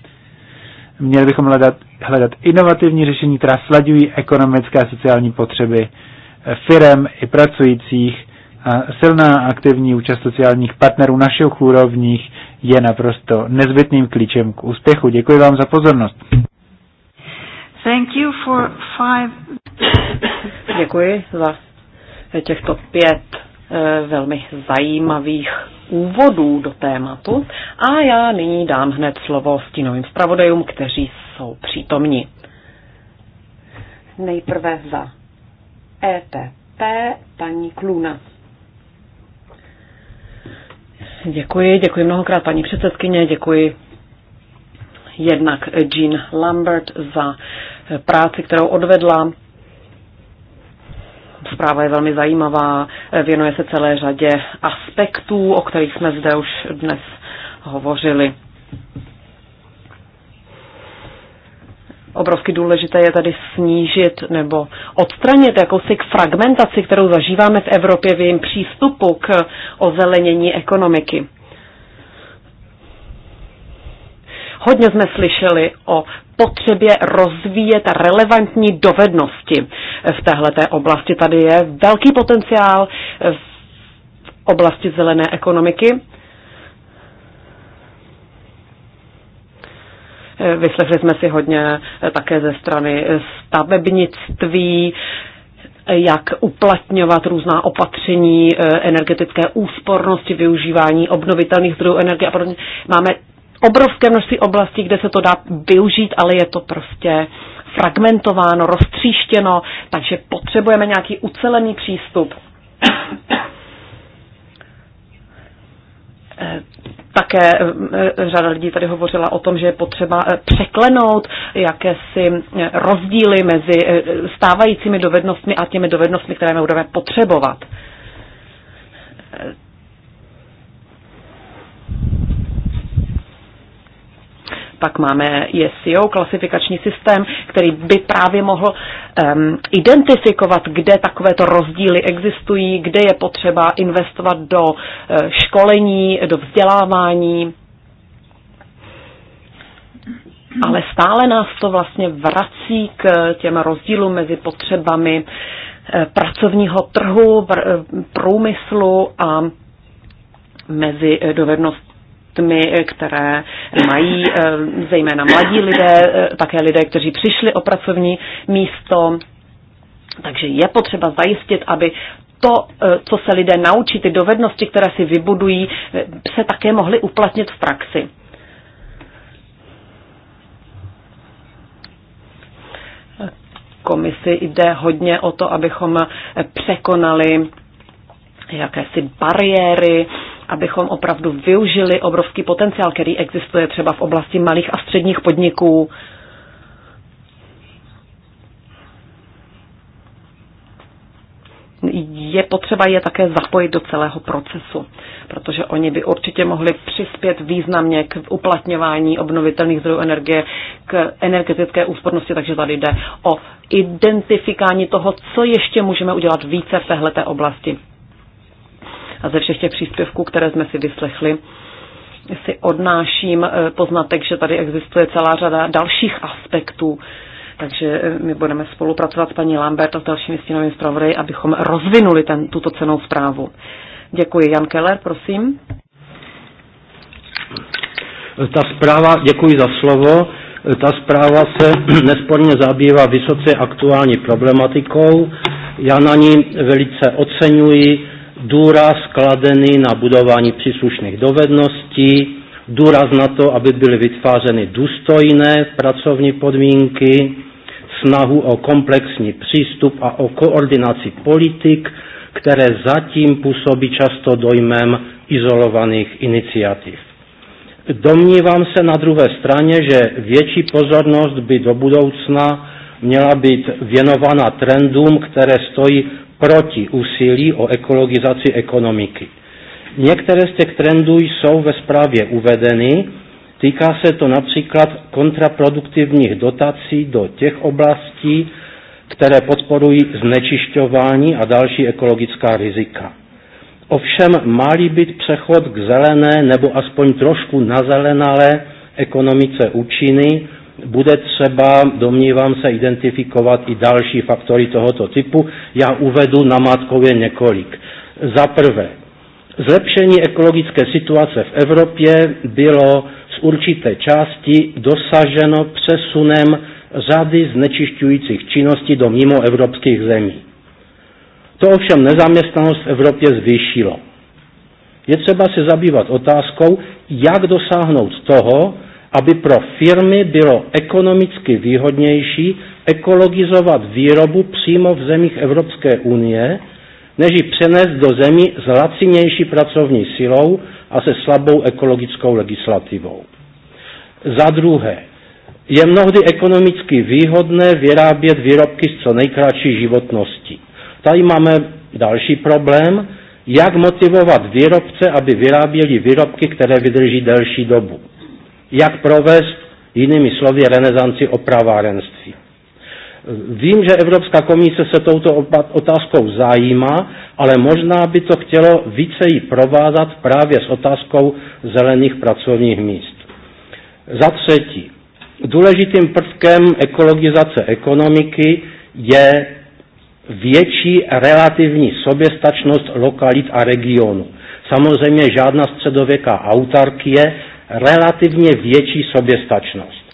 Měli bychom hledat hledat inovativní řešení, která sladují ekonomické a sociální potřeby eh, firem i pracujících a silná aktivní účast sociálních partnerů našeho chůrovních je naprosto nezbytným klíčem k úspěchu. Děkuji vám za pozornost. Thank you for five... Děkuji za těchto pět eh, velmi zajímavých úvodů do tématu. A já nyní dám hned slovo stínovým zpravodajům, kteří jsou přítomni. Nejprve za ETP paní Kluna. Děkuji, děkuji mnohokrát paní předsedkyně, děkuji jednak Jean Lambert za práci, kterou odvedla. Zpráva je velmi zajímavá, věnuje se celé řadě aspektů, o kterých jsme zde už dnes hovořili obrovsky důležité je tady snížit nebo odstranit jakousi fragmentaci, kterou zažíváme v Evropě v jejím přístupu k ozelenění ekonomiky. Hodně jsme slyšeli o potřebě rozvíjet relevantní dovednosti v této oblasti. Tady je velký potenciál v oblasti zelené ekonomiky Vyslechli jsme si hodně také ze strany stavebnictví, jak uplatňovat různá opatření eh, energetické úspornosti, využívání obnovitelných zdrojů energie a podobně. Máme obrovské množství oblastí, kde se to dá využít, ale je to prostě fragmentováno, roztříštěno, takže potřebujeme nějaký ucelený přístup. Eh, také eh, eh, řada lidí tady hovořila o tom, že je potřeba eh, překlenout jakési rozdíly mezi stávajícími dovednostmi a těmi dovednostmi, které budeme potřebovat. Pak máme SEO, klasifikační systém, který by právě mohl um, identifikovat, kde takovéto rozdíly existují, kde je potřeba investovat do uh, školení, do vzdělávání. Ale stále nás to vlastně vrací k těm rozdílům mezi potřebami e, pracovního trhu, e, průmyslu a mezi dovednost, tmy, které mají eh, zejména mladí lidé, eh, také lidé, kteří přišli o pracovní místo. Takže je potřeba zajistit, aby to, eh, co se lidé naučí, ty dovednosti, které si vybudují, se také mohly uplatnit v praxi. Komisi jde hodně o to, abychom překonali jakési bariéry, abychom opravdu využili obrovský potenciál, který existuje třeba v oblasti malých a středních podniků. Je potřeba je také zapojit do celého procesu, protože oni by určitě mohli přispět významně k uplatňování obnovitelných zdrojů energie, k energetické úspornosti, takže tady jde o identifikání toho, co ještě můžeme udělat více v téhleté oblasti a ze všech těch příspěvků, které jsme si vyslechli, si odnáším eh, poznatek, že tady existuje celá řada dalších aspektů. Takže eh, my budeme spolupracovat s paní Lambert a s dalšími stínovými zpravodaji, abychom rozvinuli ten, tuto cenou zprávu. Děkuji. Jan Keller, prosím. Ta zpráva, děkuji za slovo, ta zpráva se nesporně zabývá vysoce aktuální problematikou. Já na ní velice oceňuji důraz kladený na budování příslušných dovedností, důraz na to, aby byly vytvářeny důstojné pracovní podmínky, snahu o komplexní přístup a o koordinaci politik, které zatím působí často dojmem izolovaných iniciativ. Domnívám se na druhé straně, že větší pozornost by do budoucna měla být věnována trendům, které stojí proti úsilí o ekologizaci ekonomiky. Některé z těch trendů jsou ve zprávě uvedeny. Týká se to například kontraproduktivních dotací do těch oblastí, které podporují znečišťování a další ekologická rizika. Ovšem má-li být přechod k zelené nebo aspoň trošku nazelenalé ekonomice účinný, bude třeba, domnívám se, identifikovat i další faktory tohoto typu. Já uvedu na matkově několik. Za prvé, zlepšení ekologické situace v Evropě bylo z určité části dosaženo přesunem řady znečišťujících činností do mimoevropských zemí. To ovšem nezaměstnanost v Evropě zvýšilo. Je třeba se zabývat otázkou, jak dosáhnout toho, aby pro firmy bylo ekonomicky výhodnější ekologizovat výrobu přímo v zemích Evropské unie, než ji přenést do zemí s lacinější pracovní silou a se slabou ekologickou legislativou. Za druhé, je mnohdy ekonomicky výhodné vyrábět výrobky s co nejkratší životností. Tady máme další problém, jak motivovat výrobce, aby vyráběli výrobky, které vydrží delší dobu jak provést, jinými slovy, renesanci opravárenství. Vím, že Evropská komise se touto otázkou zajímá, ale možná by to chtělo více ji provázat právě s otázkou zelených pracovních míst. Za třetí, důležitým prvkem ekologizace ekonomiky je větší relativní soběstačnost lokalit a regionů. Samozřejmě žádná středověká autarkie, relativně větší soběstačnost.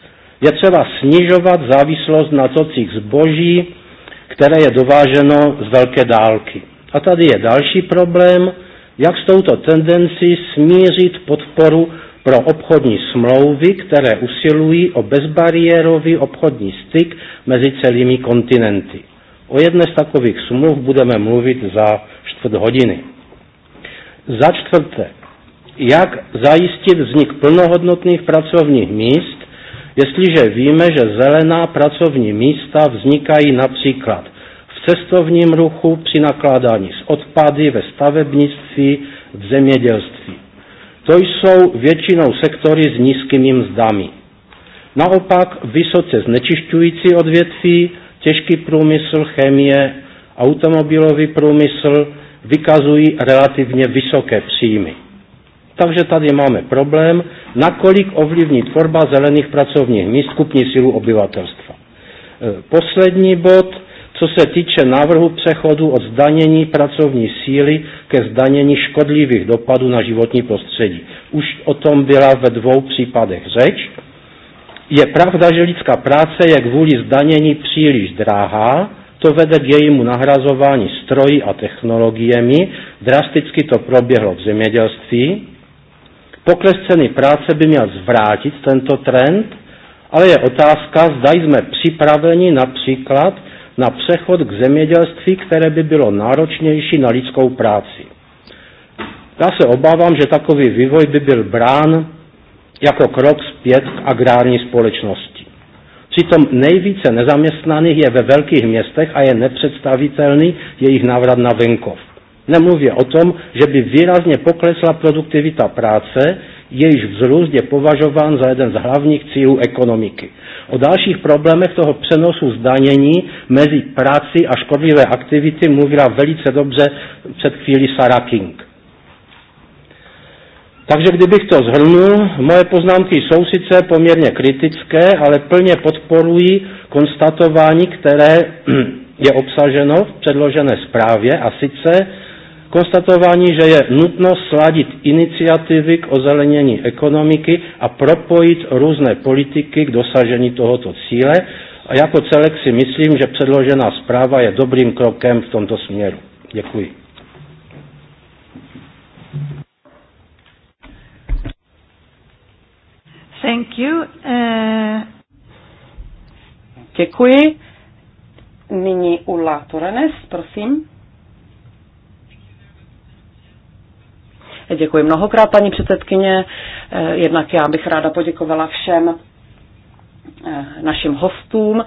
Je třeba snižovat závislost na tocích zboží, které je dováženo z velké dálky. A tady je další problém, jak s touto tendenci smířit podporu pro obchodní smlouvy, které usilují o bezbariérový obchodní styk mezi celými kontinenty. O jedné z takových smluv budeme mluvit za čtvrt hodiny. Za čtvrté, jak zajistit vznik plnohodnotných pracovních míst, jestliže víme, že zelená pracovní místa vznikají například v cestovním ruchu, při nakládání s odpady, ve stavebnictví, v zemědělství. To jsou většinou sektory s nízkými mzdami. Naopak vysoce znečišťující odvětví, těžký průmysl, chemie, automobilový průmysl vykazují relativně vysoké příjmy. Takže tady máme problém, nakolik ovlivní tvorba zelených pracovních míst kupní sílu obyvatelstva. E, poslední bod, co se týče návrhu přechodu od zdanění pracovní síly ke zdanění škodlivých dopadů na životní prostředí. Už o tom byla ve dvou případech řeč. Je pravda, že lidská práce je kvůli zdanění příliš drahá, to vede k jejímu nahrazování stroji a technologiemi. Drasticky to proběhlo v zemědělství, Pokles ceny práce by měl zvrátit tento trend, ale je otázka, zda jsme připraveni například na přechod k zemědělství, které by bylo náročnější na lidskou práci. Já se obávám, že takový vývoj by byl brán jako krok zpět k agrární společnosti. Přitom nejvíce nezaměstnaných je ve velkých městech a je nepředstavitelný jejich návrat na venkov. Nemluvě o tom, že by výrazně poklesla produktivita práce, jejíž vzrůst je považován za jeden z hlavních cílů ekonomiky. O dalších problémech toho přenosu zdanění mezi práci a škodlivé aktivity mluvila velice dobře před chvílí Sarah King. Takže kdybych to zhrnul, moje poznámky jsou sice poměrně kritické, ale plně podporují konstatování, které je obsaženo v předložené zprávě a sice, konstatování, že je nutno sladit iniciativy k ozelenění ekonomiky a propojit různé politiky k dosažení tohoto cíle. A jako celek si myslím, že předložená zpráva je dobrým krokem v tomto směru. Děkuji. Thank you. Uh... Děkuji. Nyní Ula Turanes, prosím. Děkuji mnohokrát, paní předsedkyně. Eh, jednak já bych ráda poděkovala všem eh, našim hostům,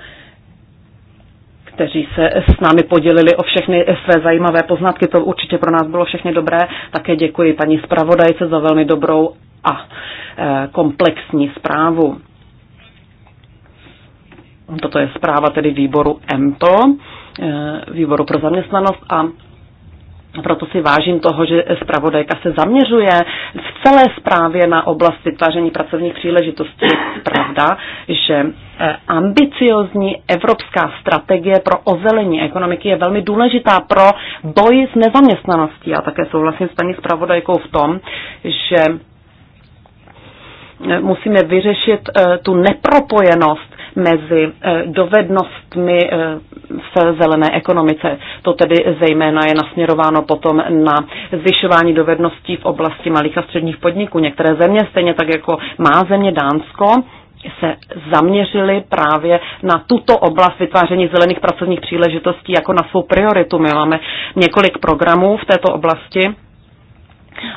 kteří se s námi podělili o všechny své zajímavé poznatky. To určitě pro nás bylo všechny dobré. Také děkuji paní zpravodajce za velmi dobrou a eh, komplexní zprávu. Toto je zpráva tedy výboru EMPO, výboru pro zaměstnanost a proto si vážím toho, že zpravodajka se zaměřuje v celé zprávě na oblast vytváření pracovních příležitostí. Pravda, že eh, ambiciozní evropská strategie pro ozelení ekonomiky je velmi důležitá pro boj s nezaměstnaností. A také souhlasím s paní zpravodajkou v tom, že eh, musíme vyřešit eh, tu nepropojenost mezi dovednostmi v zelené ekonomice. To tedy zejména je nasměrováno potom na zvyšování dovedností v oblasti malých a středních podniků. Některé země, stejně tak jako má země Dánsko, se zaměřili právě na tuto oblast vytváření zelených pracovních příležitostí jako na svou prioritu. My máme několik programů v této oblasti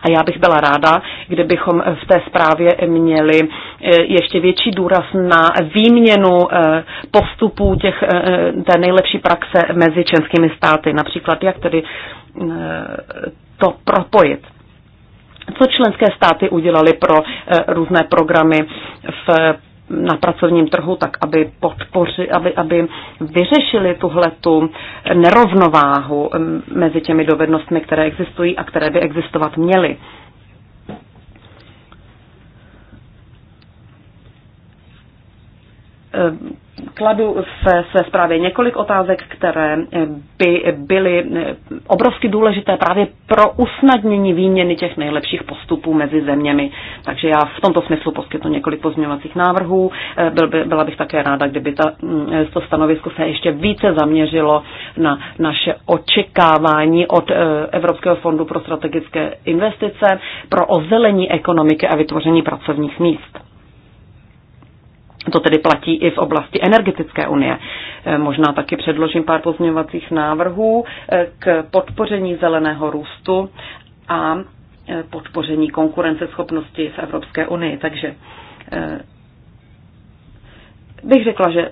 a já bych byla ráda, kdybychom v té zprávě měli eh, ještě větší důraz na výměnu eh, postupů těch, eh, té nejlepší praxe mezi členskými státy. Například, jak tedy to propojit. Co členské státy udělali pro různé programy v na pracovním trhu, tak aby, podpoři, aby, aby vyřešili tu nerovnováhu mezi těmi dovednostmi, které existují a které by existovat měly kladu se své zprávě několik otázek, které eh, by byly eh, obrovsky důležité právě pro usnadnění výměny těch nejlepších postupů mezi zeměmi. Takže já v tomto smyslu poskytnu několik pozměňovacích návrhů. Eh, byl by, byla bych také ráda, kdyby ta, mm, to stanovisko se ještě více zaměřilo na naše očekávání od Evropského fondu pro strategické investice, pro ozelení ekonomiky a vytvoření pracovních míst. To tedy platí i v oblasti energetické unie. Eh, možná taky předložím pár pozměňovacích návrhů eh, k podpoření zeleného růstu a eh, podpoření konkurenceschopnosti v Evropské unii. Takže bych řekla, že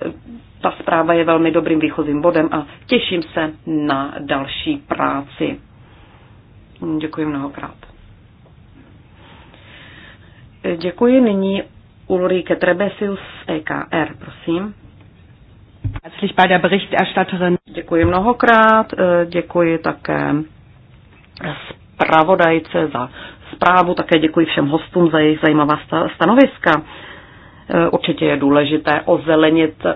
ta zpráva je velmi dobrým výchozím bodem a těším se na další práci. Děkuji mnohokrát. Děkuji nyní Ulrike Trebesius, EKR, prosím. Herzlich bei der Berichterstatterin. Děkuji mnohokrát, eh, děkuji také zpravodajce za zprávu, také děkuji všem hostům za jejich zajímavá stanoviska. Eh, určitě je důležité ozelenit eh,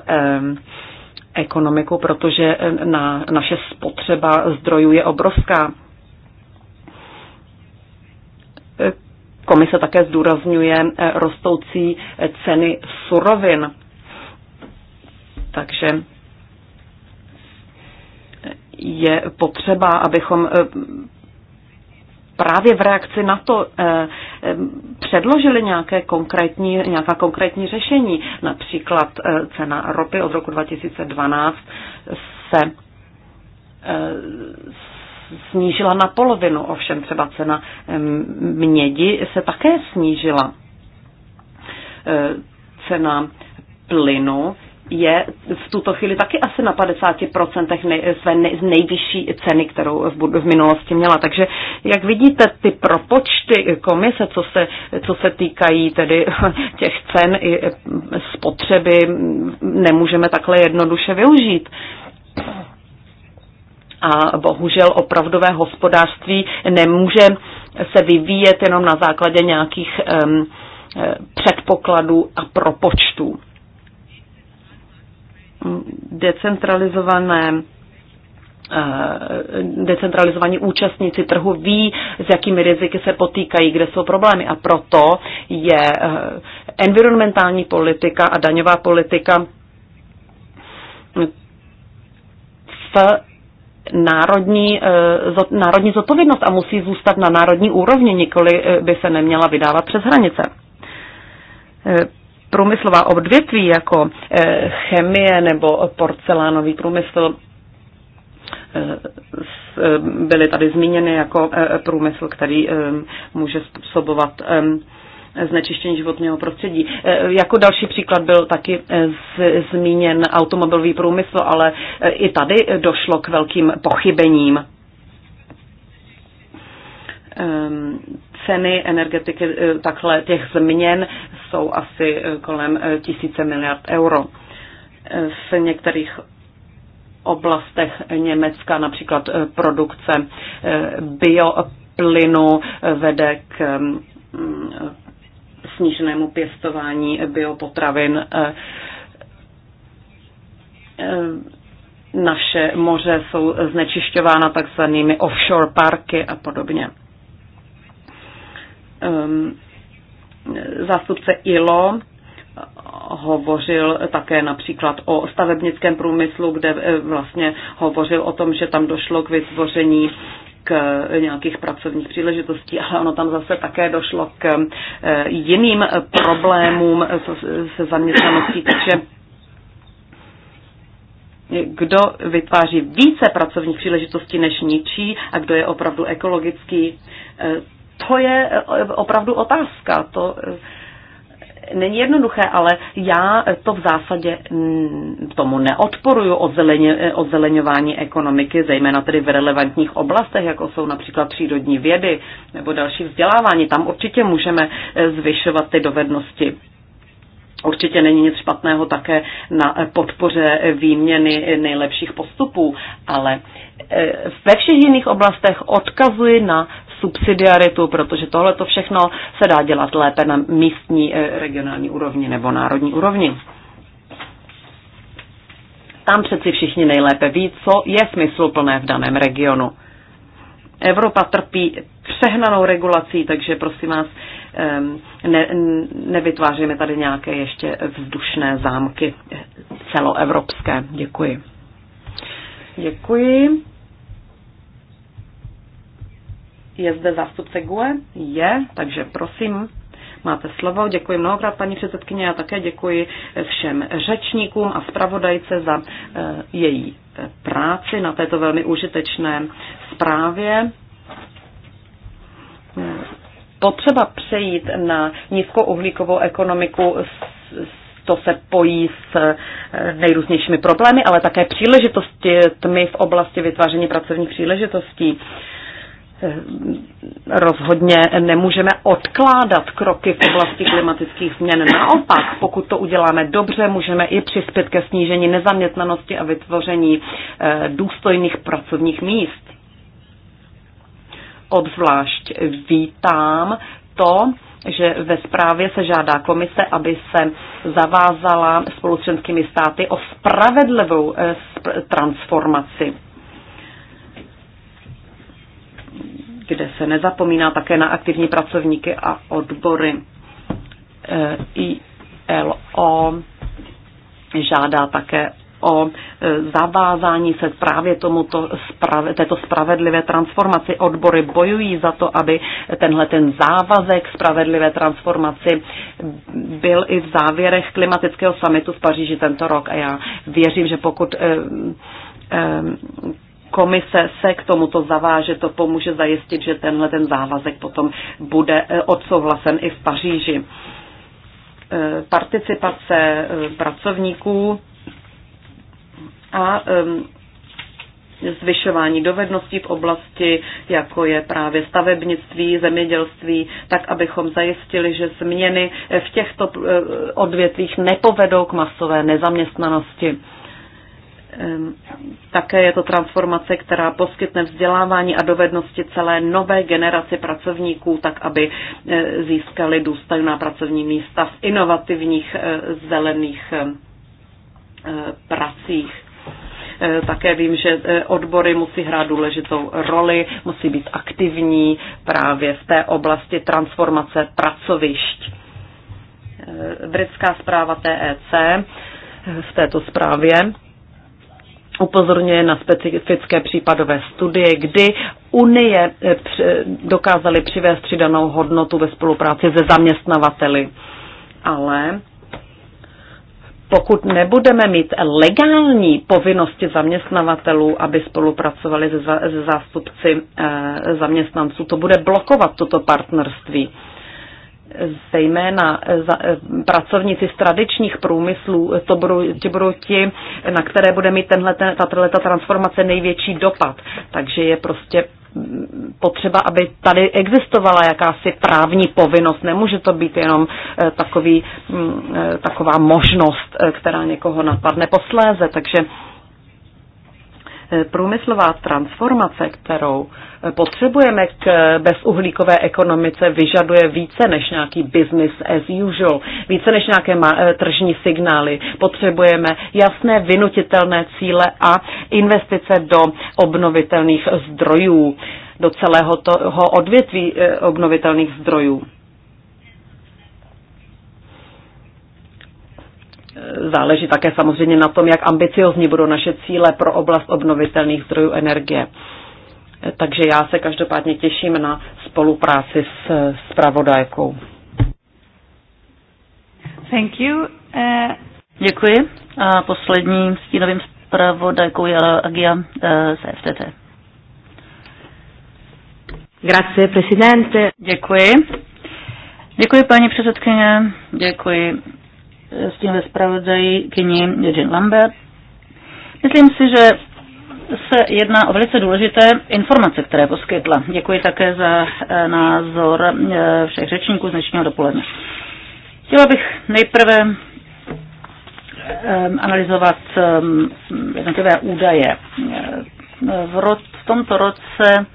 ekonomiku, protože na, naše spotřeba zdrojů je obrovská Komise také zdůrazňuje eh, rostoucí eh, ceny surovin. Takže eh, je potřeba, abychom právě v reakci na to předložili nějaké konkrétní, nějaká konkrétní řešení. Například cena ropy od roku 2012 se snížila na polovinu, ovšem třeba cena mědi se také snížila. E, cena plynu je v tuto chvíli taky asi na 50% nej, své nej, nejvyšší ceny, kterou v, v minulosti měla. Takže jak vidíte, ty propočty komise, co se, co se týkají tedy těch cen i e, spotřeby, nemůžeme takhle jednoduše využít a bohužel opravdové hospodářství nemůže se vyvíjet jenom na základě nějakých um, předpokladů a propočtů. Decentralizované eh, decentralizovaní účastníci trhu ví, s jakými riziky se potýkají, kde jsou problémy. A proto je eh, environmentální politika a daňová politika v národní, eh, národní zodpovědnost a musí zůstat na národní úrovni, nikoli eh, by se neměla vydávat přes hranice. Eh, průmyslová odvětví jako chemie nebo porcelánový průmysl byly tady zmíněny jako průmysl, který může způsobovat znečištění životního prostředí. Eh, jako další příklad byl taky eh, zmíněn automobilový průmysl, ale eh, i tady došlo k velkým pochybením ehm, ceny energetiky takhle těch změn jsou asi kolem tisíce miliard euro. V některých oblastech Německa například produkce bioplynu vede k mm, sníženému pěstování biopotravin. Eh, eh, naše moře jsou znečišťována takzvanými offshore parky a podobně. Ehm, zástupce ILO hovořil také například o stavebnickém průmyslu, kde eh, vlastně hovořil o tom, že tam došlo k vytvoření k nějakých pracovních příležitostí, ale ono tam zase také došlo k eh, jiným problémům se zaměstnaností, takže kdo vytváří více pracovních příležitostí než ničí a kdo je opravdu ekologický, eh, to je eh, opravdu otázka. To není jednoduché, ale já to v zásadě tomu neodporuju ozeleně, ekonomiky, zejména tedy v relevantních oblastech, jako jsou například přírodní vědy nebo další vzdělávání. Tam určitě můžeme eh, zvyšovat ty dovednosti Určitě není nic špatného také na eh, podpoře eh, výměny nejlepších postupů, ale ve všech jiných oblastech odkazuji na subsidiaritu, protože tohle to všechno se dá dělat lépe na místní, eh, regionální úrovni nebo národní úrovni. Tam přeci všichni nejlépe ví, co je smysluplné v daném regionu. Evropa trpí přehnanou regulací, takže prosím vás, ehm, ne, nevytváříme tady nějaké ještě vzdušné zámky celoevropské. Děkuji. Děkuji. Je zde zástupce GUE? Je, takže prosím, máte slovo. Děkuji mnohokrát, paní předsedkyně, a také děkuji všem řečníkům a zpravodajce za eh, její eh, práci na této velmi užitečné zprávě eh, potřeba přejít na nízkouhlíkovou ekonomiku, to se pojí s nejrůznějšími problémy, ale také příležitostmi v oblasti vytváření pracovních příležitostí. Eh, rozhodně nemůžeme odkládat kroky v oblasti klimatických změn. Naopak, pokud to uděláme dobře, můžeme i přispět ke snížení nezaměstnanosti a vytvoření eh, důstojných pracovních míst. Obzvlášť vítám to, že ve zprávě se žádá komise, aby se zavázala spolu s členskými státy o spravedlivou eh, transformaci kde se nezapomíná také na aktivní pracovníky a odbory. E, ILO žádá také o e, zavázání se právě tomuto, této spravedlivé transformaci. Odbory bojují za to, aby tenhle ten závazek spravedlivé transformaci byl i v závěrech klimatického samitu v Paříži tento rok. A já věřím, že pokud e, komise se k tomuto zaváže, to pomůže zajistit, že tenhle ten závazek potom bude eh, odsouhlasen i v Paříži. Eh, participace eh, pracovníků a zvyšování dovedností v oblasti, jako je právě stavebnictví, zemědělství, tak abychom zajistili, že změny v těchto odvětvích nepovedou k masové nezaměstnanosti. Také je to transformace, která poskytne vzdělávání a dovednosti celé nové generaci pracovníků, tak aby eh, získali důstojná pracovní místa v inovativních eh, zelených eh, pracích. Také vím, že odbory musí hrát důležitou roli, musí být aktivní právě v té oblasti transformace pracovišť. Britská zpráva TEC v této zprávě upozorňuje na specifické případové studie, kdy Unie eh, dokázaly přivést přidanou hodnotu ve spolupráci se zaměstnavateli. Ale pokud nebudeme mít legální povinnosti zaměstnavatelů, aby spolupracovali se zástupci eh, zaměstnanců, to bude blokovat toto partnerství zejména za, eh, pracovníci z tradičních průmyslů, eh, to budou, ti budou ti, eh, na které bude mít tenhle, tato leta transformace největší dopad. Takže je prostě mm, potřeba, aby tady existovala jakási právní povinnost. Nemůže to být jenom takový, mm, taková možnost, která někoho napadne posléze. Takže průmyslová transformace, kterou potřebujeme k bezuhlíkové ekonomice, vyžaduje více než nějaký business as usual, více než nějaké eh, tržní signály. Potřebujeme jasné, vynutitelné cíle a investice do obnovitelných zdrojů, do celého toho odvětví eh, obnovitelných zdrojů. Záleží také samozřejmě na tom, jak ambiciozní budou naše cíle pro oblast obnovitelných zdrojů energie. Takže já se každopádně těším na spolupráci s zpravodajkou. Thank you. Uh... Děkuji. A posledním stínovým zpravodajkou je Agia eh, z FTT. Grazie, presidente. Děkuji. Děkuji, paní předsedkyně. Děkuji s tím stínové zpravodajkyni Jean Lambert. Myslím si, že se jedná o velice důležité informace, které poskytla. Děkuji také za eh, názor eh, všech řečníků z dnešního dopoledne. Chtěla bych nejprve ehm, analyzovat ehm, jednotlivé údaje. Eh, v, tomto roce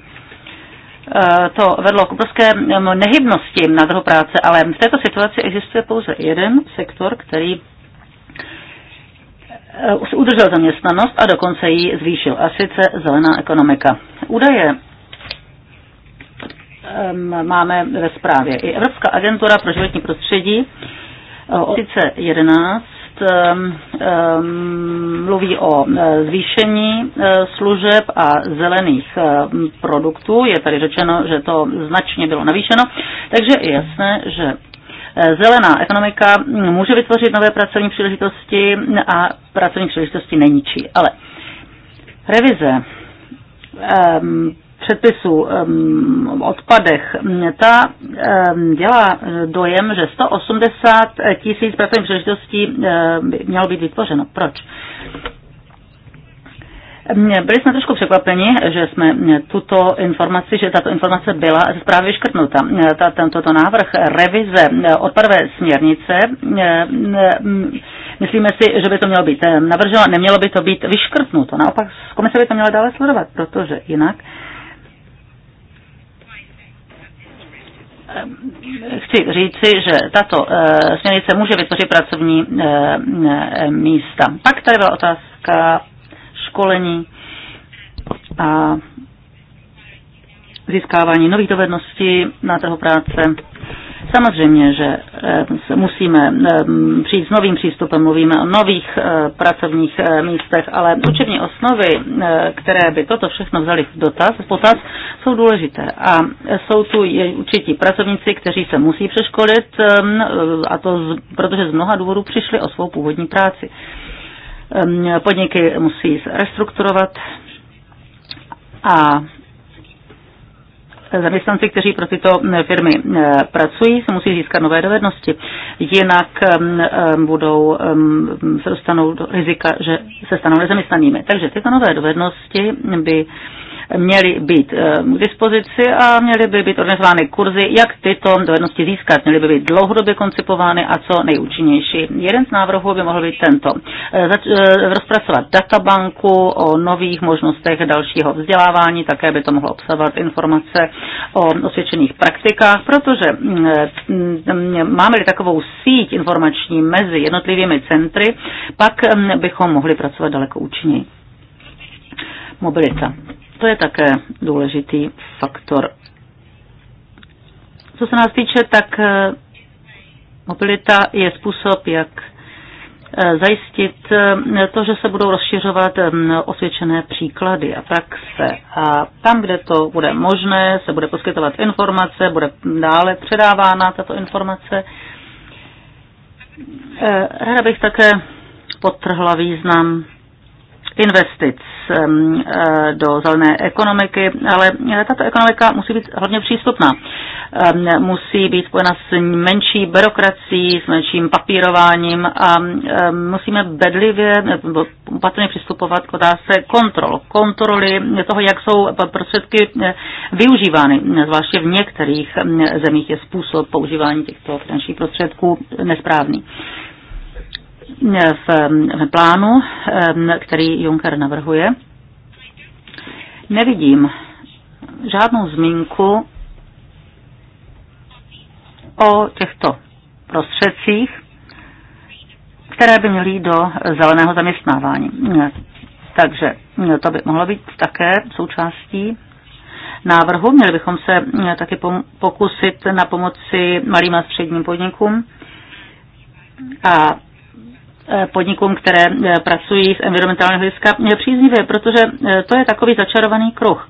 Eh, to vedlo k obrovské mm, nehybnosti na trhu práce, ale v této situaci existuje pouze jeden sektor, který eh, udržel zaměstnanost a dokonce ji zvýšil, a sice zelená ekonomika. Údaje máme ve zprávě. I Evropská agentura pro životní prostředí eh, o 11 Ehm, ehm, mluví o eh, zvýšení eh, služeb a zelených ehm, produktů. Je tady řečeno, že to značně bylo navýšeno, takže je jasné, že eh, zelená ekonomika může vytvořit nové pracovní příležitosti a pracovní příležitosti neníčí. Ale revize předpisů o odpadech, ta dělá dojem, že 180 tisíc pracovních příležitostí mělo být vytvořeno. Proč? Byli jsme trošku překvapeni, že jsme tuto informaci, že tato informace byla ze zprávy vyškrtnuta. Tento návrh revize odpadové směrnice, myslíme si, že by to mělo být navrženo, nemělo by to být vyškrtnuto. Naopak komise by to měla dále sledovat, protože jinak Eh, chci říci, že tato eh, směrnice může vytvořit pracovní eh, místa. Pak tady byla otázka školení a získávání nových dovedností na trhu práce. Samozřejmě, že eh, musíme eh, přijít s novým přístupem, mluvíme o nových eh, pracovních místech, ale učební osnovy, které by toto všechno vzali v dotaz, v potaz, jsou důležité. A jsou tu určití pracovníci, kteří se musí přeškolit, a to z, protože z mnoha důvodů přišli o svou původní práci. Ehm, podniky musí restrukturovat a zaměstnanci, kteří pro tyto firmy pracují, se musí získat nové dovednosti. Jinak budou, se dostanou do rizika, že se stanou nezaměstnanými. Takže tyto nové dovednosti by měly být eh, k dispozici a měly by být organizovány kurzy, jak tyto dovednosti získat. Měly by být dlouhodobě koncipovány a co nejúčinnější. Jeden z návrhů by mohl být tento. Eh, eh, rozpracovat databanku o nových možnostech dalšího vzdělávání, také by to mohlo obsahovat informace o osvědčených praktikách, protože mm, mm, máme-li takovou síť informační mezi jednotlivými centry, pak mm, bychom mohli pracovat daleko účinněji. Mobilita. To je také důležitý faktor. Co se nás týče, tak eh, mobilita je způsob, jak eh, zajistit eh, to, že se budou rozšiřovat osvědčené příklady a praxe. A tam, kde to bude možné, se bude poskytovat informace, bude dále předávána tato informace. Ráda bych také podtrhla význam investic Ehm, eh, do zelené ekonomiky, ale tato ekonomika musí být hodně přístupná. Ehm, musí být spojena s menší byrokracií, s menším papírováním a ehm, musíme bedlivě nebo patrně přistupovat k otázce kontrol. Kontroly toho, jak jsou prostředky eh, využívány, zvláště v některých zemích je způsob používání těchto finančních prostředků nesprávný v plánu, který Juncker navrhuje, nevidím žádnou zmínku o těchto prostředcích, které by měly do zeleného zaměstnávání. Takže to by mohlo být také součástí návrhu. Měli bychom se taky pokusit na pomoci malým a středním podnikům a Eh, podnikům, které eh, pracují z environmentálního hlediska, eh, příznivě, protože to je takový začarovaný kruh.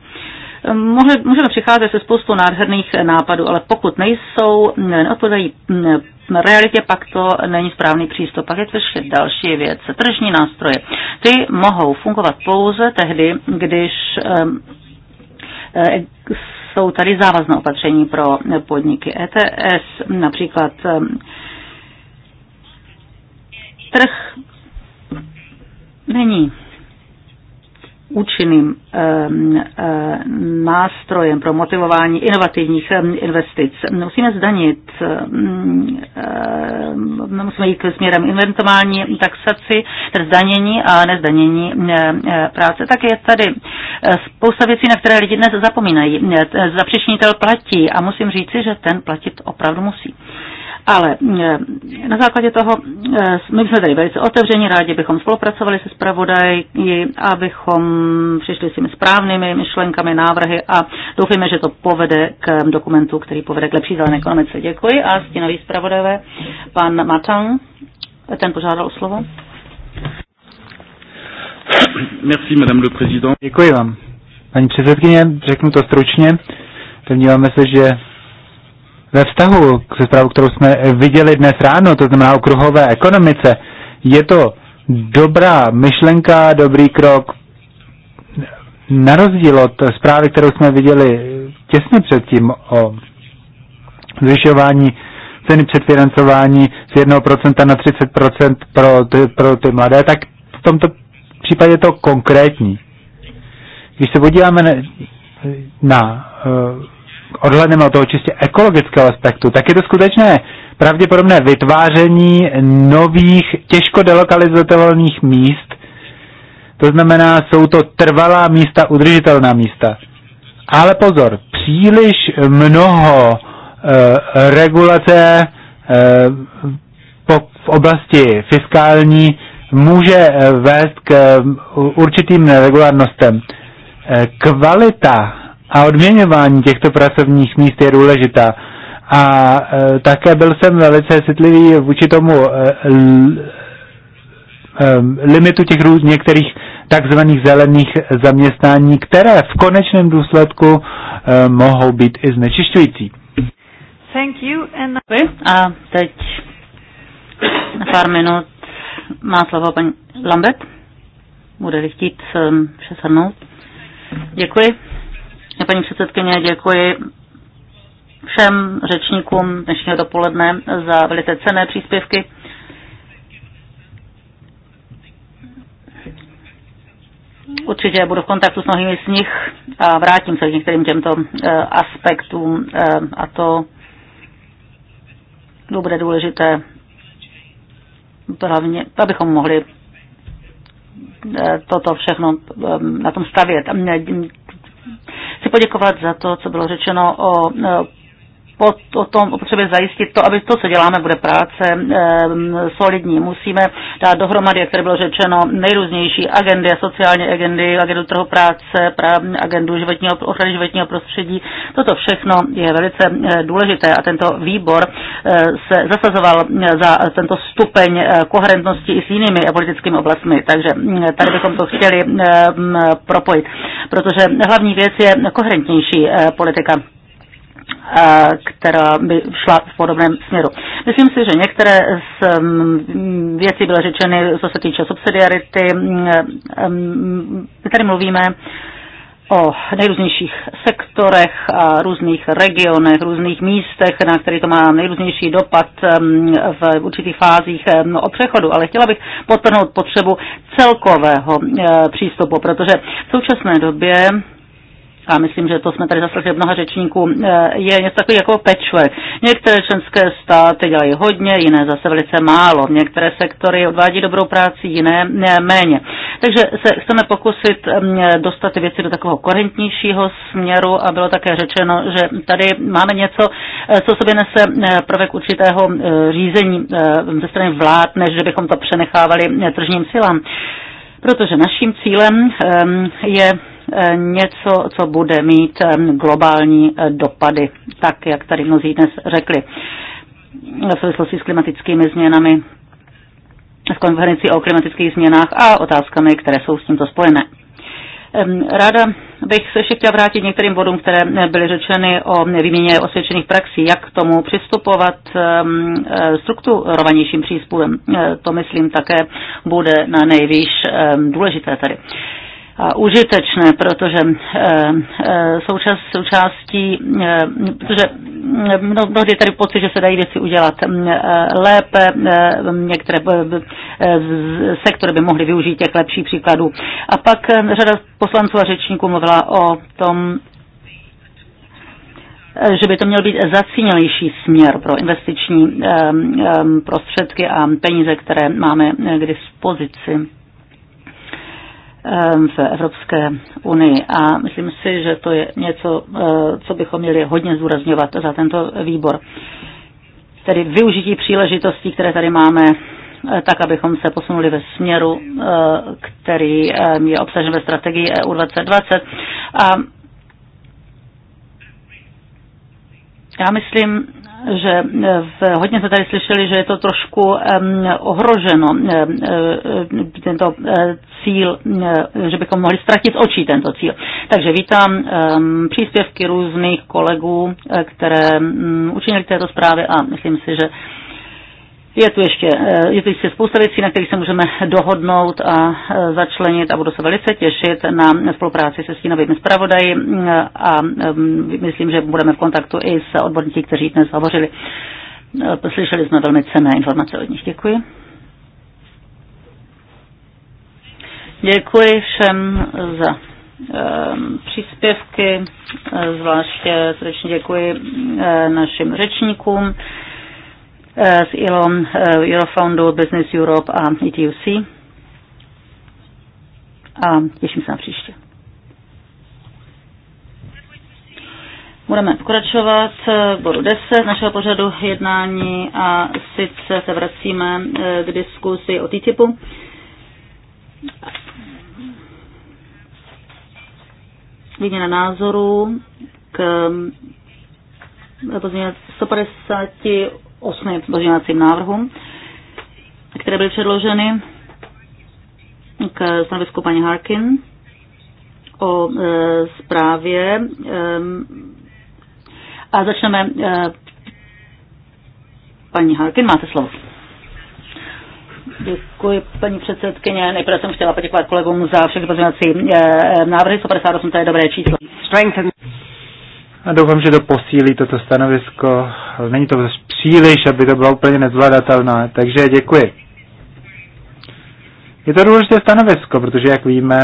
můžeme přicházet se spoustu nádherných nápadů, ale pokud nejsou, mm, neodpovídají mm, realitě, pak to není správný přístup. Pak je to ještě další věc. Tržní nástroje. Ty mohou fungovat pouze tehdy, když ehm, jsou tady závazné opatření pro podniky ETS, například ehm, Trh není účinným ehm, ehm, nástrojem pro motivování inovativních ehm, investic. Musíme zdanit, musíme jít směrem inventování taxaci, tedy zdanění a nezdanění eh, práce. Tak je tady eh, spousta věcí, na které lidi dnes zapomínají. Zapřešnitel platí a musím říci, že ten platit opravdu musí. Ale mm, eh, na základě toho, eh, my jsme tady velice otevření, rádi bychom spolupracovali se zpravodaji, abychom přišli s těmi správnými myšlenkami, návrhy a doufejme, že to povede k eh, dokumentu, který povede k lepší zelené ekonomice. Děkuji a stínový zpravodajové, pan Matan, ten požádal o slovo. Merci, madame le président. Děkuji vám. Paní předsedkyně, řeknu to stručně. Domníváme se, že ve vztahu k zprávu, kterou jsme viděli dnes ráno, to znamená o kruhové ekonomice, je to dobrá myšlenka, dobrý krok, na rozdíl od zprávy, kterou jsme viděli těsně předtím o zvyšování ceny předfinancování z 1% na 30% pro ty, pro ty mladé, tak v tomto případě je to konkrétní. Když se podíváme na, na eh, odhledneme od toho čistě ekologického aspektu, tak je to skutečné pravděpodobné vytváření nových těžko delokalizovatelných míst. To znamená, jsou to trvalá místa, udržitelná místa. Ale pozor, příliš mnoho e, regulace e, eh, po, v oblasti fiskální může eh, vést k určitým neregulárnostem. Kvalita a odměňování těchto pracovních míst je důležitá. A e, také byl jsem velice citlivý vůči tomu e, e, limitu těch růz, některých takzvaných zelených zaměstnání, které v konečném důsledku e, mohou být i znečišťující. Thank you and... A teď na pár minut má slovo paní Lambert. Bude-li chtít um, se Děkuji. Paní předsedkyně, děkuji všem řečníkům dnešního dopoledne za velice cené příspěvky. Určitě budu v kontaktu s mnohými z nich a vrátím se k některým těmto eh, aspektům eh, a to bude důležité, hlavně, abychom mohli eh, toto všechno na tom stavět. Chci poděkovat za to, co bylo řečeno o eh, o tom o zajistit to, aby to, co děláme, bude práce solidní. Musíme dát dohromady, jak tady bylo řečeno, nejrůznější agendy, sociální agendy, agendu trhu práce, právní agendu životního, ochrany životního prostředí. Toto všechno je velice eh, důležité a tento výbor eh, se zasazoval eh, za tento stupeň koherentnosti i s jinými politickými oblastmi, takže mm, tady bychom to chtěli propojit, protože hlavní věc je koherentnější politika Eh, která by šla v podobném směru. Myslím si, že některé z mm, věcí byly řečeny, co se týče subsidiarity. Mm, mm, my tady mluvíme o nejrůznějších sektorech a různých regionech, různých místech, na které to má nejrůznější dopad v určitých fázích o přechodu. Ale chtěla bych podtrhnout potřebu celkového eh, přístupu, protože v současné době a myslím, že to jsme tady zaslechli mnoha řečníků, e, je něco takový jako patchwork. Některé členské státy dělají hodně, jiné zase velice málo. Některé sektory odvádí dobrou práci, jiné ne, méně. Takže se chceme pokusit dostat ty věci do takového koherentnějšího směru a bylo také řečeno, že tady máme něco, e, co sobě nese e, prvek určitého řízení ze strany vlád, než že bychom to přenechávali tržním silám. Protože naším cílem je Eh, něco, co bude mít eh, globální eh, dopady, tak jak tady mnozí dnes řekli v souvislosti s klimatickými změnami, v konferenci o klimatických změnách a otázkami, které jsou s tímto spojené. Ráda bych se ještě chtěla vrátit některým bodům, které byly řečeny o výměně osvědčených praxí, jak k tomu přistupovat strukturovanějším přístupem. To myslím také bude na nejvýš důležité tady a užitečné, protože eh, eh, součas, součástí, eh, protože mnohdy je tady pocit, že se dají věci udělat mm, lépe, některé sektory by mohly využít těch lepší příkladů. A pak řada poslanců a řečníků mluvila o tom, že by to měl být zacínělejší směr pro investiční prostředky a peníze, které máme k dispozici v Evropské unii. A myslím si, že to je něco, eh, co bychom měli hodně zúrazňovat za tento výbor. Tedy využití příležitostí, které tady máme, eh, tak, abychom se posunuli ve směru, eh, který je obsažen ve strategii EU 2020. A já myslím, že eh, v, hodně se tady slyšeli, že je to trošku um, ohroženo, um, tento uh, cíl, um, že bychom mohli ztratit očí tento cíl. Takže vítám um, příspěvky různých kolegů, které um, učinili k této zprávě a myslím si, že uh, je tu ještě, eh, je tu ještě spousta věcí, na kterých se můžeme dohodnout a eh, začlenit a budu se velice těšit na spolupráci se stínovými zpravodaji mm, a mm, myslím, že budeme v kontaktu i s odborníky, kteří dnes hovořili. Eh, slyšeli jsme velmi cené informace od nich. Děkuji. Děkuji všem za ehm, příspěvky, zvláště srdečně děkuji našim řečníkům. Eh, z ILO, eh, Eurofoundu, Business Europe a ETUC. A těším se na příště. Budeme pokračovat v bodu 10 našeho pořadu jednání a sice se vracíme eh, k diskusi o TTIPu. Výměna názorů k 158 osmi pozměňovacím návrhům, které byly předloženy k stanovisku paní Harkin o e, zprávě. E, a začneme. E, paní Harkin, máte slovo. Děkuji, paní předsedkyně. Nejprve jsem chtěla poděkovat kolegům za všechny pozměňovací e, e, návrhy. 158 to je dobré číslo. Strengthen. A doufám, že to posílí toto stanovisko. Není to příliš, aby to bylo úplně nezvladatelné. Takže děkuji. Je to důležité stanovisko, protože, jak víme,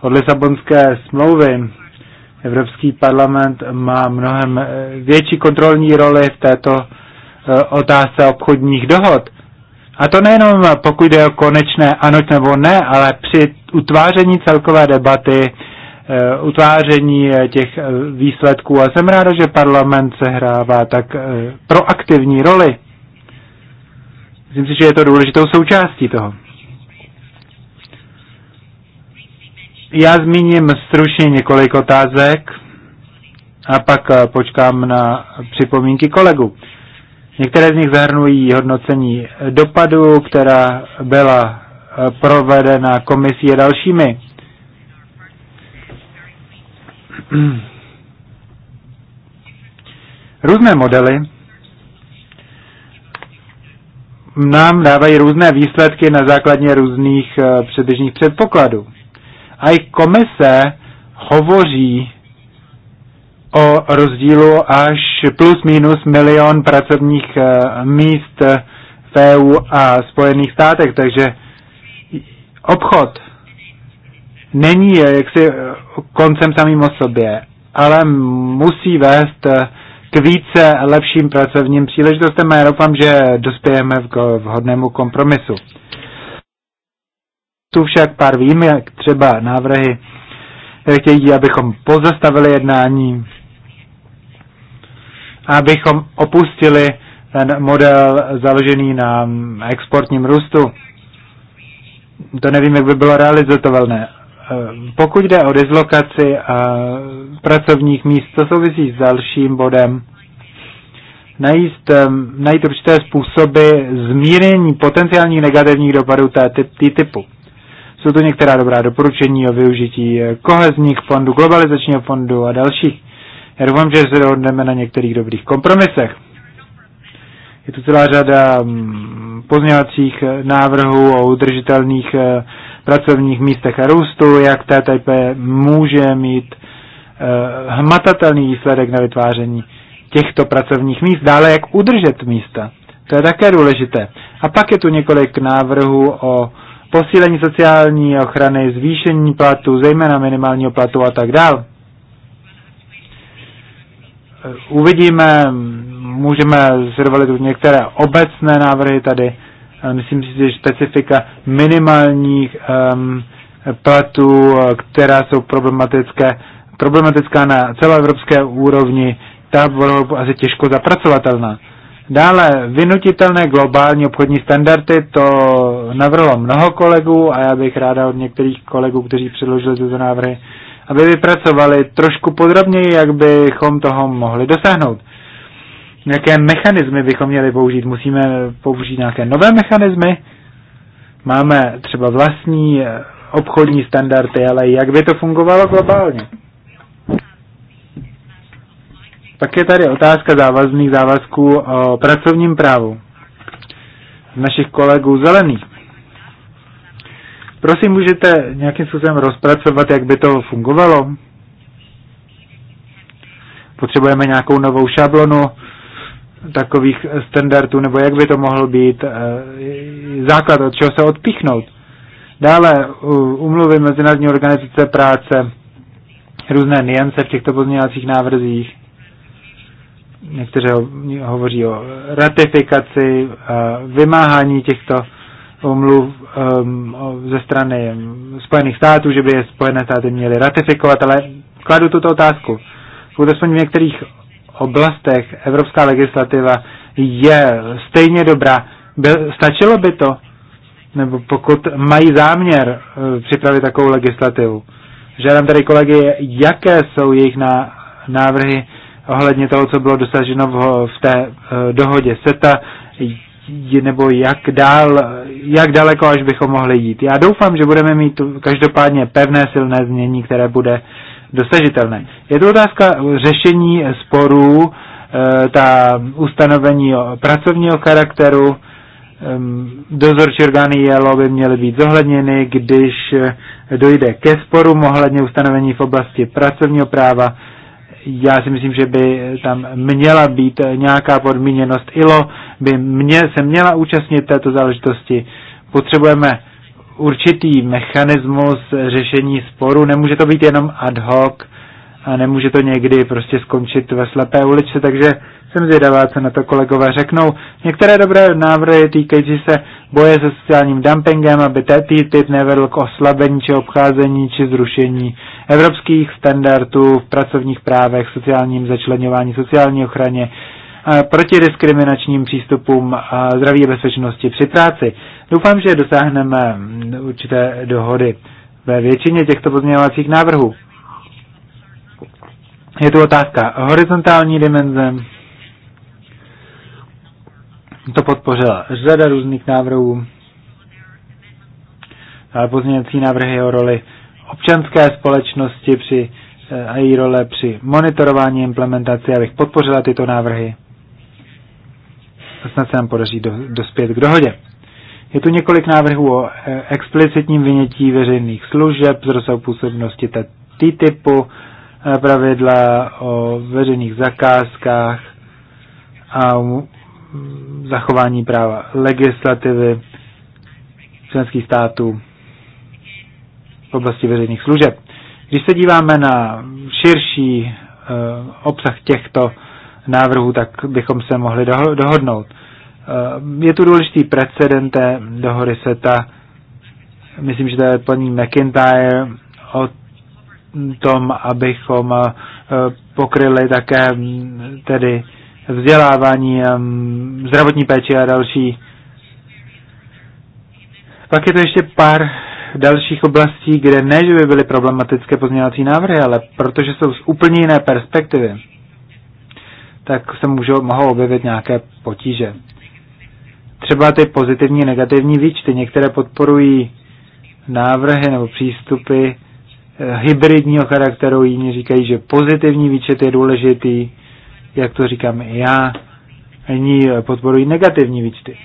od Lisabonské smlouvy Evropský parlament má mnohem eh, větší kontrolní roli v této eh, otázce obchodních dohod. A to nejenom eh, pokud jde o konečné ano nebo ne, ale při utváření celkové debaty Eh, utváření eh, těch eh, výsledků a jsem ráda, že parlament sehrává tak proaktivní roli. Myslím si, že je to důležitou součástí toho. Já zmíním stručně několik otázek a pak počkám na připomínky kolegu. Některé z nich zahrnují hodnocení dopadu, která byla provedena komisí a dalšími. Hmm. Různé modely nám dávají různé výsledky na základě různých eh, předběžných předpokladů. A i komise hovoří o rozdílu až plus minus milion pracovních eh, míst eh, v EU a Spojených státech, takže obchod není jaksi koncem samým o sobě, ale musí vést eh, k více lepším pracovním příležitostem a já doufám, že dospějeme k vhodnému kompromisu. Tu však pár výjimek, třeba návrhy, které eh, chtějí, abychom pozastavili jednání, abychom opustili ten model založený na mm, exportním růstu. To nevím, jak by bylo realizovatelné. Eh, pokud jde o dislokaci a pracovních míst, to souvisí s dalším bodem, najít, najít určité způsoby zmírnění potenciálních negativních dopadů typu. Jsou to některá dobrá doporučení o využití eh, kohezních fondů, globalizačního fondu a dalších. Já doufám, že se dohodneme na některých dobrých kompromisech. Je tu celá řada mm, pozměňovacích eh, návrhů o udržitelných pracovních místech a růstu, jak TTIP může mít eh, hmatatelný výsledek na vytváření těchto pracovních míst, dále jak udržet místa. To je také důležité. A pak je tu několik návrhů o posílení sociální ochrany, zvýšení platu, zejména minimálního platu a tak dál. Eh, uvidíme, můžeme zrevalit některé obecné návrhy tady, myslím si, že specifika minimálních um, platů, která jsou problematické, problematická na celoevropské úrovni, ta budou asi těžko zapracovatelná. Dále vynutitelné globální obchodní standardy, to navrhlo mnoho kolegů a já bych ráda od některých kolegů, kteří předložili tyto návrhy, aby vypracovali trošku podrobněji, jak bychom toho mohli dosáhnout. Nějaké mechanismy bychom měli použít. Musíme použít nějaké nové mechanismy. Máme třeba vlastní eh, obchodní standardy, ale jak by to fungovalo globálně? Pak je tady otázka závazných závazků o pracovním právu našich kolegů zelených. Prosím, můžete nějakým způsobem rozpracovat, jak by to fungovalo? Potřebujeme nějakou novou šablonu takových standardů, nebo jak by to mohl být eh, základ, od čeho se odpíchnout. Dále umluvy Mezinárodní organizace práce, různé niance v těchto pozměňovacích návrzích. Někteří hovoří o ratifikaci, vymáhání těchto umluv ehm, ze strany Spojených států, že by je Spojené státy měly ratifikovat, ale kladu tuto otázku. Pokud aspoň v některých oblastech evropská legislativa je stejně dobrá. Byl, stačilo by to? Nebo pokud mají záměr eh, připravit takovou legislativu? Žádám tady kolegy, jaké jsou jejich ná, návrhy ohledně toho, co bylo dosaženo v, v té uh, dohodě SETA, nebo jak, dál, jak daleko až bychom mohli jít. Já doufám, že budeme mít každopádně pevné silné změní, které bude dosažitelné. Je to otázka řešení sporů, eh, ta ustanovení pracovního charakteru, ehm, dozorčí orgány JELO by měly být zohledněny, když eh, dojde ke sporu ohledně ustanovení v oblasti pracovního práva. Já si myslím, že by tam měla být nějaká podmíněnost. ILO by mě, se měla účastnit této záležitosti. Potřebujeme určitý mechanismus řešení sporu. Nemůže to být jenom ad hoc a nemůže to někdy prostě skončit ve slepé uličce, takže jsem zvědavá, co na to kolegové řeknou. Některé dobré návrhy týkající se boje se sociálním dumpingem, aby TTIP nevedl k oslabení či obcházení či zrušení evropských standardů v pracovních právech, sociálním začlenování, sociální ochraně, Eh, proti diskriminačním přístupům a zdraví a bezpečnosti při práci. Doufám, že dosáhneme mm, určité dohody ve většině těchto pozměňovacích návrhů. Je tu otázka horizontální dimenze. To podpořila řada různých návrhů. Ale eh, pozměňovací návrhy o roli občanské společnosti při eh, a její role při monitorování implementace, abych podpořila tyto návrhy a snad se nám podaří do, dospět k dohodě. Je tu několik návrhů o e, explicitním vynětí veřejných služeb z rozsahu působnosti TTIPu, e, pravidla o veřejných zakázkách a zachování práva legislativy členských států v oblasti veřejných služeb. Když se díváme na širší e, obsah těchto návrhů, tak bychom se mohli dohodnout. Eh, je tu důležitý precedent té dohody SETA. Myslím, že to je paní McIntyre o tom, abychom eh, pokryli také mm, tedy vzdělávání, eh, zdravotní péči a další. Pak je to ještě pár dalších oblastí, kde ne, že by byly problematické pozměňovací návrhy, ale protože jsou z úplně jiné perspektivy tak se můžou, mohou objevit nějaké potíže. Třeba ty pozitivní negativní výčty. Některé podporují návrhy nebo přístupy eh, hybridního charakteru, jiní říkají, že pozitivní výčet je důležitý, jak to říkám i já, jiní eh, podporují negativní výčty.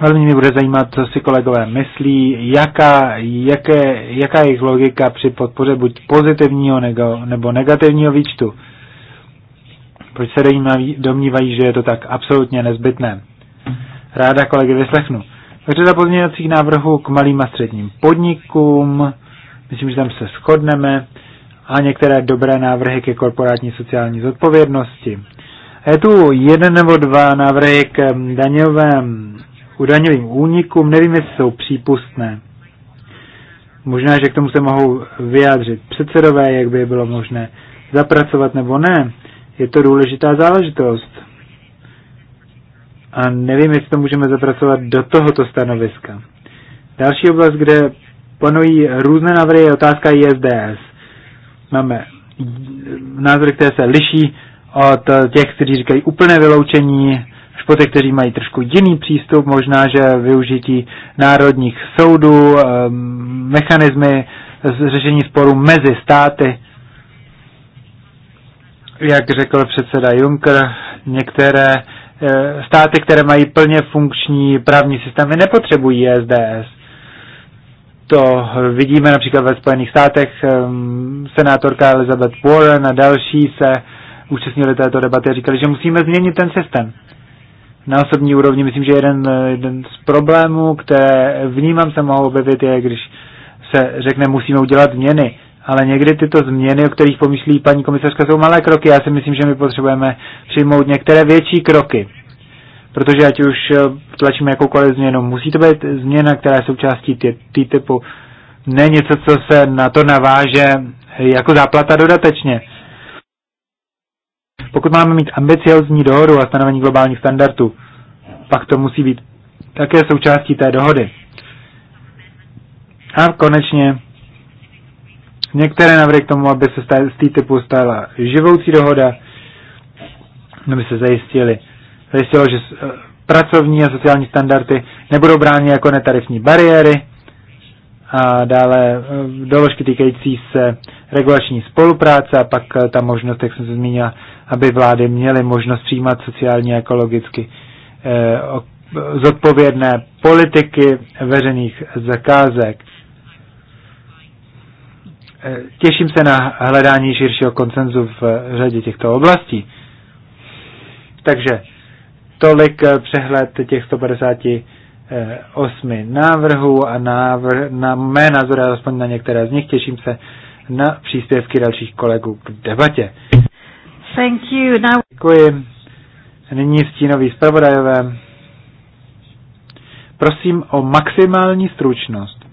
Velmi mě bude zajímat, co si kolegové myslí, jaká, jaké, jaká je jejich logika při podpoře buď pozitivního nebo negativního výčtu. Proč se domnívají, že je to tak absolutně nezbytné? Ráda kolegy vyslechnu. Takže za pozměňovacích návrhů k malým a středním podnikům, myslím, že tam se shodneme, a některé dobré návrhy ke korporátní sociální zodpovědnosti. A je tu jeden nebo dva návrhy k mm, daňovém, u daňovým únikům, nevím, jestli jsou přípustné. Možná, že k tomu se mohou vyjádřit předsedové, jak by bylo možné zapracovat nebo ne je to důležitá záležitost. A nevím, jestli to můžeme zapracovat do tohoto stanoviska. Další oblast, kde panují různé návrhy, je otázka ISDS. Máme názory, které se liší od těch, kteří říkají úplné vyloučení, až po těch, kteří mají trošku jiný přístup, možná, že využití národních soudů, ehm, mechanismy řešení sporů mezi státy jak řekl předseda Juncker, některé eh, státy, které mají plně funkční právní systémy, nepotřebují SDS. To vidíme například ve Spojených státech. Ehm, senátorka Elizabeth Warren a další se účastnili této debaty a říkali, že musíme změnit ten systém. Na osobní úrovni myslím, že jeden, eh, jeden z problémů, které vnímám, se mohou objevit, je, když se řekne, musíme udělat změny ale někdy tyto změny, o kterých pomyslí paní komisařka, jsou malé kroky. Já si myslím, že my potřebujeme přijmout některé větší kroky. Protože ať už eh, tlačíme jakoukoliv změnu, musí to být změna, která je součástí typu. Ne něco, co se na to naváže jako záplata dodatečně. Pokud máme mít ambiciozní dohodu a stanovení globálních standardů, pak to musí být také součástí té dohody. A konečně Některé navrhy k tomu, aby se z té typu stala živoucí dohoda, aby se zajistili, zajistilo, že eh, pracovní a sociální standardy nebudou brány jako netarifní bariéry a dále eh, doložky týkající se regulační spolupráce a pak eh, ta možnost, jak jsem se zmínila, aby vlády měly možnost přijímat sociálně a ekologicky zodpovědné politiky veřejných zakázek. Eh, těším se na hledání širšího koncenzu v eh, řadě těchto oblastí. Takže tolik eh, přehled těch 158 návrhů a návrh, na mé názory, alespoň na některé z nich, těším se na příspěvky dalších kolegů k debatě. Thank you. Now... Děkuji. Nyní stínový zpravodajové. Prosím o maximální stručnost,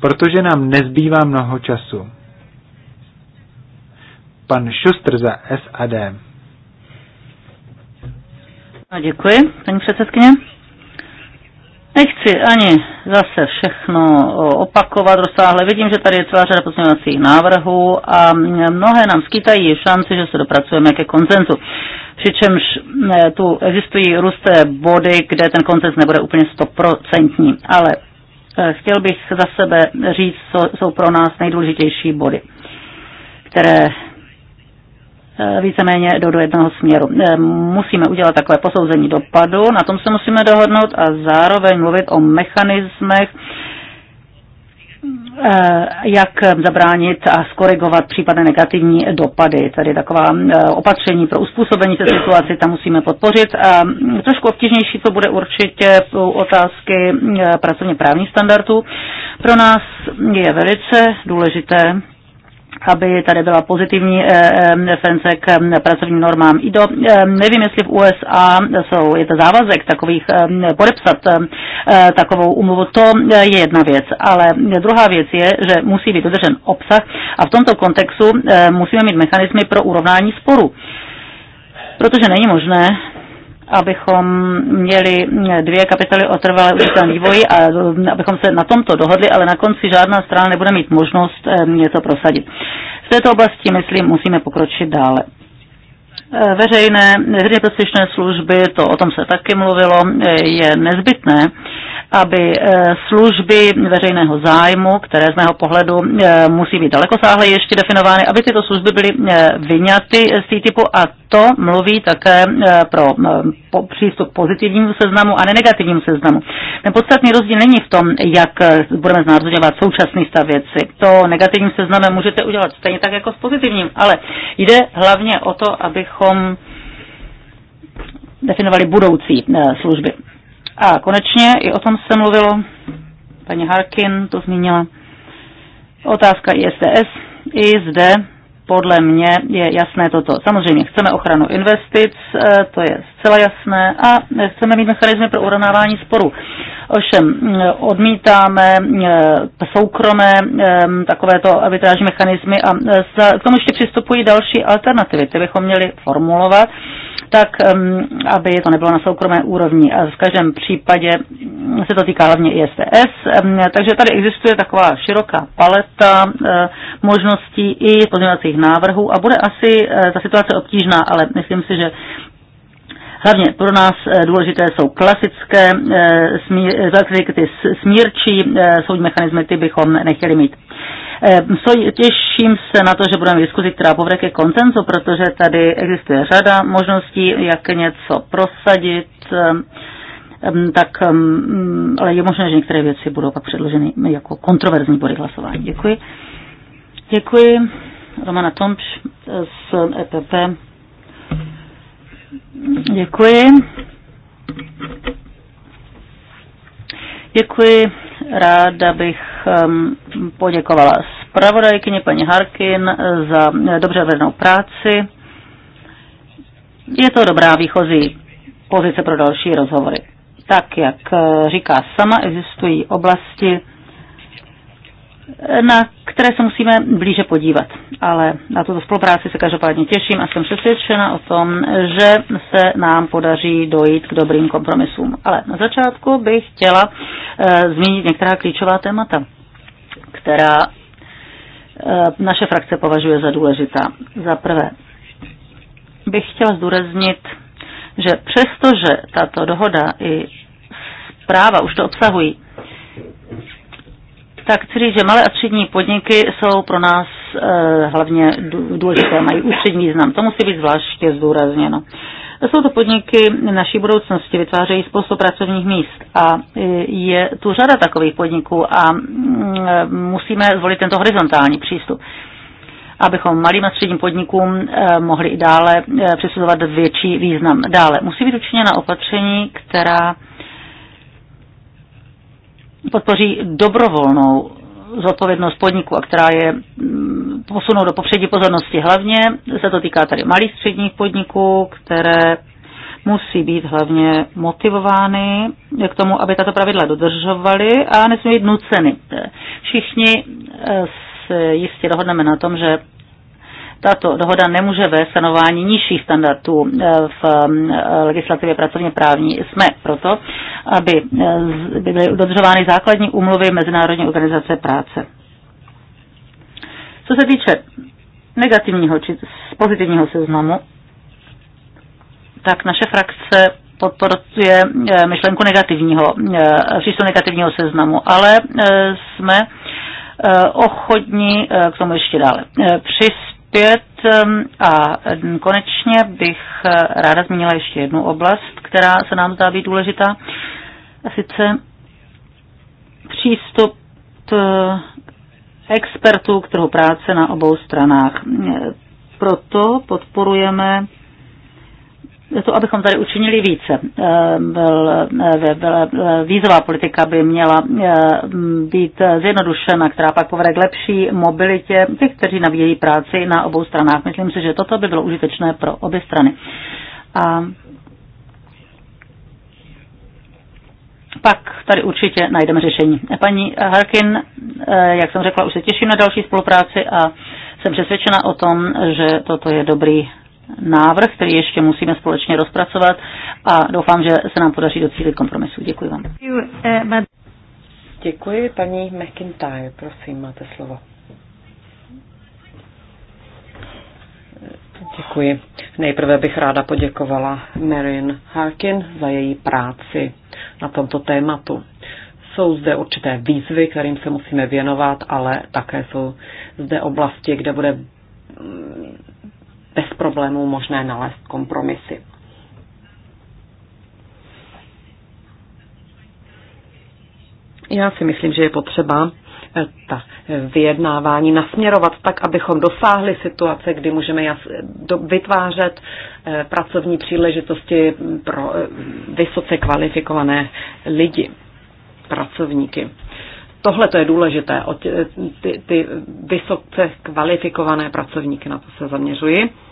protože nám nezbývá mnoho času pan Šustr za SAD. No, děkuji, paní předsedkyně. Nechci ani zase všechno opakovat rozsáhle. Vidím, že tady je celá řada pozměňovacích návrhů a mnohé nám skýtají šanci, že se dopracujeme ke koncenzu. Přičemž eh, tu existují různé body, kde ten koncens nebude úplně stoprocentní. Ale eh, chtěl bych za sebe říct, co jsou pro nás nejdůležitější body, které Eh, víceméně jdou do jednoho směru. Eh, musíme udělat takové posouzení dopadu, na tom se musíme dohodnout a zároveň mluvit o mechanismech, eh, jak zabránit a skorigovat případné negativní dopady. Tady taková opatření pro uspůsobení té situaci, tam musíme podpořit. A mm, trošku obtížnější to bude určitě otázky pracovně právních standardů. Pro nás je velice důležité aby tady byla pozitivní eh, eh, reference k eh, pracovním normám IDO. Nevím, jestli v USA jsou, je to závazek takových podepsat takovou umluvu, to je jedna věc, ale druhá věc je, že musí být dodržen obsah a v tomto kontextu musíme mít mechanismy pro urovnání sporu. Protože není možné abychom měli dvě kapitoly o trvalé udržitelném vývoji a mm, abychom se na tomto dohodli, ale na konci žádná strana nebude mít možnost něco eh, prosadit. V této oblasti, myslím, musíme pokročit dále. Eh, veřejné, veřejně prospěšné služby, to o tom se taky mluvilo, eh, je nezbytné, aby eh, služby veřejného zájmu, které z mého pohledu musí být sáhle ještě definovány, aby tyto služby byly vyňaty z typu. a to mluví také pro přístup k pozitivnímu seznamu a ne negativnímu seznamu. Ten podstatný rozdíl není v tom, jak budeme znázorňovat současný stav věci. To negativním seznamem můžete udělat stejně tak jako s pozitivním, ale jde hlavně o to, abych abychom definovali budoucí eh, služby. A konečně, i o tom se mluvilo, paní Harkin to zmínila, otázka ISDS. I zde podle mě je jasné toto. Samozřejmě chceme ochranu investic, eh, to je zcela jasné, a chceme mít mechanizmy pro urovnávání sporů. Ovšem eh, odmítáme eh, soukromé takovéto arbitrážní mechanizmy a k tomu ještě přistupují další alternativy, které bychom měli formulovat tak aby to nebylo na soukromé úrovni. A v každém případě se to týká hlavně ISTS, takže tady existuje taková široká paleta eh, možností i pozměňovacích návrhů a bude asi eh, ta situace obtížná, ale myslím si, že Hlavně pro nás eh, důležité jsou klasické, smír, ty smírčí soudní mechanizmy, ty bychom nechtěli mít. Ehm, těším se na to, že budeme diskuzi, která povede ke koncenzu, protože tady existuje řada možností, jak něco prosadit, ehm, ehm, tak mm, ale je možné, že některé věci budou pak předloženy jako kontroverzní body hlasování. Děkuji. Děkuji. Romana Tomš z EPP. Děkuji. Děkuji Ráda bych poděkovala zpravodajkyně paní Harkin za dobře vedenou práci. Je to dobrá výchozí pozice pro další rozhovory. Tak, jak eh, říká sama, existují oblasti, na které se musíme blíže podívat. Ale na tuto spolupráci se každopádně těším a jsem přesvědčena o tom, že se nám podaří dojít k dobrým kompromisům. Ale na začátku bych chtěla e, zmínit některá klíčová témata, která e, naše frakce považuje za důležitá. Za prvé bych chtěla zdůraznit, že přestože tato dohoda i zpráva už to obsahují, tak chci říct, že malé a střední podniky jsou pro nás eh, hlavně důležité, mají ústřední význam. To musí být zvláště zdůrazněno. Jsou to podniky naší budoucnosti, vytvářejí spoustu pracovních míst a eh, je tu řada takových podniků a mm, eh, musíme zvolit tento horizontální přístup abychom malým a středním podnikům mohli i dále přisuzovat větší význam. Dále musí být učiněna opatření, která podpoří dobrovolnou zodpovědnost podniku a která je mm, posunou do popředí pozornosti. Hlavně se to týká tady malých středních podniků, které musí být hlavně motivovány k tomu, aby tato pravidla dodržovaly a nesmí být nuceny. Všichni eh, se jistě dohodneme na tom, že tato dohoda nemůže ve stanování nižších standardů eh, v eh, legislativě pracovně právní. Jsme proto, aby eh, byly dodržovány základní úmluvy Mezinárodní organizace práce. Co se týče negativního či pozitivního seznamu, tak naše frakce podporuje myšlenku negativního, číslo negativního seznamu, ale jsme ochotní k tomu ještě dále přispět zpět um, a um, konečně bych uh, ráda zmínila ještě jednu oblast, která se nám zdá být důležitá, a sice přístup uh, expertů k trhu práce na obou stranách. Proto podporujeme to, abychom tady učinili více. Eh, eh, eh, vízová politika by měla být zjednodušena, která pak povede k lepší mobilitě těch, kteří nabíjejí práci na obou stranách. Myslím si, že toto by bylo užitečné pro obě strany. A pak tady určitě najdeme řešení. Paní Harkin, jak jsem řekla, už se těším na další spolupráci a jsem přesvědčena o tom, že toto je dobrý návrh, který ještě musíme společně rozpracovat a doufám, že se nám podaří docílit kompromisu. Děkuji vám. Děkuji, paní McIntyre, prosím, máte slovo. Děkuji. Nejprve bych ráda poděkovala Marin Harkin za její práci na tomto tématu. Jsou zde určité výzvy, kterým se musíme věnovat, ale také jsou zde oblasti, kde bude bez problémů možné nalézt kompromisy. Já si myslím, že je potřeba eh, ta eh, vyjednávání nasměrovat tak, abychom dosáhli situace, kdy můžeme jas, do, vytvářet eh, pracovní příležitosti pro vysoce kvalifikované lidi, pracovníky. Tohle to je důležité, ty, ty vysoce kvalifikované pracovníky, na to se zaměřuji.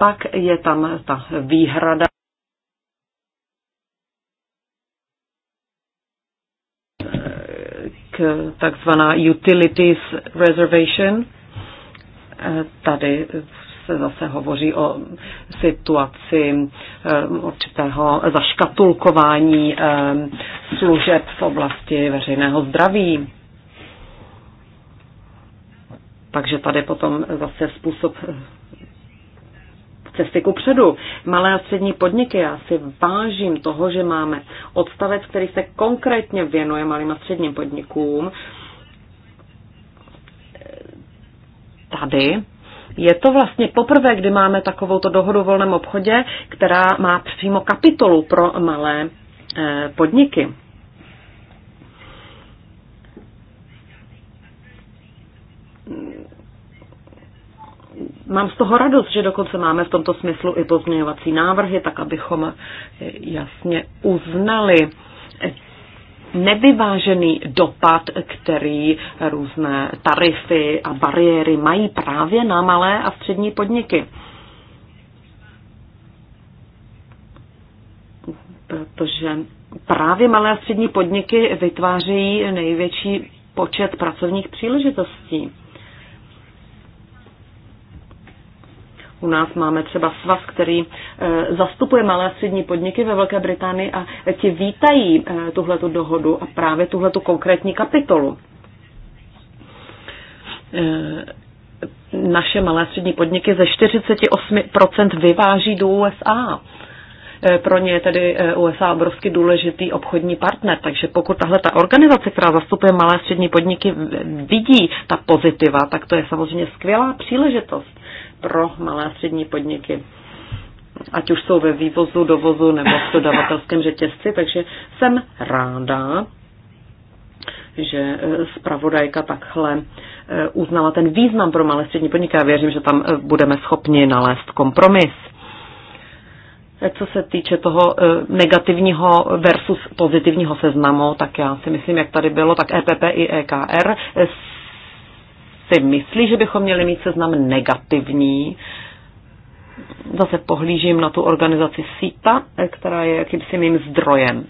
Pak je tam ta výhrada k takzvaná Utilities Reservation. Tady se zase hovoří o situaci eh, určitého zaškatulkování eh, služeb v oblasti veřejného zdraví. Takže tady potom zase způsob cesty ku předu. Malé a střední podniky, já si vážím toho, že máme odstavec, který se konkrétně věnuje malým a středním podnikům. Tady je to vlastně poprvé, kdy máme takovouto dohodu o volném obchodě, která má přímo kapitolu pro malé eh, podniky mám z toho radost, že dokonce máme v tomto smyslu i pozměňovací návrhy, tak abychom jasně uznali nevyvážený dopad, který různé tarify a bariéry mají právě na malé a střední podniky. Protože právě malé a střední podniky vytvářejí největší počet pracovních příležitostí. U nás máme třeba svaz, který eh, zastupuje malé a střední podniky ve Velké Británii a ti vítají eh, tuhletu dohodu a právě tuhletu konkrétní kapitolu. Eh, naše malé a střední podniky ze 48% vyváží do USA. Pro ně je tedy USA obrovsky důležitý obchodní partner, takže pokud tahle ta organizace, která zastupuje malé a střední podniky, vidí ta pozitiva, tak to je samozřejmě skvělá příležitost pro malé a střední podniky ať už jsou ve vývozu, dovozu nebo v dodavatelském řetězci, takže jsem ráda, že eh, zpravodajka takhle eh, uznala ten význam pro malé střední podniky a věřím, že tam eh, budeme schopni nalézt kompromis. Co se týče toho negativního versus pozitivního seznamu, tak já si myslím, jak tady bylo, tak EPP i EKR si myslí, že bychom měli mít seznam negativní. Zase pohlížím na tu organizaci SITA, která je jakýmsi mým zdrojem.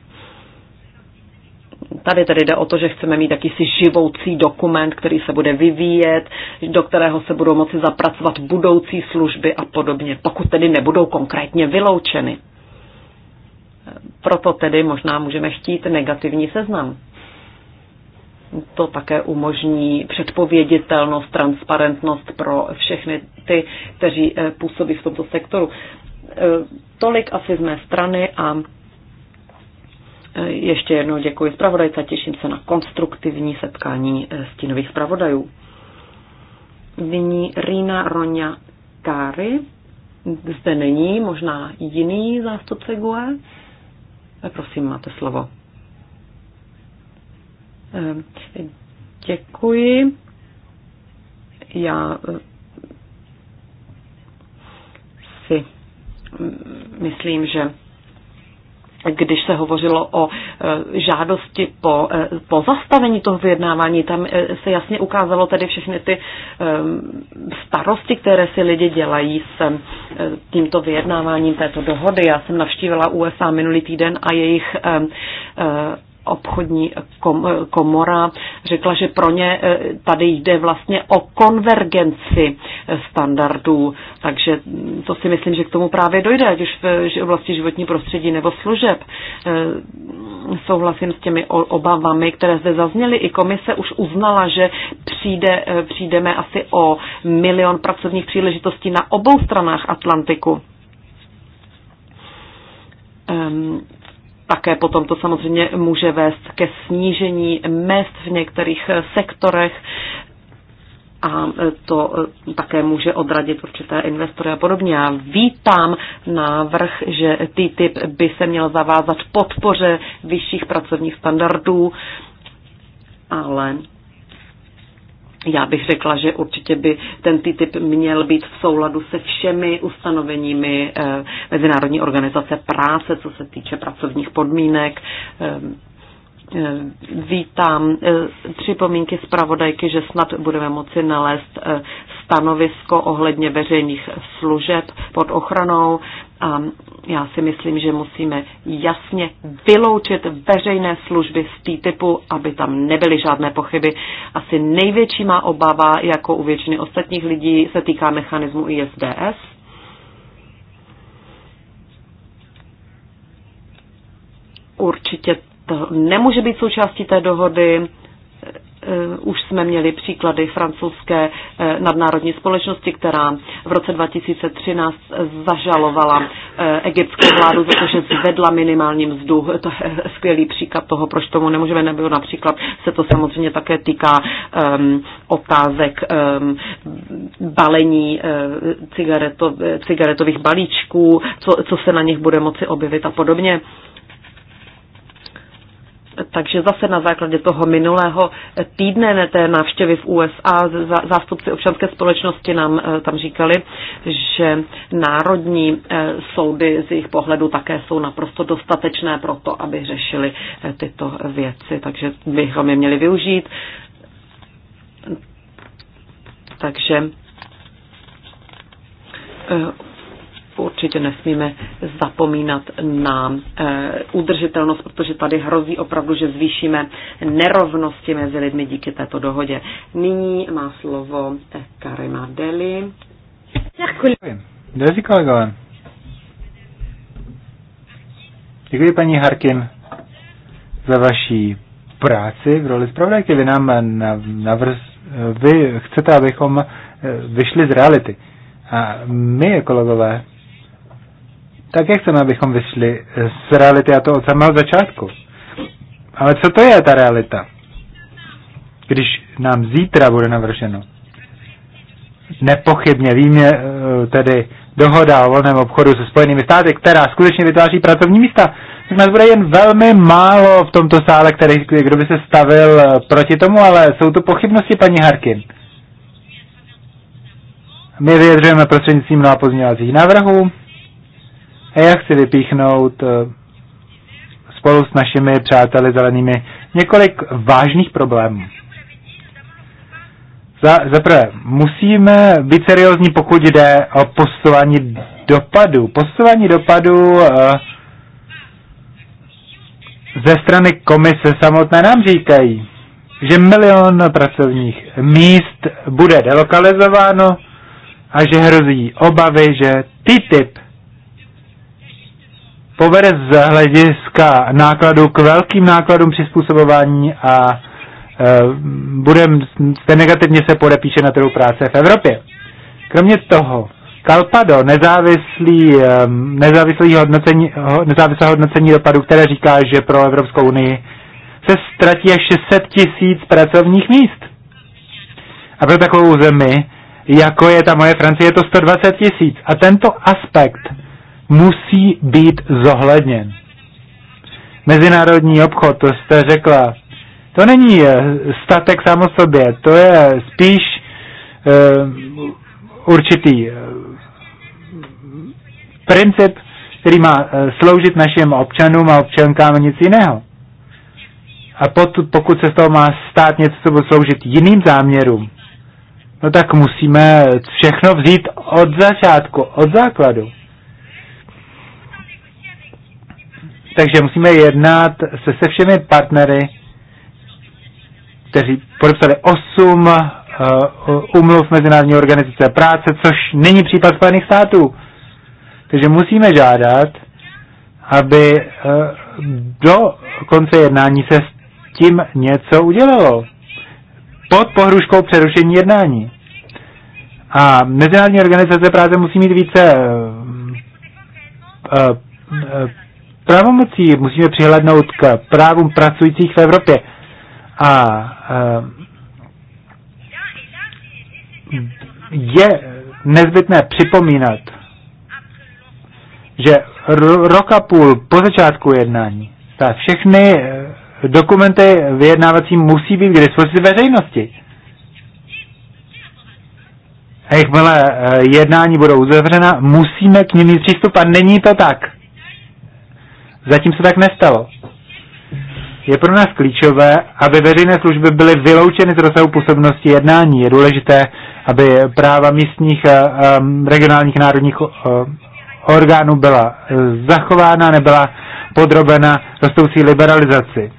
Tady tedy jde o to, že chceme mít jakýsi živoucí dokument, který se bude vyvíjet, do kterého se budou moci zapracovat budoucí služby a podobně, pokud tedy nebudou konkrétně vyloučeny. Proto tedy možná můžeme chtít negativní seznam to také umožní předpověditelnost, transparentnost pro všechny ty, kteří eh, působí v tomto sektoru. Eh, tolik asi z mé strany a eh, ještě jednou děkuji zpravodajce a těším se na konstruktivní setkání stínových zpravodajů. Nyní Rina Ronja Kary. Zde není, možná jiný zástupce GUE. Prosím, máte slovo. Eh, děkuji. Já eh, si mm, myslím, že když se hovořilo o eh, žádosti po, po zastavení toho vyjednávání, tam se jasně ukázalo tedy všechny ty starosti, které si lidi dělají s tímto vyjednáváním této dohody. Já jsem navštívila USA minulý týden a jejich obchodní komora řekla, že pro ně eh, tady jde vlastně o konvergenci standardů, takže to si myslím, že k tomu právě dojde, ať už v oblasti životní prostředí nebo služeb. Eh, souhlasím s těmi obavami, které zde zazněly. I komise už uznala, že přijde, eh, přijdeme asi o milion pracovních příležitostí na obou stranách Atlantiku ehm, také potom to samozřejmě může vést ke snížení mest v některých sektorech a to také může odradit určité investory a podobně. Já vítám návrh, že TTIP by se měl zavázat podpoře vyšších pracovních standardů, ale já bych řekla, že určitě by ten TTIP měl být v souladu se všemi ustanoveními eh, Mezinárodní organizace práce, co se týče pracovních podmínek. Eh, eh, vítám připomínky zpravodajky, že snad budeme moci nalézt stanovisko ohledně veřejných služeb pod ochranou a já si myslím, že musíme jasně vyloučit veřejné služby z té typu aby tam nebyly žádné pochyby. Asi největší má obava, jako u většiny ostatních lidí, se týká mechanismu ISDS, určitě to nemůže být součástí té dohody. Eh, už jsme měli příklady francouzské eh, nadnárodní společnosti, která v roce 2013 zažalovala eh, egyptskou vládu za to, že zvedla minimální mzdu. To je skvělý příklad toho, proč tomu nemůžeme nebo například se to samozřejmě také týká um, otázek um, balení cigareto, cigaretových balíčků, co, co se na nich bude moci objevit a podobně. Takže zase na základě toho minulého týdne té návštěvy v USA zástupci občanské společnosti nám eh, tam říkali, že národní eh, soudy z jejich pohledu také jsou naprosto dostatečné pro to, aby řešili eh, tyto věci. Takže bychom je měli využít. Takže Evropu určitě nesmíme zapomínat na e, udržitelnost, protože tady hrozí opravdu, že zvýšíme nerovnosti mezi lidmi díky této dohodě. Nyní má slovo eh, Karima Deli. Děkuji. Děkuji, kolegové. Děkuji, paní Harkin, za vaší práci v roli zpravodajky. Vy nám navrz, vy chcete, abychom eh, vyšli z reality. A my, kolegové, jak chceme, abychom vyšli z reality a to od samého začátku. Ale co to je ta realita? Když nám zítra bude navrženo. Nepochybně víme eh, tedy dohoda o volném obchodu se Spojenými státy, která skutečně vytváří pracovní místa, tak nás bude jen velmi málo v tomto sále, který, kdo by se stavil eh, proti tomu, ale jsou to pochybnosti, paní Harkin. My vyjadřujeme prostřednictvím mnoha pozměňovacích návrhů, a já chci vypíchnout eh, spolu s našimi přáteli zelenými několik vážných problémů. Za, za prvé, musíme být seriózní, pokud jde o postování dopadu. Postování dopadu uh, ze strany komise samotné nám říkají, že milion pracovních míst bude delokalizováno a že hrozí obavy, že typ povede z hlediska nákladu k velkým nákladům přizpůsobování a e, budem, se negativně se podepíše na trhu práce v Evropě. Kromě toho, Kalpado, nezávislý, e, nezávislý hodnocení, nezávislé hodnocení dopadu, které říká, že pro Evropskou unii se ztratí až 600 tisíc pracovních míst. A pro takovou zemi, jako je ta moje Francie, je to 120 tisíc. A tento aspekt musí být zohledněn. Mezinárodní obchod, to jste řekla, to není eh, statek samo sobě, to je spíš e, určitý uh, princip, který má sloužit našim občanům a občankám a nic jiného. A potud, pokud se z toho má stát něco, co bude sloužit jiným záměrům, no tak musíme všechno vzít od začátku, od základu. Takže musíme jednat se, se všemi partnery, kteří podepsali osm umluv eh, Mezinárodní organizace práce, což není případ Spojených států. Takže musíme žádat, aby eh, do konce jednání se s tím něco udělalo. Pod pohruškou přerušení jednání. A Mezinárodní organizace práce musí mít více eh, pravomocí, musíme přihlednout k právům pracujících v Evropě. A eh, je nezbytné připomínat, že rok a půl po začátku jednání, ta všechny eh, dokumenty vyjednávací musí být k dispozici veřejnosti. Jakmile eh, jednání budou uzavřena, musíme k nim mít přístup a není to tak. Zatím se tak nestalo. Je pro nás klíčové, aby veřejné služby byly vyloučeny z rozsahu působnosti jednání. Je důležité, aby práva místních, eh, eh, regionálních, národních eh, orgánů byla zachována, nebyla podrobena rostoucí liberalizaci.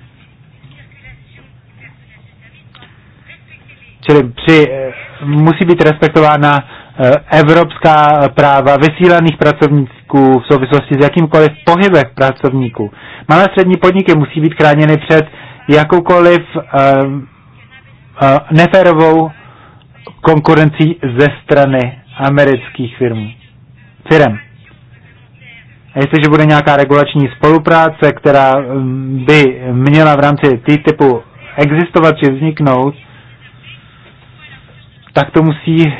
Čili při, musí být respektována evropská práva vysílaných pracovníc, podniků v souvislosti s jakýmkoliv pohybem pracovníků. Malé střední podniky musí být chráněny před jakoukoliv uh, uh, neférovou konkurencí ze strany amerických firm. firm. A jestliže bude nějaká regulační spolupráce, která ehm, by měla v rámci typu existovat či vzniknout, tak to musí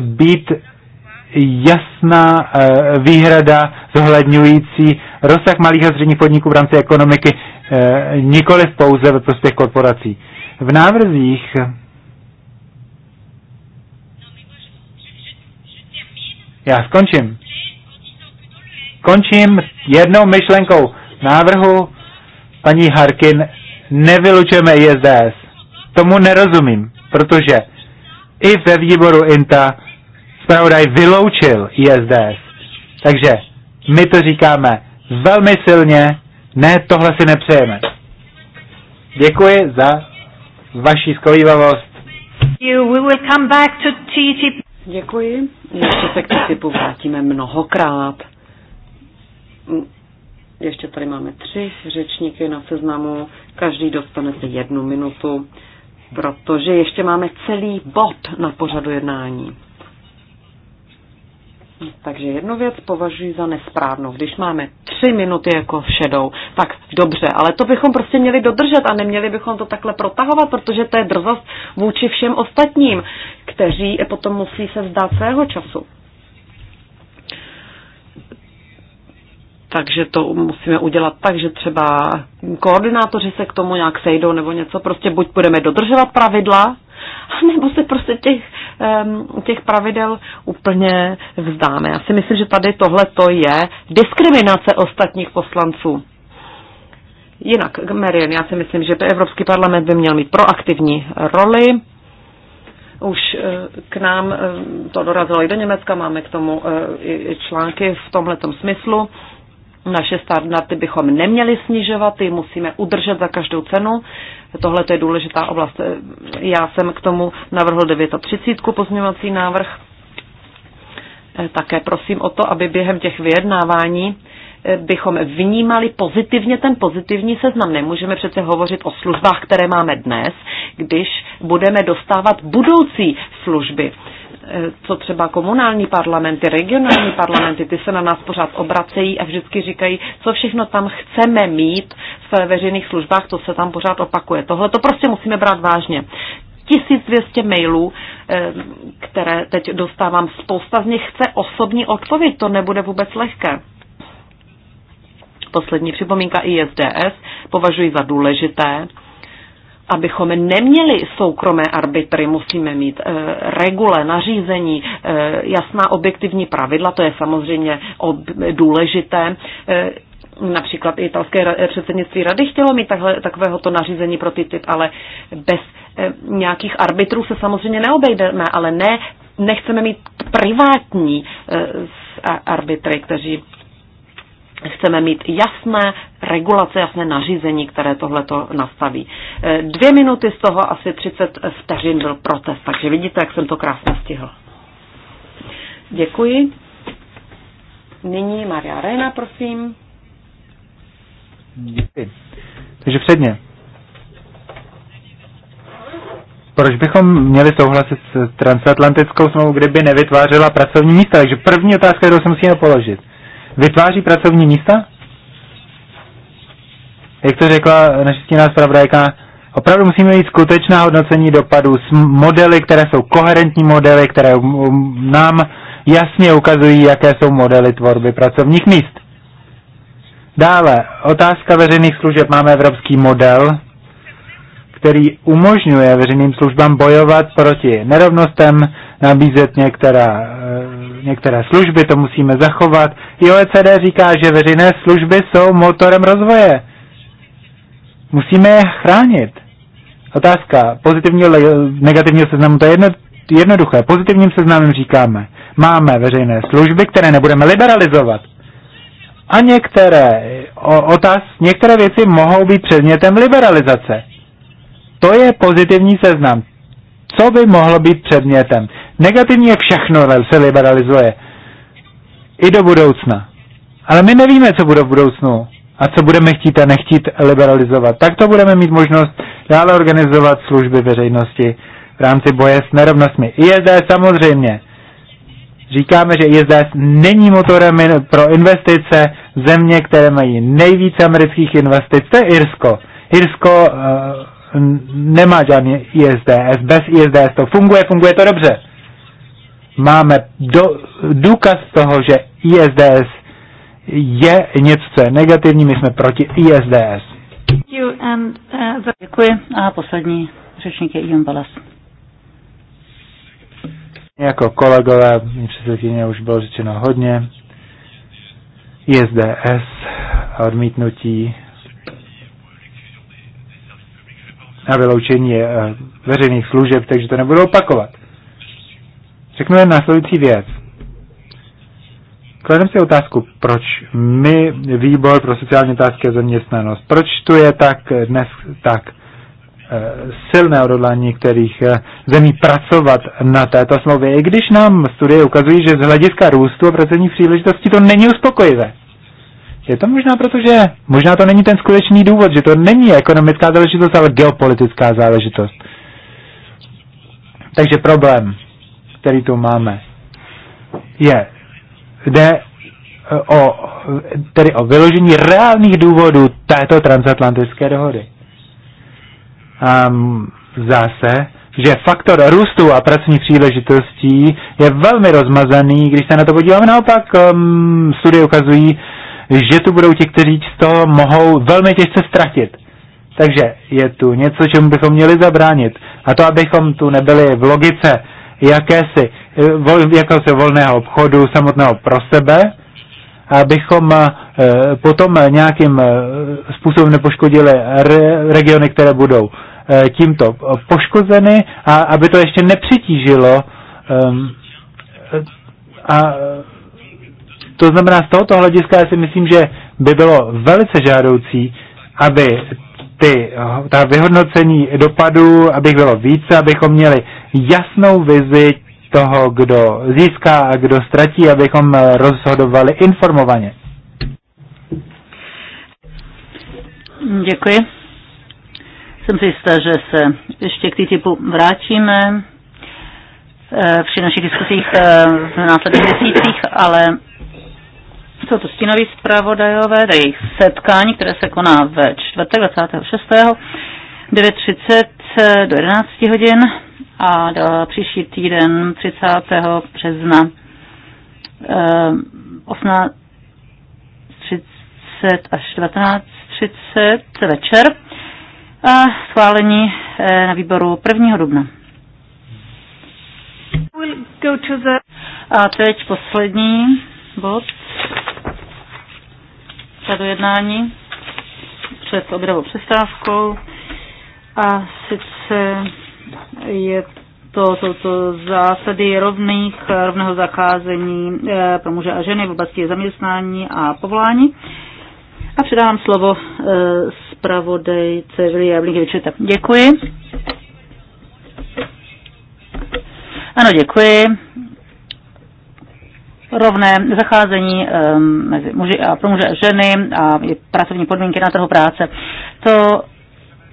být jasná eh, výhrada zohledňující rozsah malých a středních podniků v rámci ekonomiky, eh, nikoli v pouze ve prospěch korporací. V návrzích Já skončím. Končím jednou myšlenkou návrhu paní Harkin, nevylučujeme ISDS. Tomu nerozumím, protože i ve výboru INTA zpravodaj vyloučil ISDS. Takže my to říkáme velmi silně, ne, tohle si nepřejeme. Děkuji za vaši skolívavost. Děkuji. Ještě se k TTIPu vrátíme mnohokrát. Ještě tady máme tři řečníky na seznamu. Každý dostane jednu minutu, protože ještě máme celý bod na pořadu jednání. Takže jednu věc považuji za nesprávnou. Když máme tři minuty jako šedou, tak dobře, ale to bychom prostě měli dodržet a neměli bychom to takhle protahovat, protože to je drzost vůči všem ostatním, kteří potom musí se vzdát svého času. Takže to musíme udělat tak, že třeba koordinátoři se k tomu nějak sejdou nebo něco. Prostě buď budeme dodržovat pravidla, nebo se prostě těch, těch pravidel úplně vzdáme. Já si myslím, že tady tohle to je diskriminace ostatních poslanců. Jinak, Marian, já si myslím, že Evropský parlament by měl mít proaktivní roli. Už eh, k nám eh, to dorazilo i do Německa, máme k tomu eh, i články v tomhletom smyslu. Naše standardy bychom neměli snižovat, ty musíme udržet za každou cenu. Tohle je důležitá oblast. Já jsem k tomu navrhl 39. pozměňovací návrh. Eh, Také prosím o to, aby během těch vyjednávání eh, bychom vnímali pozitivně ten pozitivní seznam. Nemůžeme přece hovořit o službách, které máme dnes, když budeme dostávat budoucí služby. Eh, co třeba komunální parlamenty, regionální parlamenty, ty se na nás pořád obracejí a vždycky říkají, co všechno tam chceme mít v veřejných službách, to se tam pořád opakuje. Tohle to prostě musíme brát vážně. 1200 mailů, eh, které teď dostávám, spousta z nich chce osobní odpověď, to nebude vůbec lehké. Poslední připomínka ISDS považuji za důležité abychom neměli soukromé arbitry, musíme mít e, regule, nařízení, e, jasná objektivní pravidla, to je samozřejmě ob, důležité. E, například italské předsednictví rady chtělo mít takhle, takovéhoto nařízení pro ty typ, ale bez e, nějakých arbitrů se samozřejmě neobejdeme, ale ne, nechceme mít privátní e, arbitry, kteří chceme mít jasné regulace, jasné nařízení, které tohle to nastaví. Eh, dvě minuty z toho asi 30 vteřin byl protest, takže vidíte, jak jsem to krásně stihl. Děkuji. Nyní Maria Rena, prosím. Děkuji. Takže předně. Proč bychom měli souhlasit s transatlantickou smlouvou, kdyby nevytvářela pracovní místa? Takže první otázka, kterou se musíme položit vytváří pracovní místa? Jak to řekla naše stíná zpravodajka, opravdu musíme mít skutečná hodnocení dopadů s modely, které jsou koherentní modely, které nám jasně ukazují, jaké jsou modely tvorby pracovních míst. Dále, otázka veřejných služeb. Máme evropský model, který umožňuje veřejným službám bojovat proti nerovnostem, nabízet některá, eh, některé služby, to musíme zachovat. I OECD říká, že veřejné služby jsou motorem rozvoje. Musíme je chránit. Otázka pozitivního, negativního seznamu, to je jedno, jednoduché. Pozitivním seznamem říkáme, máme veřejné služby, které nebudeme liberalizovat. A některé, o, otáz, některé věci mohou být předmětem liberalizace. To je pozitivní seznam. Co by mohlo být předmětem? Negativně všechno se liberalizuje. I do budoucna. Ale my nevíme, co bude v budoucnu a co budeme chtít a nechtít liberalizovat. Tak to budeme mít možnost dále organizovat služby veřejnosti v rámci boje s nerovnostmi. ISDS samozřejmě. Říkáme, že ISDS není motorem pro investice země, které mají nejvíce amerických investic. To je Irsko. Irsko uh, nemá žádný ISDS. Bez ISDS to funguje, funguje to dobře máme do, důkaz toho, že ISDS je něco, co je negativní, my jsme proti ISDS. Uh, Děkuji a poslední řečník je Ion Balas. Jako kolegové, předsedkyně už bylo řečeno hodně. ISDS a odmítnutí a vyloučení eh, veřejných služeb, takže to nebudu opakovat. Řeknu jen následující věc. Kladem si otázku, proč my, výbor pro sociální otázky a zaměstnanost, proč tu je tak dnes tak eh, silné odhodlání některých eh, zemí pracovat na této smlouvě, i když nám studie ukazují, že z hlediska růstu a pracovní příležitosti to není uspokojivé. Je to možná proto, že možná to není ten skutečný důvod, že to není ekonomická záležitost, ale geopolitická záležitost. Takže problém který tu máme, je, jde eh, o, tedy o vyložení reálných důvodů této transatlantické dohody. Um, zase, že faktor růstu a pracovní příležitostí je velmi rozmazaný, když se na to podíváme. Naopak um, studie ukazují, že tu budou ti, kteří to mohou velmi těžce ztratit. Takže je tu něco, čemu bychom měli zabránit. A to, abychom tu nebyli v logice jakési, eh, vol, jakési volného obchodu samotného pro sebe, abychom eh, potom nějakým eh, způsobem nepoškodili regiony, které budou tímto poškozeny a aby to ještě nepřitížilo ehm, a to znamená z tohoto hlediska já si myslím, že by bylo velice žádoucí, aby ty, eh, ta vyhodnocení dopadů, abych bylo více, abychom měli jasnou vizi toho, kdo získá a kdo ztratí, abychom eh, rozhodovali informovaně. Děkuji. Jsem si jistá, že se ještě k typu vrátíme eh, při našich diskusích v následných měsících, ale jsou to stínoví zpravodajové, tady jejich setkání, které se koná ve čtvrtek 26. 9.30 do 11 hodin a do příští týden 30. března 18.30 eh, až 19.30 večer a schválení eh, na výboru 1. dubna. A teď poslední bod za jednání před obravou přestávkou a sice je to, jsou to zásady rovných, rovného zakázení eh, pro muže a ženy v oblasti zaměstnání a povolání. A předávám slovo eh, zpravodajce Vilija Blinkevičeta. Děkuji. Ano, děkuji rovné zacházení ehm, mezi muži a pro muže a ženy a pracovní podmínky na trhu práce. To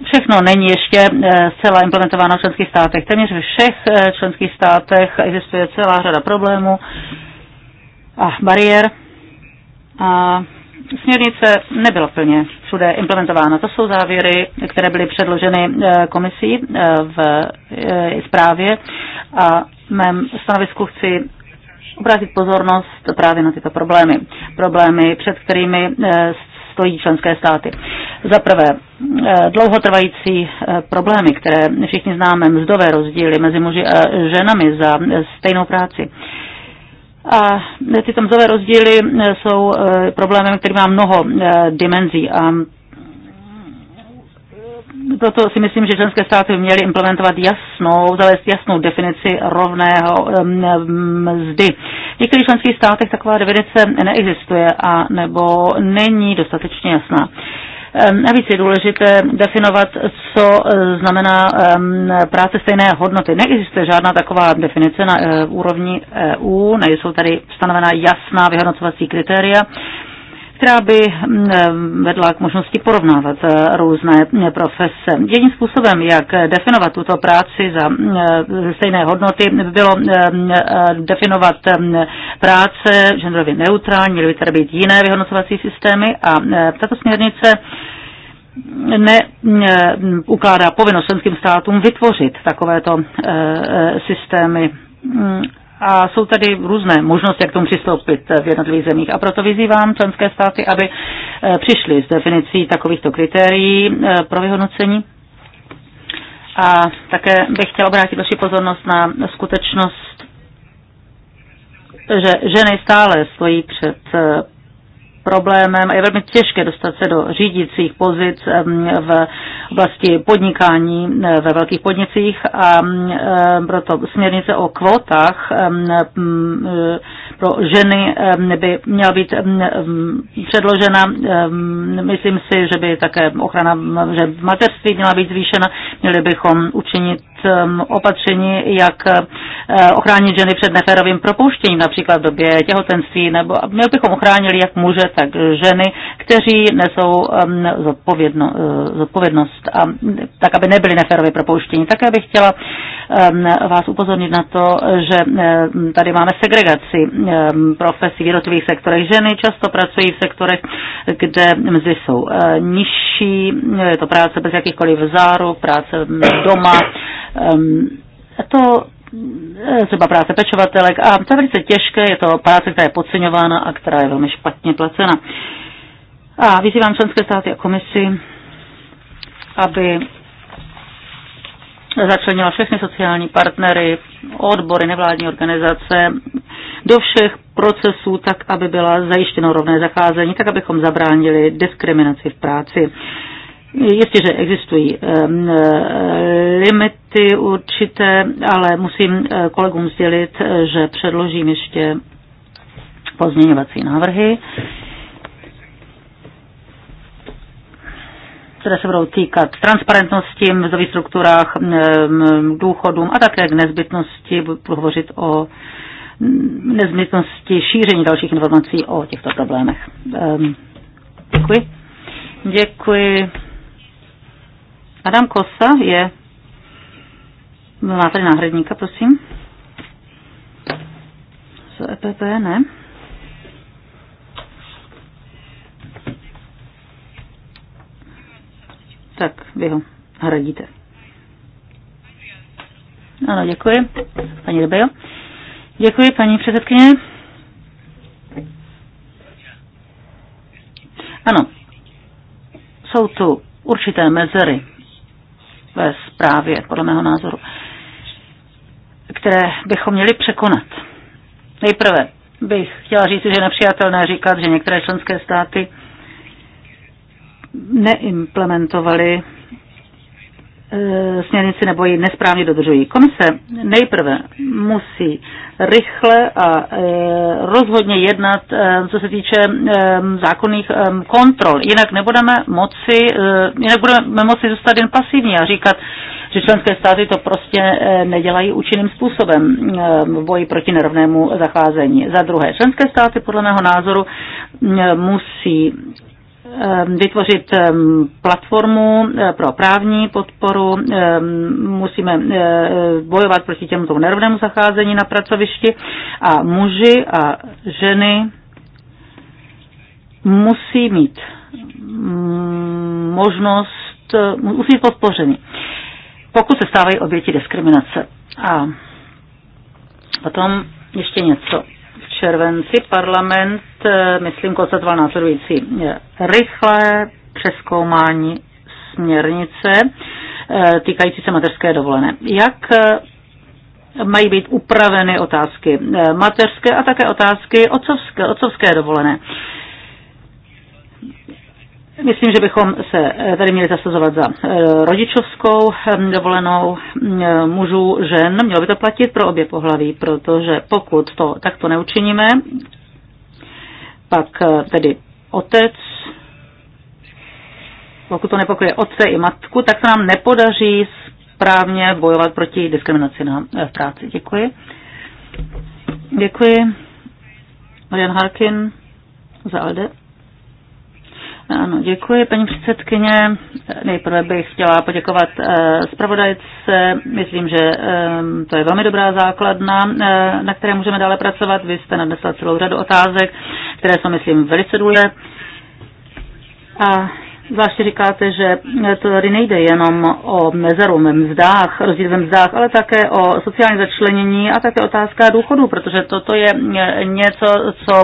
Všechno není ještě eh, zcela implementováno v členských státech. Téměř ve všech eh, členských státech existuje celá řada problémů a bariér. A směrnice nebyla plně všude implementována. To jsou závěry, které byly předloženy eh, komisí v zprávě a mém stanovisku chci obrátit pozornost právě na tyto problémy. Problémy, před kterými eh, stojí členské státy. Za prvé, eh, dlouhotrvající eh, problémy, které všichni známe, mzdové rozdíly mezi muži a ženami za stejnou práci. A ty mzdové rozdíly jsou problémem, který má mnoho dimenzí a toto si myslím, že členské státy by měly implementovat jasnou, zavést jasnou definici rovného mzdy. V některých členských státech taková definice neexistuje a nebo není dostatečně jasná. Navíc je důležité definovat, co e, znamená práce stejné hodnoty. Neexistuje žádná taková definice na e, úrovni EU, nejsou tady stanovená jasná vyhodnocovací kritéria, která by mm, vedla k možnosti porovnávat eh, různé eh, profese. Jedním způsobem, jak definovat tuto práci za mm, eh, stejné hodnoty, by bylo mm, definovat práce genderově neutrální, měly by tady být jiné vyhodnocovací systémy a tato směrnice neukládá povinnost členským státům vytvořit takovéto systémy a jsou tady různé možnosti, jak k tomu přistoupit v jednotlivých zemích. A proto vyzývám členské státy, aby e, přišli s definicí takovýchto kritérií e, pro vyhodnocení. A také bych chtěla obrátit vaši pozornost na skutečnost, že ženy stále stojí před e, problémem a je velmi těžké dostat se do řídících pozic v oblasti podnikání ve velkých podnicích a proto směrnice o kvotách e, pro ženy by měla být předložena. Myslím si, že by také ochrana že mateřství měla být zvýšena. Měli bychom učinit Um, opatření, jak uh, ochránit ženy před neférovým propuštěním, například v době těhotenství, nebo my bychom ochránili jak muže, tak ženy, kteří nesou um, zodpovědno, uh, zodpovědnost, a, tak aby nebyly neférově propouštění. Také bych chtěla um, vás upozornit na to, že uh, tady máme segregaci profesí v jednotlivých sektorech. Ženy často pracují v sektorech, kde mzdy jsou nižší, je to práce bez jakýchkoliv záruk, práce doma, Ehm, to eh, třeba práce pečovatelek a to je velice těžké, je to práce, která je podceňována a která je velmi špatně placena. A vyzývám členské státy a komisi, aby začlenila všechny sociální partnery, odbory, nevládní organizace do všech procesů, tak aby byla zajištěno rovné zacházení, tak abychom zabránili diskriminaci v práci. Jistě, že existují ehm, eh, limity určité, ale musím eh, kolegům sdělit, eh, že předložím ještě pozměňovací návrhy, které se budou týkat transparentnosti v mzdových strukturách, ehm, důchodům a také k nezbytnosti, budu hovořit o nezbytnosti šíření dalších informací o těchto problémech. Ehm, děkuji. Děkuji. Adam Kosa je... Máte náhradníka, prosím. Z EPP, ne? Tak vy ho hradíte. Ano, děkuji. Paní Rebejo. Děkuji, paní předsedkyně. Ano, jsou tu určité mezery ve zprávě, podle mého názoru, které bychom měli překonat. Nejprve bych chtěla říct, že je nepřijatelné říkat, že některé členské státy neimplementovaly E, směrnici nebo ji nesprávně dodržují. Komise nejprve musí rychle a e, rozhodně jednat, e, co se týče zákonných kontrol. Jinak nebudeme moci, jinak budeme moci zůstat jen pasivní a říkat, že členské státy to prostě nedělají účinným způsobem v boji proti nerovnému zacházení. Za druhé, členské státy podle mého názoru musí Ehm, vytvořit ehm, platformu eh, pro právní podporu, ehm, musíme eh, bojovat proti těmto nerovnému zacházení na pracovišti a muži a ženy musí mít mm, možnost, eh, musí být podpořeni, pokud se stávají oběti diskriminace. A potom ještě něco červenci parlament, eh, myslím, konstatoval následující eh, rychlé přeskoumání směrnice eh, týkající se mateřské dovolené. Jak mají být upraveny otázky mateřské a také otázky otcovské, otcovské dovolené. Myslím, že bychom se eh, tady měli zasazovat za eh, rodičovskou eh, dovolenou mm, mužů, žen. Mělo by to platit pro obě pohlaví, protože pokud to takto neučiníme, pak tedy otec, pokud to nepokryje otce i matku, tak se nám nepodaří správně bojovat proti diskriminaci na, v práci. Děkuji. Děkuji. Marian Harkin za Alde. Ano, děkuji, paní předsedkyně. Nejprve bych chtěla poděkovat eh, zpravodajce. Myslím, že ehm, to je velmi dobrá základna, eh, na které můžeme dále pracovat. Vy jste nadnesla celou řadu otázek, které jsou, myslím, velice důležité. A Zvláště říkáte, že to tady nejde jenom o mezeru ve mzdách, rozdíl ve mzdách, ale také o sociální začlenění a také otázka důchodů, protože toto je něco, co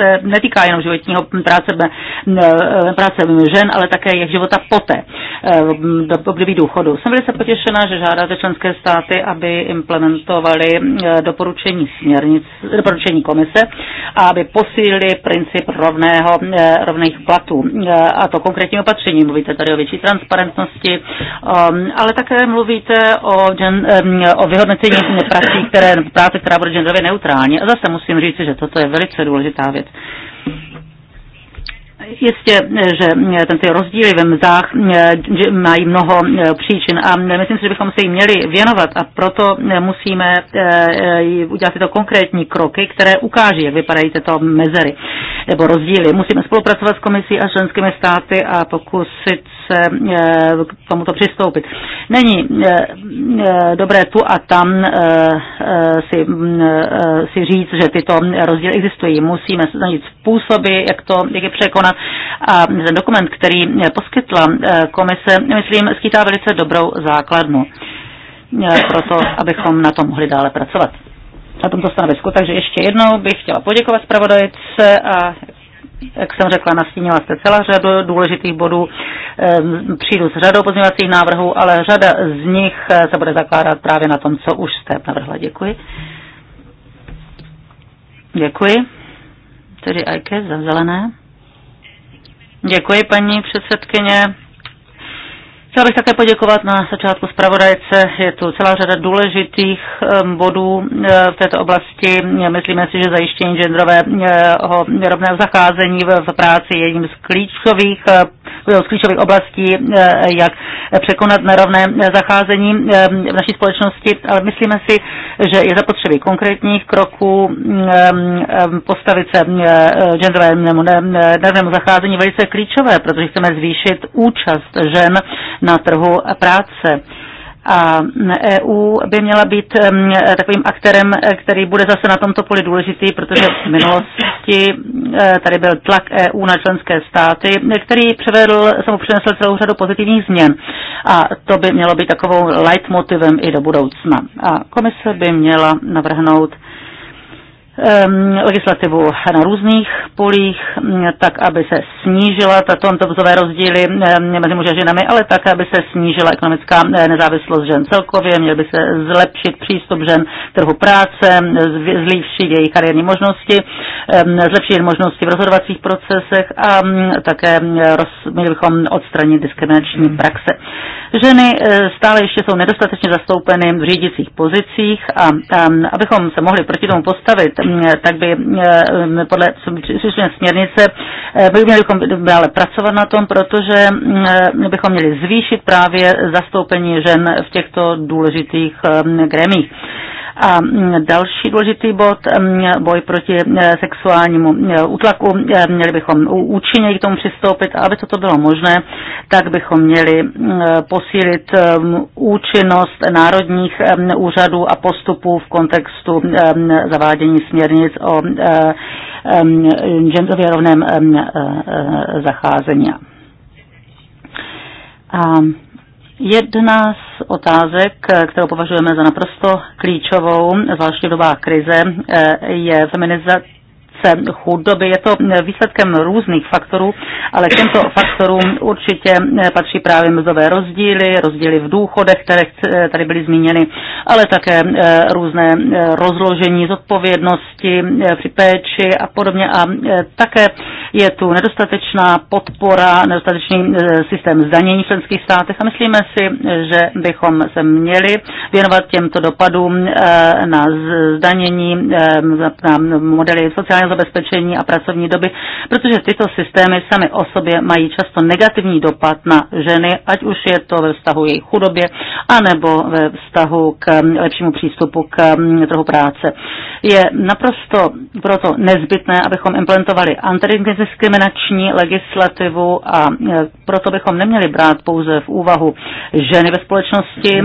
se netýká jenom životního práce, eh, práce žen, ale také jejich života poté, eh, do období důchodu. Jsem velice potěšena, že žádáte členské státy, aby implementovali eh, doporučení směrnic, doporučení komise a aby posílili princip rovného, rovných platů. A to konkrétně opatření. Mluvíte tady o větší transparentnosti, um, ale také mluvíte o, gen, um, o vyhodnocení prací, které, práce, která bude genderově neutrální. A zase musím říct, že toto je velice důležitá věc. Jistě, že eh, ten ty rozdíly ve mzdách eh, mají mnoho eh, příčin a myslím si, že bychom se jim měli věnovat a proto musíme udělat tyto konkrétní kroky, které ukáží, jak vypadají tyto mezery nebo rozdíly. Musíme spolupracovat s komisí a členskými státy a pokusit se eh, k tomuto přistoupit. Není eh, eh, dobré tu a tam si, mm, si říct, že tyto rozdíly existují. Musíme se najít způsoby, jak to jak je překonat. A ten dokument, který poskytla komise, myslím, skýtá velice dobrou základnu pro to, abychom na tom mohli dále pracovat na tomto stanovisku. Takže ještě jednou bych chtěla poděkovat zpravodajce a jak jsem řekla, nastínila jste celá řadu důležitých bodů. Ehm, přijdu s řadou pozměňovacích návrhů, ale řada z nich eh, se bude zakládat právě na tom, co už jste navrhla. Děkuji. Děkuji. Tedy Ajke za zelené. Děkuji, paní předsedkyně. Chtěl bych také poděkovat na začátku zpravodajce. Je tu celá řada důležitých bodů e, v této oblasti. Myslíme si, že zajištění genderového e, rovného zacházení v práci je jedním z klíčových, e, z klíčových oblastí, jak překonat nerovné zacházení v naší společnosti. Ale myslíme si, že je zapotřebí konkrétních kroků postavit se genderovému nerovnému zacházení velice klíčové, protože chceme zvýšit účast žen na trhu práce a EU by měla být takovým aktérem, e, který bude zase na tomto poli důležitý, protože v minulosti e, tady byl tlak EU na členské státy, který převedl, jsem přinesl celou řadu pozitivních změn a to by mělo být takovou leitmotivem i do budoucna. A komise by měla navrhnout legislativu na různých polích, tak aby se snížila tato mzdové rozdíly mezi muži a ženami, ale tak aby se snížila ekonomická eh, nezávislost žen celkově, měl by se zlepšit přístup žen k trhu práce, zlepšit jejich kariérní možnosti, zlepšit možnosti v rozhodovacích procesech a také roz, měli bychom odstranit diskriminační hmm. praxe. Ženy eh, stále ještě jsou nedostatečně zastoupeny v řídicích pozicích a abychom se mohli proti tomu postavit, Eh, tak by eh, podle příslušné směrnice eh, by měli bychom dále pracovat na tom, protože mm, bychom měli zvýšit právě zastoupení žen v těchto důležitých gremích. A mm, další důležitý bod, mm, boj proti e, sexuálnímu e, útlaku, e, měli bychom účinněji k tomu přistoupit a aby toto bylo možné, tak bychom měli mm, posílit účinnost národních úřadů a postupů v kontextu zavádění směrnic o genderově rovném zacházení. Jedna z otázek, kterou považujeme za naprosto klíčovou, zvláště v dobách krize, eh, je feminizace chudoby. Je to výsledkem různých faktorů, ale k těmto faktorům určitě patří právě mzdové rozdíly, rozdíly v důchodech, které tady byly zmíněny, ale také eh, různé eh, rozložení zodpovědnosti eh, při péči a podobně. A také je tu nedostatečná podpora, nedostatečný systém zdanění v členských státech a myslíme si, že bychom se měli věnovat těmto dopadům na zdanění, na modely sociální zabezpečení a pracovní doby, protože tyto systémy sami o sobě mají často negativní dopad na ženy, ať už je to ve vztahu jejich chudobě, anebo ve vztahu k mm, lepšímu přístupu k mm, trhu práce. Je naprosto proto nezbytné, abychom implementovali antidiskriminační legislativu a mm, proto bychom neměli brát pouze v úvahu ženy ve společnosti,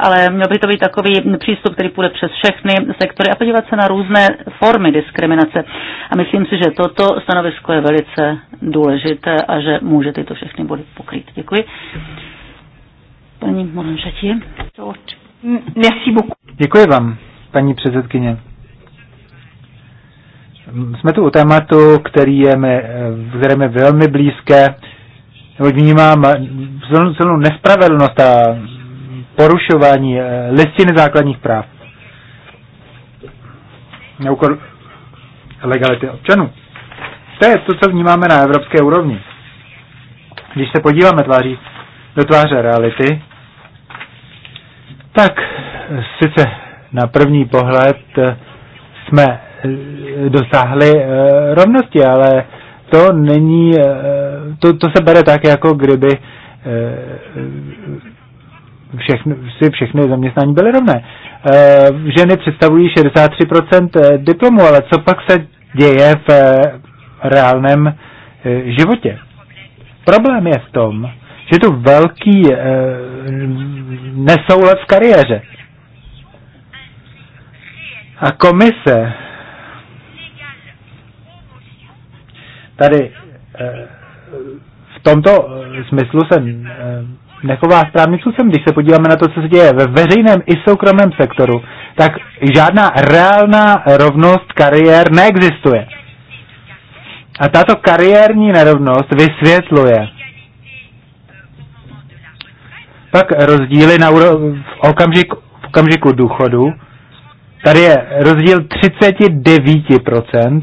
ale měl by to být takový přístup, který půjde přes všechny sektory a podívat se na různé formy diskriminace, a myslím si, že toto stanovisko je velice důležité a že může tyto všechny body pokrýt. Děkuji. Paní Moran Šatě. Děkuji vám, paní předsedkyně. Jsme tu u tématu, který je mi, které mi velmi blízké, vnímám silnou nespravedlnost a porušování eh, listiny základních práv na úkor legality občanů. To je to, co vnímáme na evropské úrovni. Když se podíváme tváří do tváře reality, tak sice na první pohled jsme eh, dosáhli eh, rovnosti, ale to není, eh, to, to se bere tak, jako kdyby všechny, si všechny zaměstnání byly rovné. Eh, ženy představují 63% eh, diplomu, ale co pak se děje v eh, reálném životě? Problém je v tom, že je tu velký nesoulad v kariéře. A komise tady v tomto smyslu se nechová strávničů jsem, když se podíváme na to, co se děje ve veřejném i soukromém sektoru, tak žádná reálná rovnost kariér neexistuje. A tato kariérní nerovnost vysvětluje pak rozdíly na uro- v, okamžiku, v okamžiku důchodu. Tady je rozdíl 39%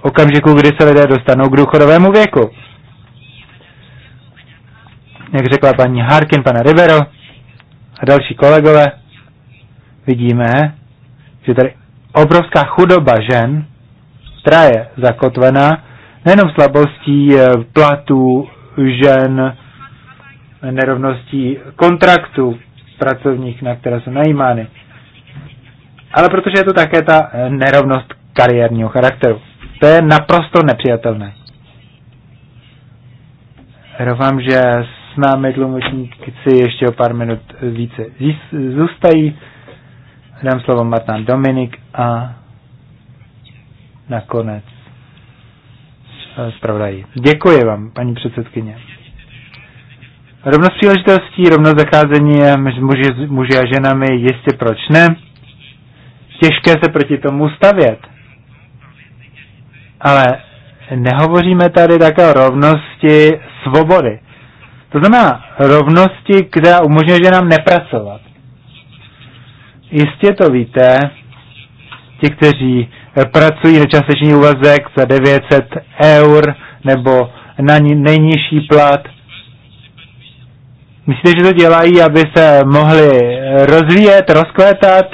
v okamžiku, kdy se lidé dostanou k důchodovému věku jak řekla paní Harkin, pana Rivero a další kolegové, vidíme, že tady obrovská chudoba žen, která je zakotvená nejenom slabostí eh, platů žen, nerovností kontraktů pracovních, na které jsou najímány, ale protože je to také ta eh, nerovnost kariérního charakteru. To je naprosto nepřijatelné. Doufám, že s námi tlumočníci ještě o pár minut více zůstají. Dám slovo matan Dominik a nakonec eh, zpravodají. Děkuji vám, paní předsedkyně. Rovnost příležitostí, rovnost zacházení muži, muži a ženami, jistě proč ne. Těžké se proti tomu stavět. Ale nehovoříme tady také o rovnosti svobody. To znamená rovnosti, která umožňuje že nám nepracovat. Jistě to víte, ti, kteří eh, pracují na částečný úvazek za 900 eur nebo na nejnižší plat. Myslíte, že to dělají, aby se mohli eh, rozvíjet, rozkvétat,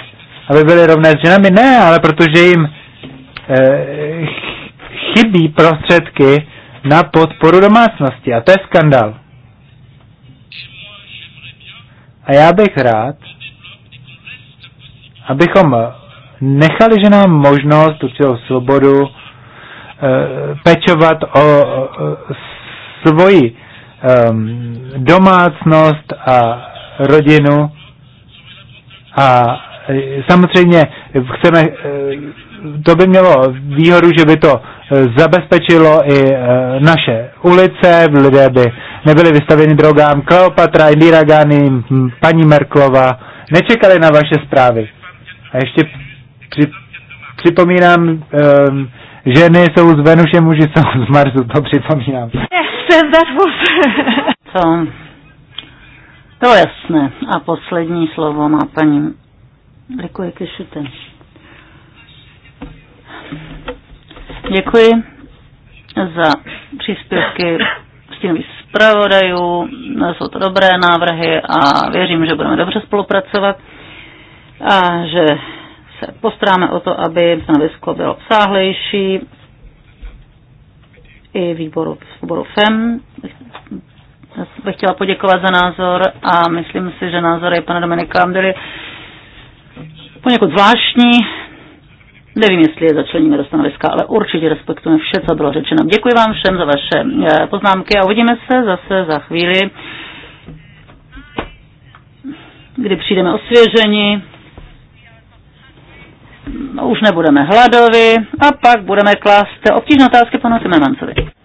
aby byly rovné s ženami? Ne, ale protože jim eh, chybí prostředky na podporu domácnosti. A to je skandal. A já bych rád, abychom nechali, že nám možnost, celou svobodu, eh, pečovat o svoji ehm, domácnost a rodinu. A eh, samozřejmě chceme, eh, to by mělo výhodu, že by to zabezpečilo i naše ulice, lidé by nebyli vystaveni drogám. Kleopatra, Indira Gandhi, paní Merklova nečekali na vaše zprávy. A ještě při, připomínám, um, ženy jsou z Venuše, muži jsou z Marsu, to připomínám. Yes, that Co? to, to jasné. A poslední slovo má paní Děkuji, Kišite. Děkuji za příspěvky stínových zpravodajů. Jsou to dobré návrhy a věřím, že budeme dobře spolupracovat a že se postaráme o to, aby stanovisko bylo obsáhlejší i výboru, výboru FEM. Já bych chtěla poděkovat za názor a myslím si, že názory pana Dominika byly poněkud zvláštní. Nevím, jestli je začleníme do stanoviska, ale určitě respektujeme vše, co bylo řečeno. Děkuji vám všem za vaše eh, poznámky a uvidíme se zase za chvíli, kdy přijdeme osvěžení. Už nebudeme hladovi a pak budeme klást obtížné otázky panu Timmermansovi.